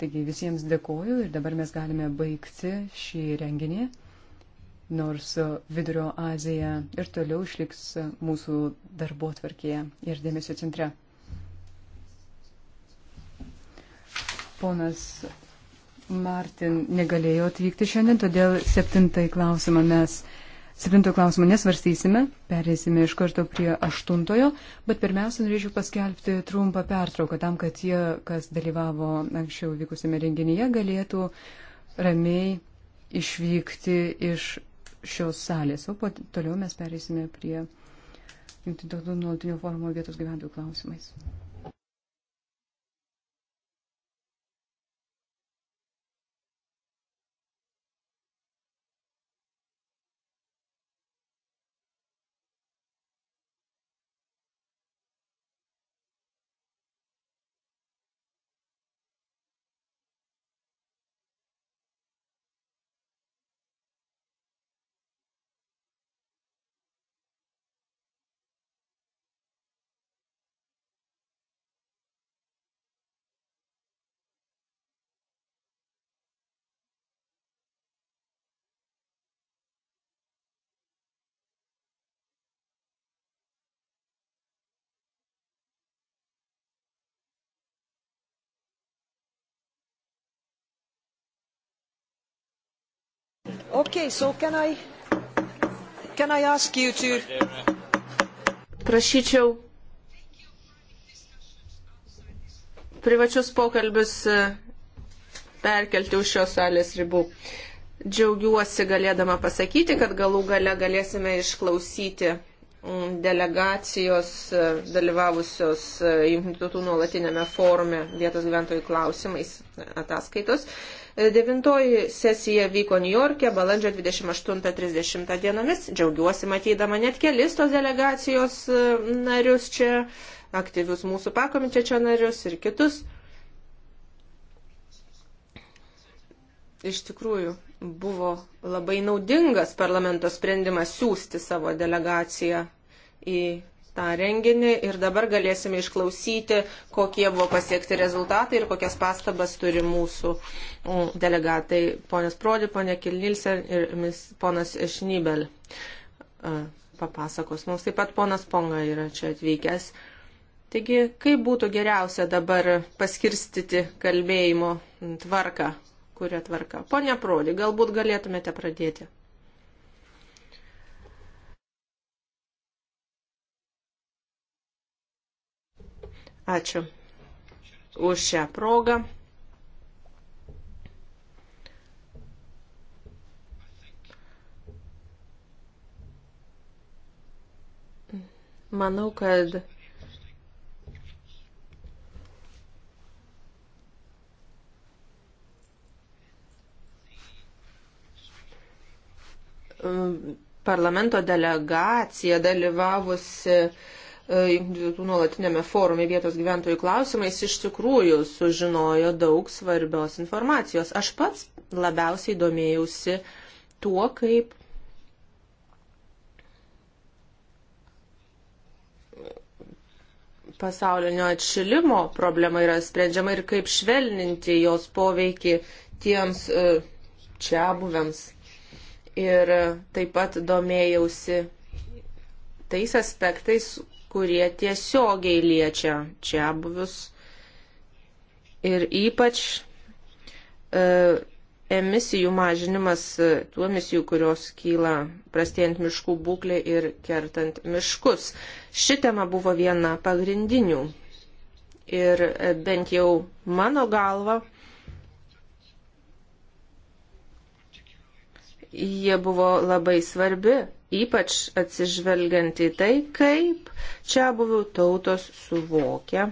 Taigi visiems dėkoju ir dabar mes galime baigti šį renginį, nors Vidurio Azija ir toliau išliks mūsų darbo tvarkėje ir dėmesio centre. Ponas Martin negalėjo atvykti šiandien, todėl septintai klausimą mes. Septintojo klausimo nesvarstysime, perėsime iš karto prie aštuntojo, bet pirmiausia norėčiau paskelbti trumpą pertrauką tam, kad tie, kas dalyvavo anksčiau vykusime renginyje, galėtų ramiai išvykti iš šios salės. O po, toliau mes perėsime prie Junktinių tautų nuolatinio forumo vietos gyventojų klausimais. Okay, so can I, can I ask you to... Prašyčiau privačius pokalbius e, perkelti už šios salės ribų. Džiaugiuosi galėdama pasakyti, kad galų gale galėsime išklausyti delegacijos e, dalyvavusios e, Junktinių tautų nuolatinėme forume vietos gyventojų klausimais ataskaitos. Devintoji sesija vyko New York'e balandžio 28-30 dienomis. Džiaugiuosi matydama net kelis tos delegacijos e, narius čia, aktyvius mūsų pakomitečio narius ir kitus. Iš tikrųjų, buvo labai naudingas parlamento sprendimas siūsti savo delegaciją į tą renginį ir dabar galėsime išklausyti, kokie buvo pasiekti rezultatai ir kokias pastabas turi mūsų mm, delegatai, ponas Prodi, ponė Kilnilsen ir ponas Šnybel. Papasakos. Mums taip pat ponas Ponga yra čia atvykęs. Taigi, kaip būtų geriausia dabar paskirstyti kalbėjimo tvarką, kurią tvarką? Pone Prodi, galbūt galėtumėte pradėti. Ačiū už šią progą. Manau, kad parlamento delegacija dalyvavusi E, jungtinių nuolatinėme forume vietos gyventojų klausimais iš tikrųjų sužinojo daug svarbios informacijos. Aš pats labiausiai domėjausi tuo, kaip pasaulinio atšilimo problema yra sprendžiama ir kaip švelninti jos poveikį tiems e, čia buvėms. Ir taip pat domėjausi tais aspektais, kurie tiesiogiai liečia čia buvius ir ypač e, emisijų mažinimas e, tų emisijų, kurios kyla prastėjant miškų būklė ir kertant miškus. Ši tema buvo viena pagrindinių ir e, bent jau mano galva jie buvo labai svarbi, ypač atsižvelgiant į tai, kaip čia buvių tautos suvokia.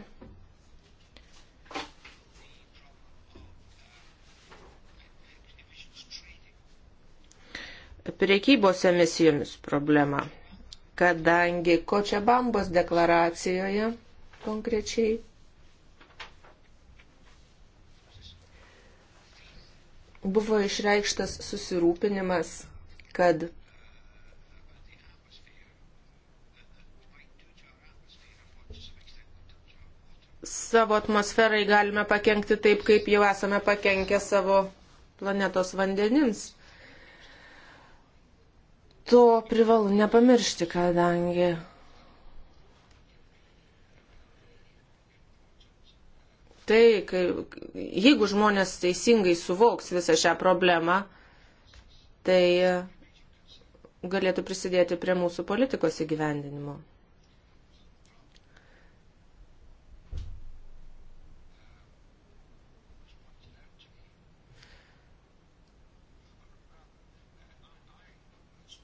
Priekybos emisijomis problema, kadangi Kočiabambos deklaracijoje konkrečiai buvo išreikštas susirūpinimas, kad savo atmosferai galime pakengti taip, kaip jau esame pakenkę savo planetos vandenims. To privalu nepamiršti, kadangi tai, kai, jeigu žmonės teisingai suvoks visą šią problemą, tai galėtų prisidėti prie mūsų politikos įgyvendinimo.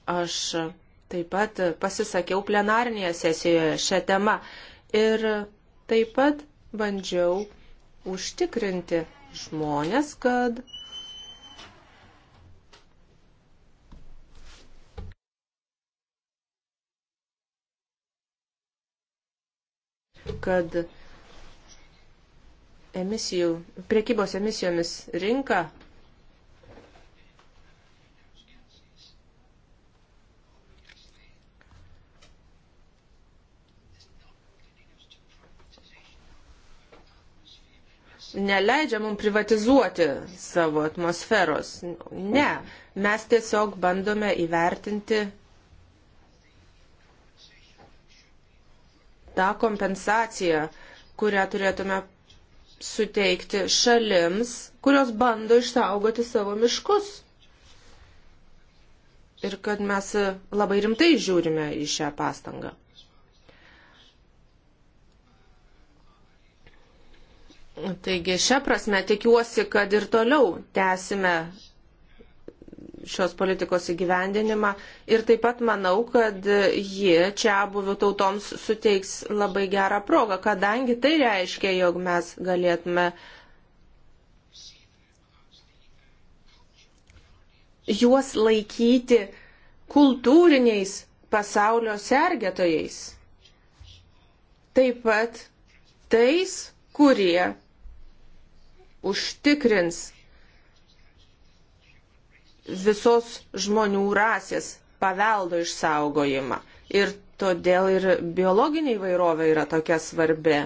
Aš taip pat pasisakiau plenarinėje sesijoje šią temą ir taip pat bandžiau užtikrinti žmonės, kad kad emisijų, priekybos emisijomis rinka neleidžia mums privatizuoti savo atmosferos. Ne, mes tiesiog bandome įvertinti tą kompensaciją, kurią turėtume suteikti šalims, kurios bando išsaugoti savo miškus. Ir kad mes labai rimtai žiūrime į šią pastangą. Taigi šią prasme tikiuosi, kad ir toliau tęsime šios politikos įgyvendinimą ir taip pat manau, kad ji čia buvių tautoms suteiks labai gerą progą, kadangi tai reiškia, jog mes galėtume juos laikyti kultūriniais pasaulio sergėtojais. Taip pat tais, kurie užtikrins visos žmonių rasės paveldo išsaugojimą. Ir todėl ir biologinė įvairovė yra tokia svarbi.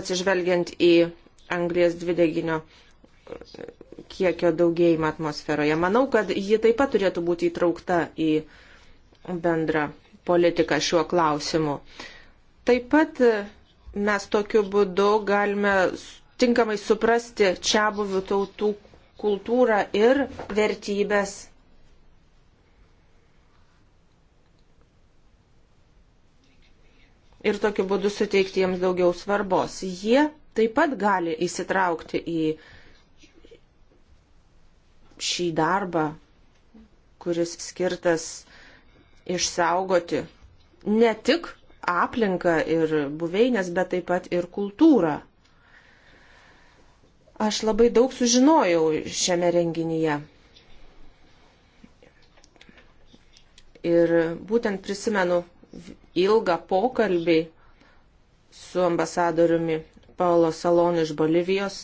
Atsižvelgiant į anglės dvideginio kiekio daugėjimą atmosferoje. Manau, kad ji taip pat turėtų būti įtraukta į bendrą politiką šiuo klausimu. Taip pat mes tokiu būdu galime tinkamai suprasti čia buvių tautų kultūrą ir vertybės. Ir tokiu būdu suteikti jiems daugiau svarbos. Jie taip pat gali įsitraukti į šį darbą, kuris skirtas išsaugoti ne tik aplinką ir buveinės, bet taip pat ir kultūrą. Aš labai daug sužinojau šiame renginyje. Ir būtent prisimenu ilgą pokalbį su ambasadoriumi Paulo Salon iš Bolivijos.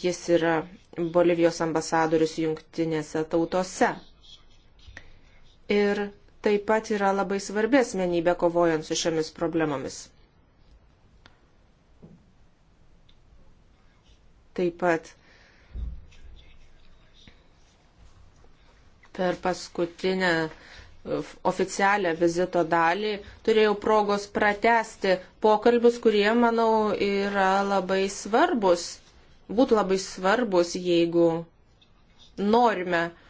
Jis yra Bolivijos ambasadorius jungtinėse tautose. Ir taip pat yra labai svarbi asmenybė kovojant su šiomis problemomis. Taip pat per paskutinę e, oficialią vizito dalį turėjau progos pratesti pokalbius, kurie, manau, yra labai svarbus. Būtų labai svarbus, jeigu norime uh,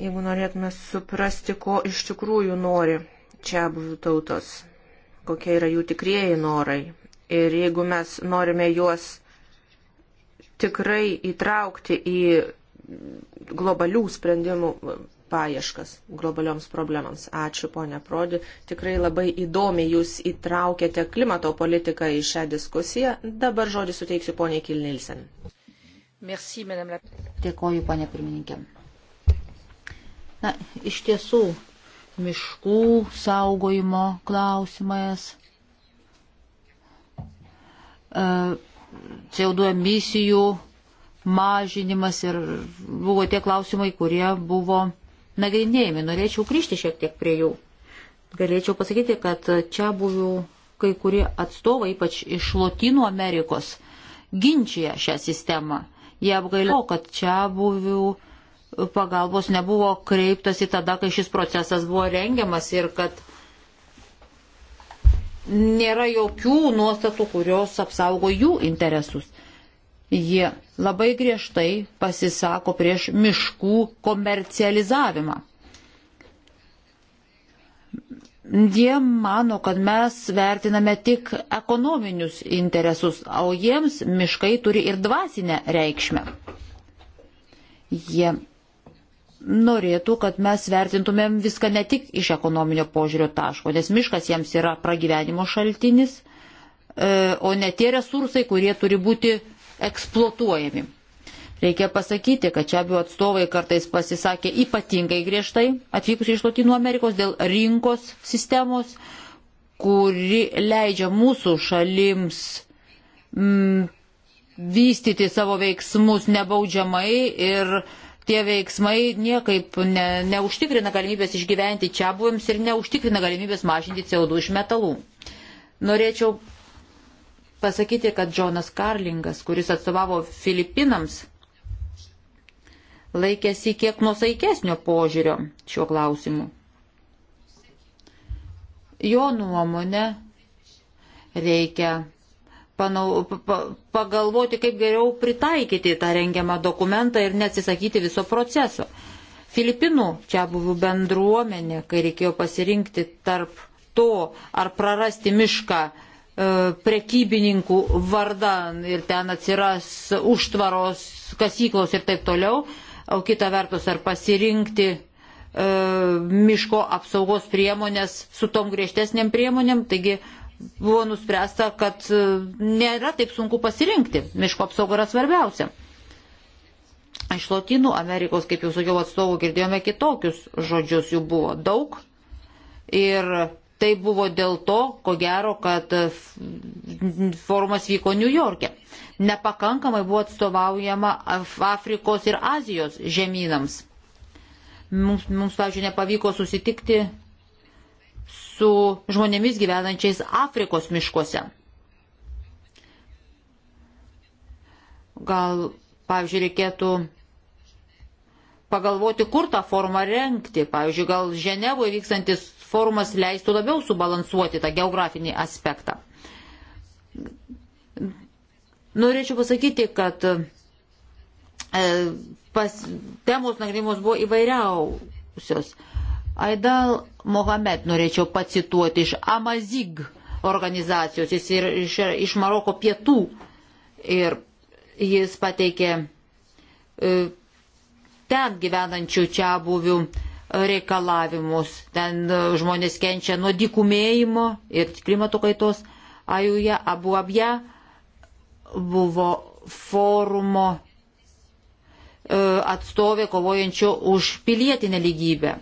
jeigu norėtume suprasti, ko iš tikrųjų nori čia buvių tautos, kokie yra jų tikrieji norai. Ir jeigu mes norime juos tikrai įtraukti į globalių sprendimų paieškas globalioms problemams. Ačiū, ponia Prodi. Tikrai labai įdomiai jūs įtraukėte klimato politiką į šią diskusiją. Dabar žodį suteiksiu poniai Kilnilsen. Merci, la... Dėkoju, ponia pirmininkė. Na, iš tiesų, miškų saugojimo klausimas, e, CO2 emisijų mažinimas ir buvo tie klausimai, kurie buvo nagrinėjami. Norėčiau grįžti šiek tiek prie jų. Galėčiau pasakyti, kad čia buvo kai kurie atstovai, ypač iš Lotynų Amerikos, ginčia šią sistemą. Jie apgailėjo, kad čia buvo pagalbos nebuvo kreiptasi tada, kai šis procesas buvo rengiamas ir kad nėra jokių nuostatų, kurios apsaugo jų interesus. Jie labai griežtai pasisako prieš miškų komercializavimą. Jie mano, kad mes vertiname tik ekonominius interesus, o jiems miškai turi ir dvasinę reikšmę. Jie norėtų, kad mes vertintumėm viską ne tik iš ekonominio požiūrio taško, nes miškas jiems yra pragyvenimo šaltinis, e, o ne tie resursai, kurie turi būti eksploatuojami. Reikia pasakyti, kad čia abiejų atstovai kartais pasisakė ypatingai griežtai atvykus iš Latino Amerikos dėl rinkos sistemos, kuri leidžia mūsų šalims mm, vystyti savo veiksmus nebaudžiamai ir uh, tie veiksmai niekaip ne, neužtikrina galimybės išgyventi čia buvams ir neužtikrina galimybės mažinti CO2 iš metalų. Norėčiau pasakyti, kad Džonas Karlingas, kuris atstovavo Filipinams, laikėsi kiek nusaikesnio požiūrio šiuo klausimu. Jo nuomonė reikia panau, pa, pagalvoti, kaip geriau pritaikyti tą rengiamą dokumentą ir neatsisakyti viso proceso. Filipinų čia buvo bendruomenė, kai reikėjo pasirinkti tarp to, ar prarasti mišką e, prekybininkų vardan ir ten atsiras užtvaros, kasyklos ir taip toliau, o kita vertus, ar pasirinkti e, miško apsaugos priemonės su tom griežtesniam priemonėm. Taigi buvo nuspręsta, kad e, nėra taip sunku pasirinkti. Miško apsauga yra svarbiausia. Iš Latinų Amerikos, kaip jau sakiau, atstovų girdėjome kitokius žodžius, jų buvo daug. Ir tai buvo dėl to, ko gero, kad e, forumas vyko New York'e. Nepakankamai buvo atstovaujama Afrikos ir Azijos žemynams. Mums, mums pavyzdžiui, nepavyko susitikti su žmonėmis gyvenančiais Afrikos miškuose. Gal, pavyzdžiui, reikėtų pagalvoti, kur tą formą renkti. Pavyzdžiui, gal Ženevoje vykstantis forumas leistų labiau subalansuoti tą geografinį aspektą. Norėčiau pasakyti, kad e, pas, temos nagrinimos buvo įvairiausios. Aidal Mohamed norėčiau pacituoti iš Amazig organizacijos, jis ir iš, iš Maroko pietų ir jis pateikė e, ten gyvenančių čia buvių reikalavimus. Ten e, žmonės kenčia nuo dikumėjimo ir klimato kaitos. Ajuja Abu Abja buvo forumo e, atstovė kovojančio už pilietinę lygybę.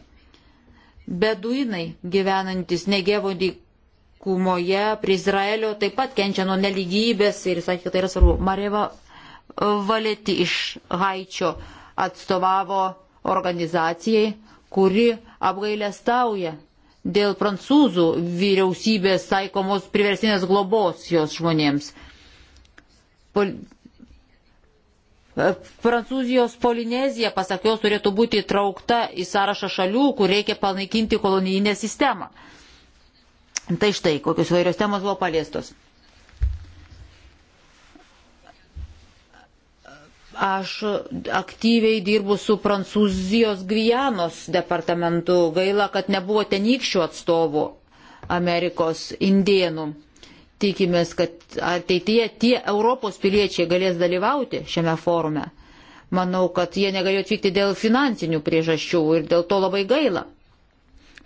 Beduinai gyvenantis negėvo dykumoje prie Izraelio taip pat kenčia nuo neligybės ir sakė, kad tai yra svarbu. Mareva Valeti iš Haičio atstovavo organizacijai, kuri apgailę stauja dėl prancūzų vyriausybės taikomos priversinės globos jos žmonėms. Pol E, Prancūzijos Polinezija, pasak jos, turėtų būti įtraukta į sąrašą šalių, kur reikia panaikinti kolonijinę sistemą. Tai štai, kokios vairios temos buvo paliestos. Aš aktyviai dirbu su Prancūzijos Gvianos departamentu. Gaila, kad nebuvo tenykščių atstovų Amerikos indienų. Tikimės, kad ateityje tie Europos piliečiai galės dalyvauti šiame forume. Manau, kad jie negalėjo atvykti dėl finansinių priežasčių ir dėl to labai gaila.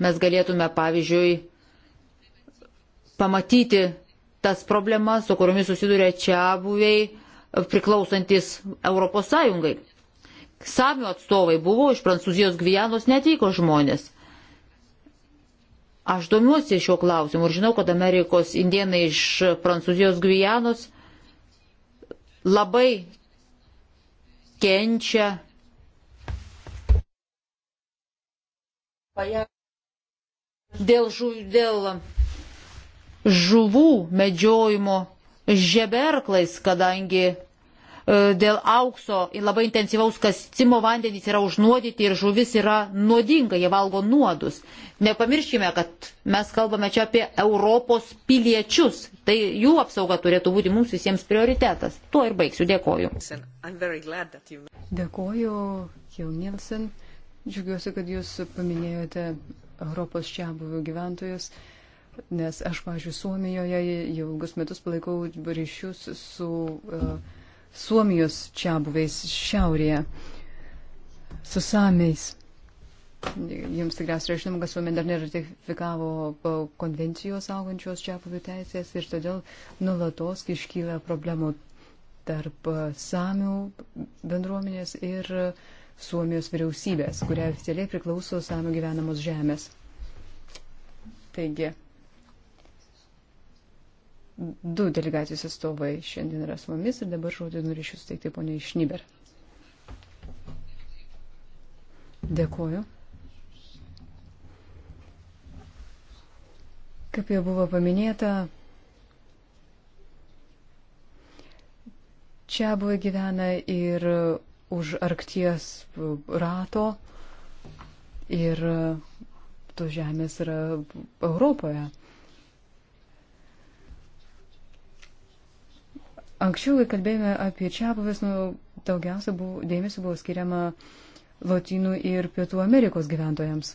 Mes galėtume, pavyzdžiui, pamatyti tas problemas, su kuriomis susiduria čia buviai priklausantis Europos Sąjungai. Samių atstovai buvo, iš Prancūzijos Gvijanos netyko žmonės. Aš domiuosi šiuo klausimu ir žinau, kad Amerikos indienai iš Prancūzijos Gvijanos labai kenčia. Dėl, žu, dėl žuvų medžiojimo žeberklais, kadangi E, dėl aukso labai intensyvaus kasimo vandenys yra užnuodyti ir žuvis yra nuodinga, jie valgo nuodus. Nepamirškime, kad mes kalbame čia apie Europos piliečius, tai jų apsauga turėtų būti mums visiems prioritetas. Tuo ir baigsiu, dėkoju. Dėkoju, Kil Nielsen. Džiugiuosi, kad jūs paminėjote Europos čia buvių gyventojus. Nes aš, pažiūrėjau, Suomijoje jau ilgus metus palaikau ryšius su uh, Suomijos čia buvais šiaurėje, su samiais. Jums tikriausiai yra žinoma, kad Suomija dar neratifikavo konvencijos augančios čia buvių teisės ir todėl nulatos iškyla problemų tarp samių bendruomenės ir Suomijos vyriausybės, kuria oficialiai priklauso samių gyvenamos žemės. Taigi, du delegacijos atstovai šiandien yra su mumis ir dabar žodį norėčiau suteikti ponia Išnyber. Dėkuoju. Kaip jau buvo paminėta, čia buvai gyvena ir už arkties rato ir tos žemės yra Europoje. Anksčiau, kai kalbėjome apie čiabuvis, nu, daugiausia buvo, dėmesio buvo skiriama Lotynų ir Pietų Amerikos gyventojams.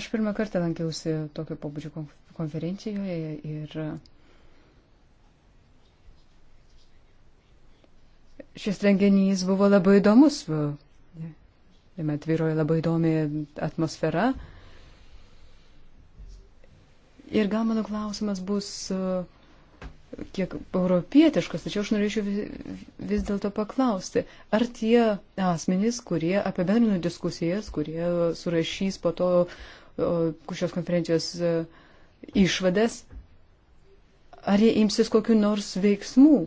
Aš pirmą kartą lankiausi tokio pobūdžio konferencijoje ir šis renginys buvo labai įdomus. Jame tvyroja labai įdomi atmosfera. Ir gal mano klausimas bus. Uh, kiek europietiškas, tačiau aš norėčiau vis, vis dėlto paklausti, ar tie asmenys, kurie apibendrino diskusijas, kurie surašys po to šios konferencijos e, išvadas, ar jie imsis kokiu nors veiksmų?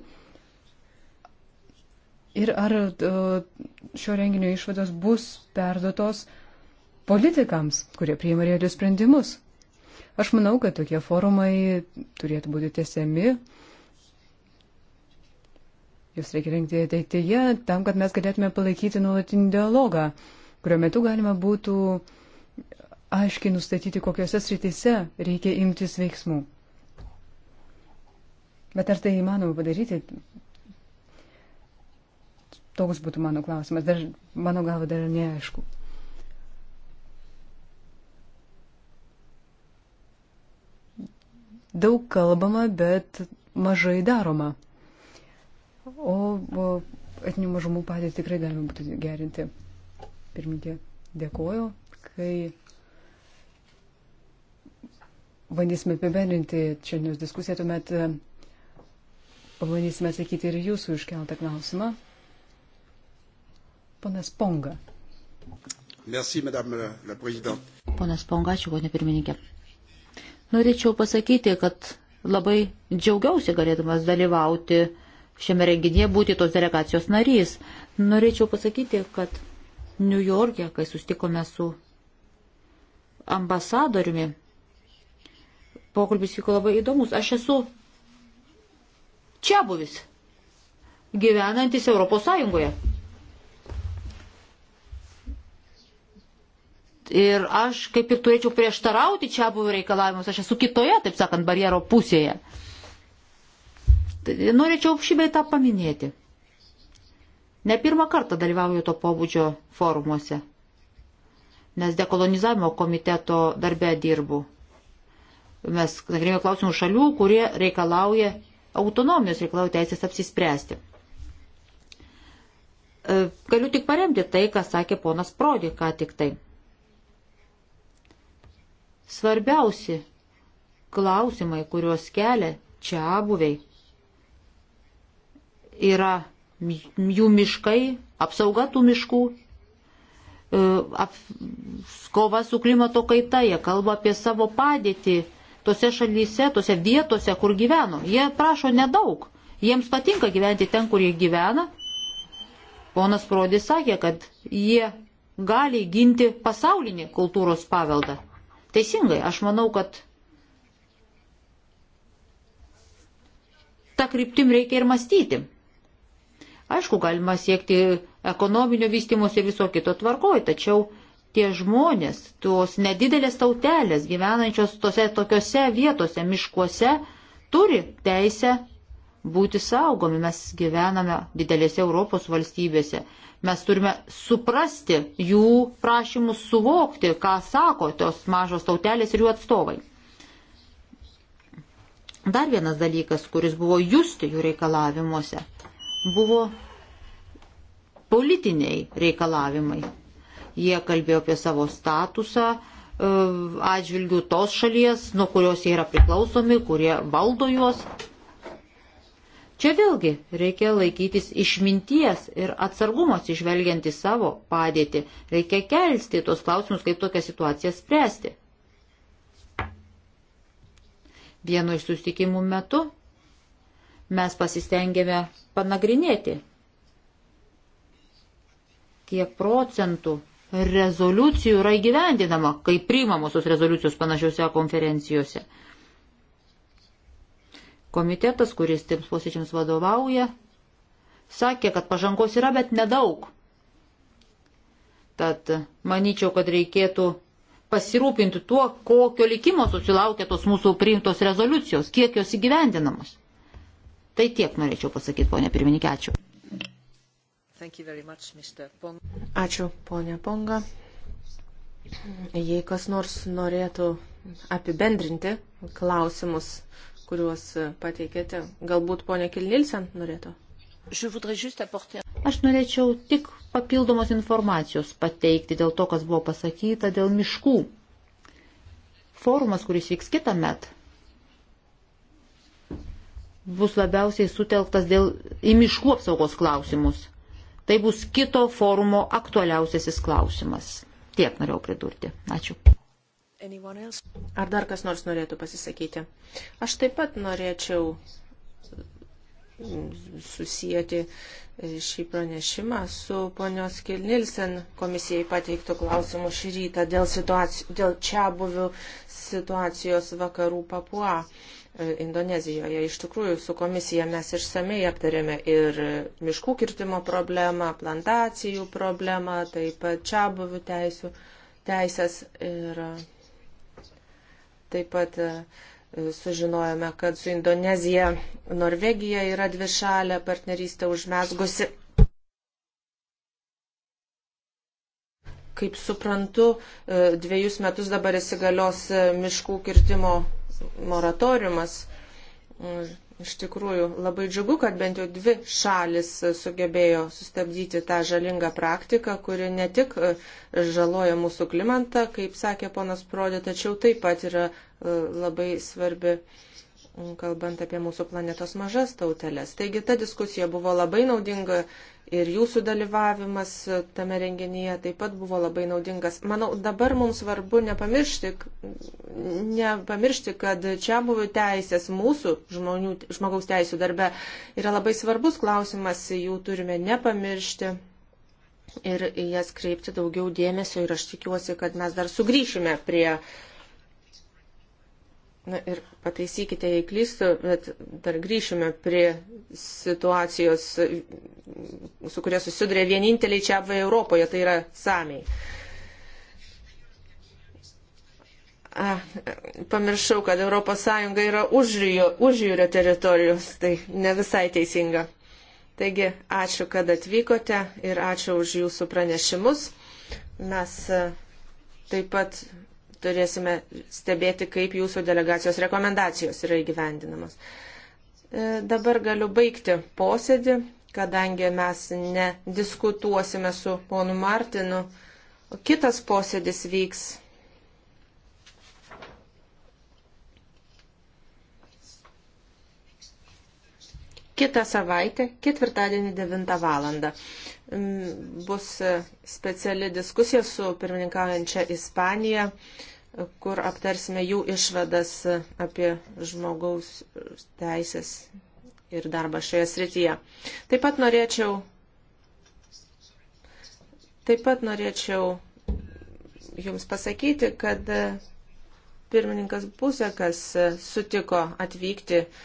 Ir ar e, šio renginio išvados bus perdotos politikams, kurie priima realius sprendimus? Aš manau, kad tokie forumai turėtų būti tiesiami Jūs reikia rinkti ateityje tam, kad mes galėtume palaikyti nuolatinį dialogą, kurio metu galima būtų aiškiai nustatyti, kokiuose srityse reikia imtis veiksmų. Bet ar tai įmanoma padaryti? Toks būtų mano klausimas. Dar, mano galva dar neaišku. Daug kalbama, bet mažai daroma o etinių mažumų padėtį tikrai galima būtų gerinti. Pirmininkė, dėkoju, kai bandysime apibendrinti šiandienos diskusiją, tuomet e, pabandysime atsakyti ir jūsų iškeltą klausimą. Ponas Ponga. Merci, madame la présidente. Ponas Ponga, ačiū, ponė pirmininkė. Norėčiau pasakyti, kad labai džiaugiausi galėdamas dalyvauti šiame renginyje būti tos delegacijos narys. Norėčiau pasakyti, kad New York'e, kai sustikome su ambasadoriumi, pokalbis vyko labai įdomus. Aš esu čia buvis, gyvenantis Europos Sąjungoje. Ir aš kaip ir turėčiau prieštarauti čia buvų reikalavimus, aš esu kitoje, taip sakant, barjero pusėje. Norėčiau šį beitą paminėti. Ne pirmą kartą dalyvauju to pobūdžio forumuose, nes dekolonizavimo komiteto darbę dirbu. Mes nagrinėjome klausimų šalių, kurie reikalauja autonomijos, reikalauja teisės apsispręsti. E, galiu tik paremti tai, ką sakė ponas Prodi ką tik tai. Svarbiausi klausimai, kuriuos kelia čia buviai yra jų miškai, apsauga tų miškų, e, ap, kova su klimato kaita, jie kalba apie savo padėtį tose šalyse, tose vietose, kur gyveno. Jie prašo nedaug, jiems patinka gyventi ten, kur jie gyvena. Ponas Prodis sakė, kad jie gali ginti pasaulinį kultūros paveldą. Teisingai, aš manau, kad tą kryptim reikia ir mąstyti. Aišku, galima siekti ekonominio vystimosi ir viso kito tvarkoj, tačiau tie žmonės, tos nedidelės tautelės gyvenančios tose tokiose vietose, miškuose, turi teisę būti saugomi. Mes gyvename didelėse Europos valstybėse. Mes turime suprasti jų prašymus, suvokti, ką sako tos mažos tautelės ir jų atstovai. Dar vienas dalykas, kuris buvo justi jų reikalavimuose buvo politiniai reikalavimai. Jie kalbėjo apie savo statusą e, atžvilgių tos šalies, nuo kurios jie yra priklausomi, kurie valdo juos. Čia vėlgi reikia laikytis išminties ir atsargumos išvelgiant į savo padėtį. Reikia kelsti tos klausimus, kaip tokią situaciją spręsti. Vieno iš sustikimų metu mes pasistengėme panagrinėti, kiek procentų rezoliucijų yra įgyvendinama, kai priimamosios rezoliucijos panašiose konferencijose. Komitetas, kuris tiems posėdžiams vadovauja, sakė, kad pažangos yra, bet nedaug. Tad manyčiau, kad reikėtų pasirūpinti tuo, kokio likimo susilaukia tos mūsų priimtos rezoliucijos, kiek jos įgyvendinamos. Tai tiek norėčiau pasakyti, ponė pirmininkė, ačiū. Much, ačiū, ponė Ponga. Jei kas nors norėtų apibendrinti klausimus, kuriuos pateikėte, galbūt ponė Kilnilsen norėtų. Aš norėčiau tik papildomos informacijos pateikti dėl to, kas buvo pasakyta dėl miškų. Forumas, kuris vyks kitą metą, bus labiausiai sutelktas dėl į miškų apsaugos klausimus. Tai bus kito forumo aktualiausiasis klausimas. Tiek norėjau pridurti. Ačiū. Ar dar kas nors norėtų pasisakyti? Aš taip pat norėčiau susijęti šį pranešimą su ponios Kilnilsen komisijai pateiktų klausimų šį rytą dėl, dėl čia buvių situacijos vakarų papua. Uh, E, Indonezijoje. Iš tikrųjų, su komisija mes išsamei aptarėme ir miškų kirtimo problemą, plantacijų problemą, taip pat čia buvių teisų, teisės ir e, taip pat e, sužinojome, kad su Indonezija Norvegija yra dvišalė partnerystė užmesgusi. Kaip suprantu, dviejus metus dabar įsigalios miškų kirtimo moratoriumas. Iš tikrųjų, labai džiugu, kad bent jau dvi šalis sugebėjo sustabdyti tą žalingą praktiką, kuri ne tik e, žaloja mūsų klimatą, kaip sakė ponas Prodė, tačiau taip pat yra e, labai svarbi kalbant apie mūsų planetos mažas tautelės. Taigi ta diskusija buvo labai naudinga ir jūsų dalyvavimas tame renginyje taip pat buvo labai naudingas. Manau, dabar mums svarbu nepamiršti, nepamiršti kad čia buvo teisės mūsų žmonių, žmogaus teisų darbe yra labai svarbus klausimas, jų turime nepamiršti. Ir į jas kreipti daugiau dėmesio ir aš tikiuosi, kad mes dar sugrįšime prie uh, Na ir pataisykite, jei klystu, bet dar grįšime prie situacijos, su kuria susiduria vieninteliai čia apvai Europoje, tai yra samiai. A, pamiršau, kad ES yra užjūrio, užjūrio teritorijos, tai ne visai teisinga. Taigi, ačiū, kad atvykote ir ačiū už jūsų pranešimus. Mes e, taip pat turėsime stebėti, kaip jūsų delegacijos rekomendacijos yra įgyvendinamos. E, dabar galiu baigti posėdį, kadangi mes nediskutuosime su ponu Martinu, o kitas posėdis vyks. Kita savaitė, ketvirtadienį 9 valandą. Mm, bus speciali diskusija su pirmininkaujančia Ispanija, kur aptarsime jų išvadas apie žmogaus teisės ir darbą šioje srityje. Taip pat norėčiau, taip pat norėčiau Jums pasakyti, kad pirmininkas Buzekas sutiko atvykti uh,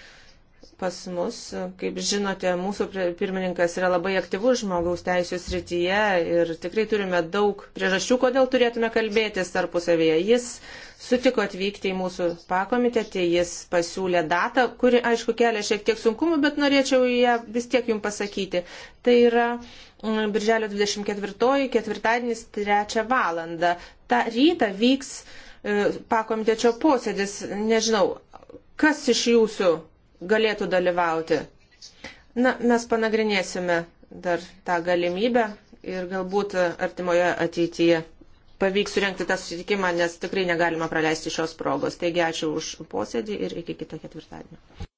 pas mus. Kaip žinote, mūsų pirmininkas yra labai aktyvus žmogaus teisų srityje ir tikrai turime daug priežasčių, kodėl turėtume kalbėtis tarpusavėje. Jis sutiko atvykti į mūsų pakomitetį, jis pasiūlė datą, kuri, aišku, kelia šiek tiek sunkumų, bet norėčiau ją vis tiek jums pasakyti. Tai yra mm, Birželio 24-oji, ketvirtadienis, 3 valandą. Ta rytą vyks e, pakomitečio posėdis, nežinau, kas iš jūsų galėtų dalyvauti. Na, mes panagrinėsime dar tą galimybę ir galbūt artimoje ateityje pavyks surenkti tą susitikimą, nes tikrai negalima praleisti šios progos. Taigi ačiū už posėdį ir iki kito ketvirtadienio.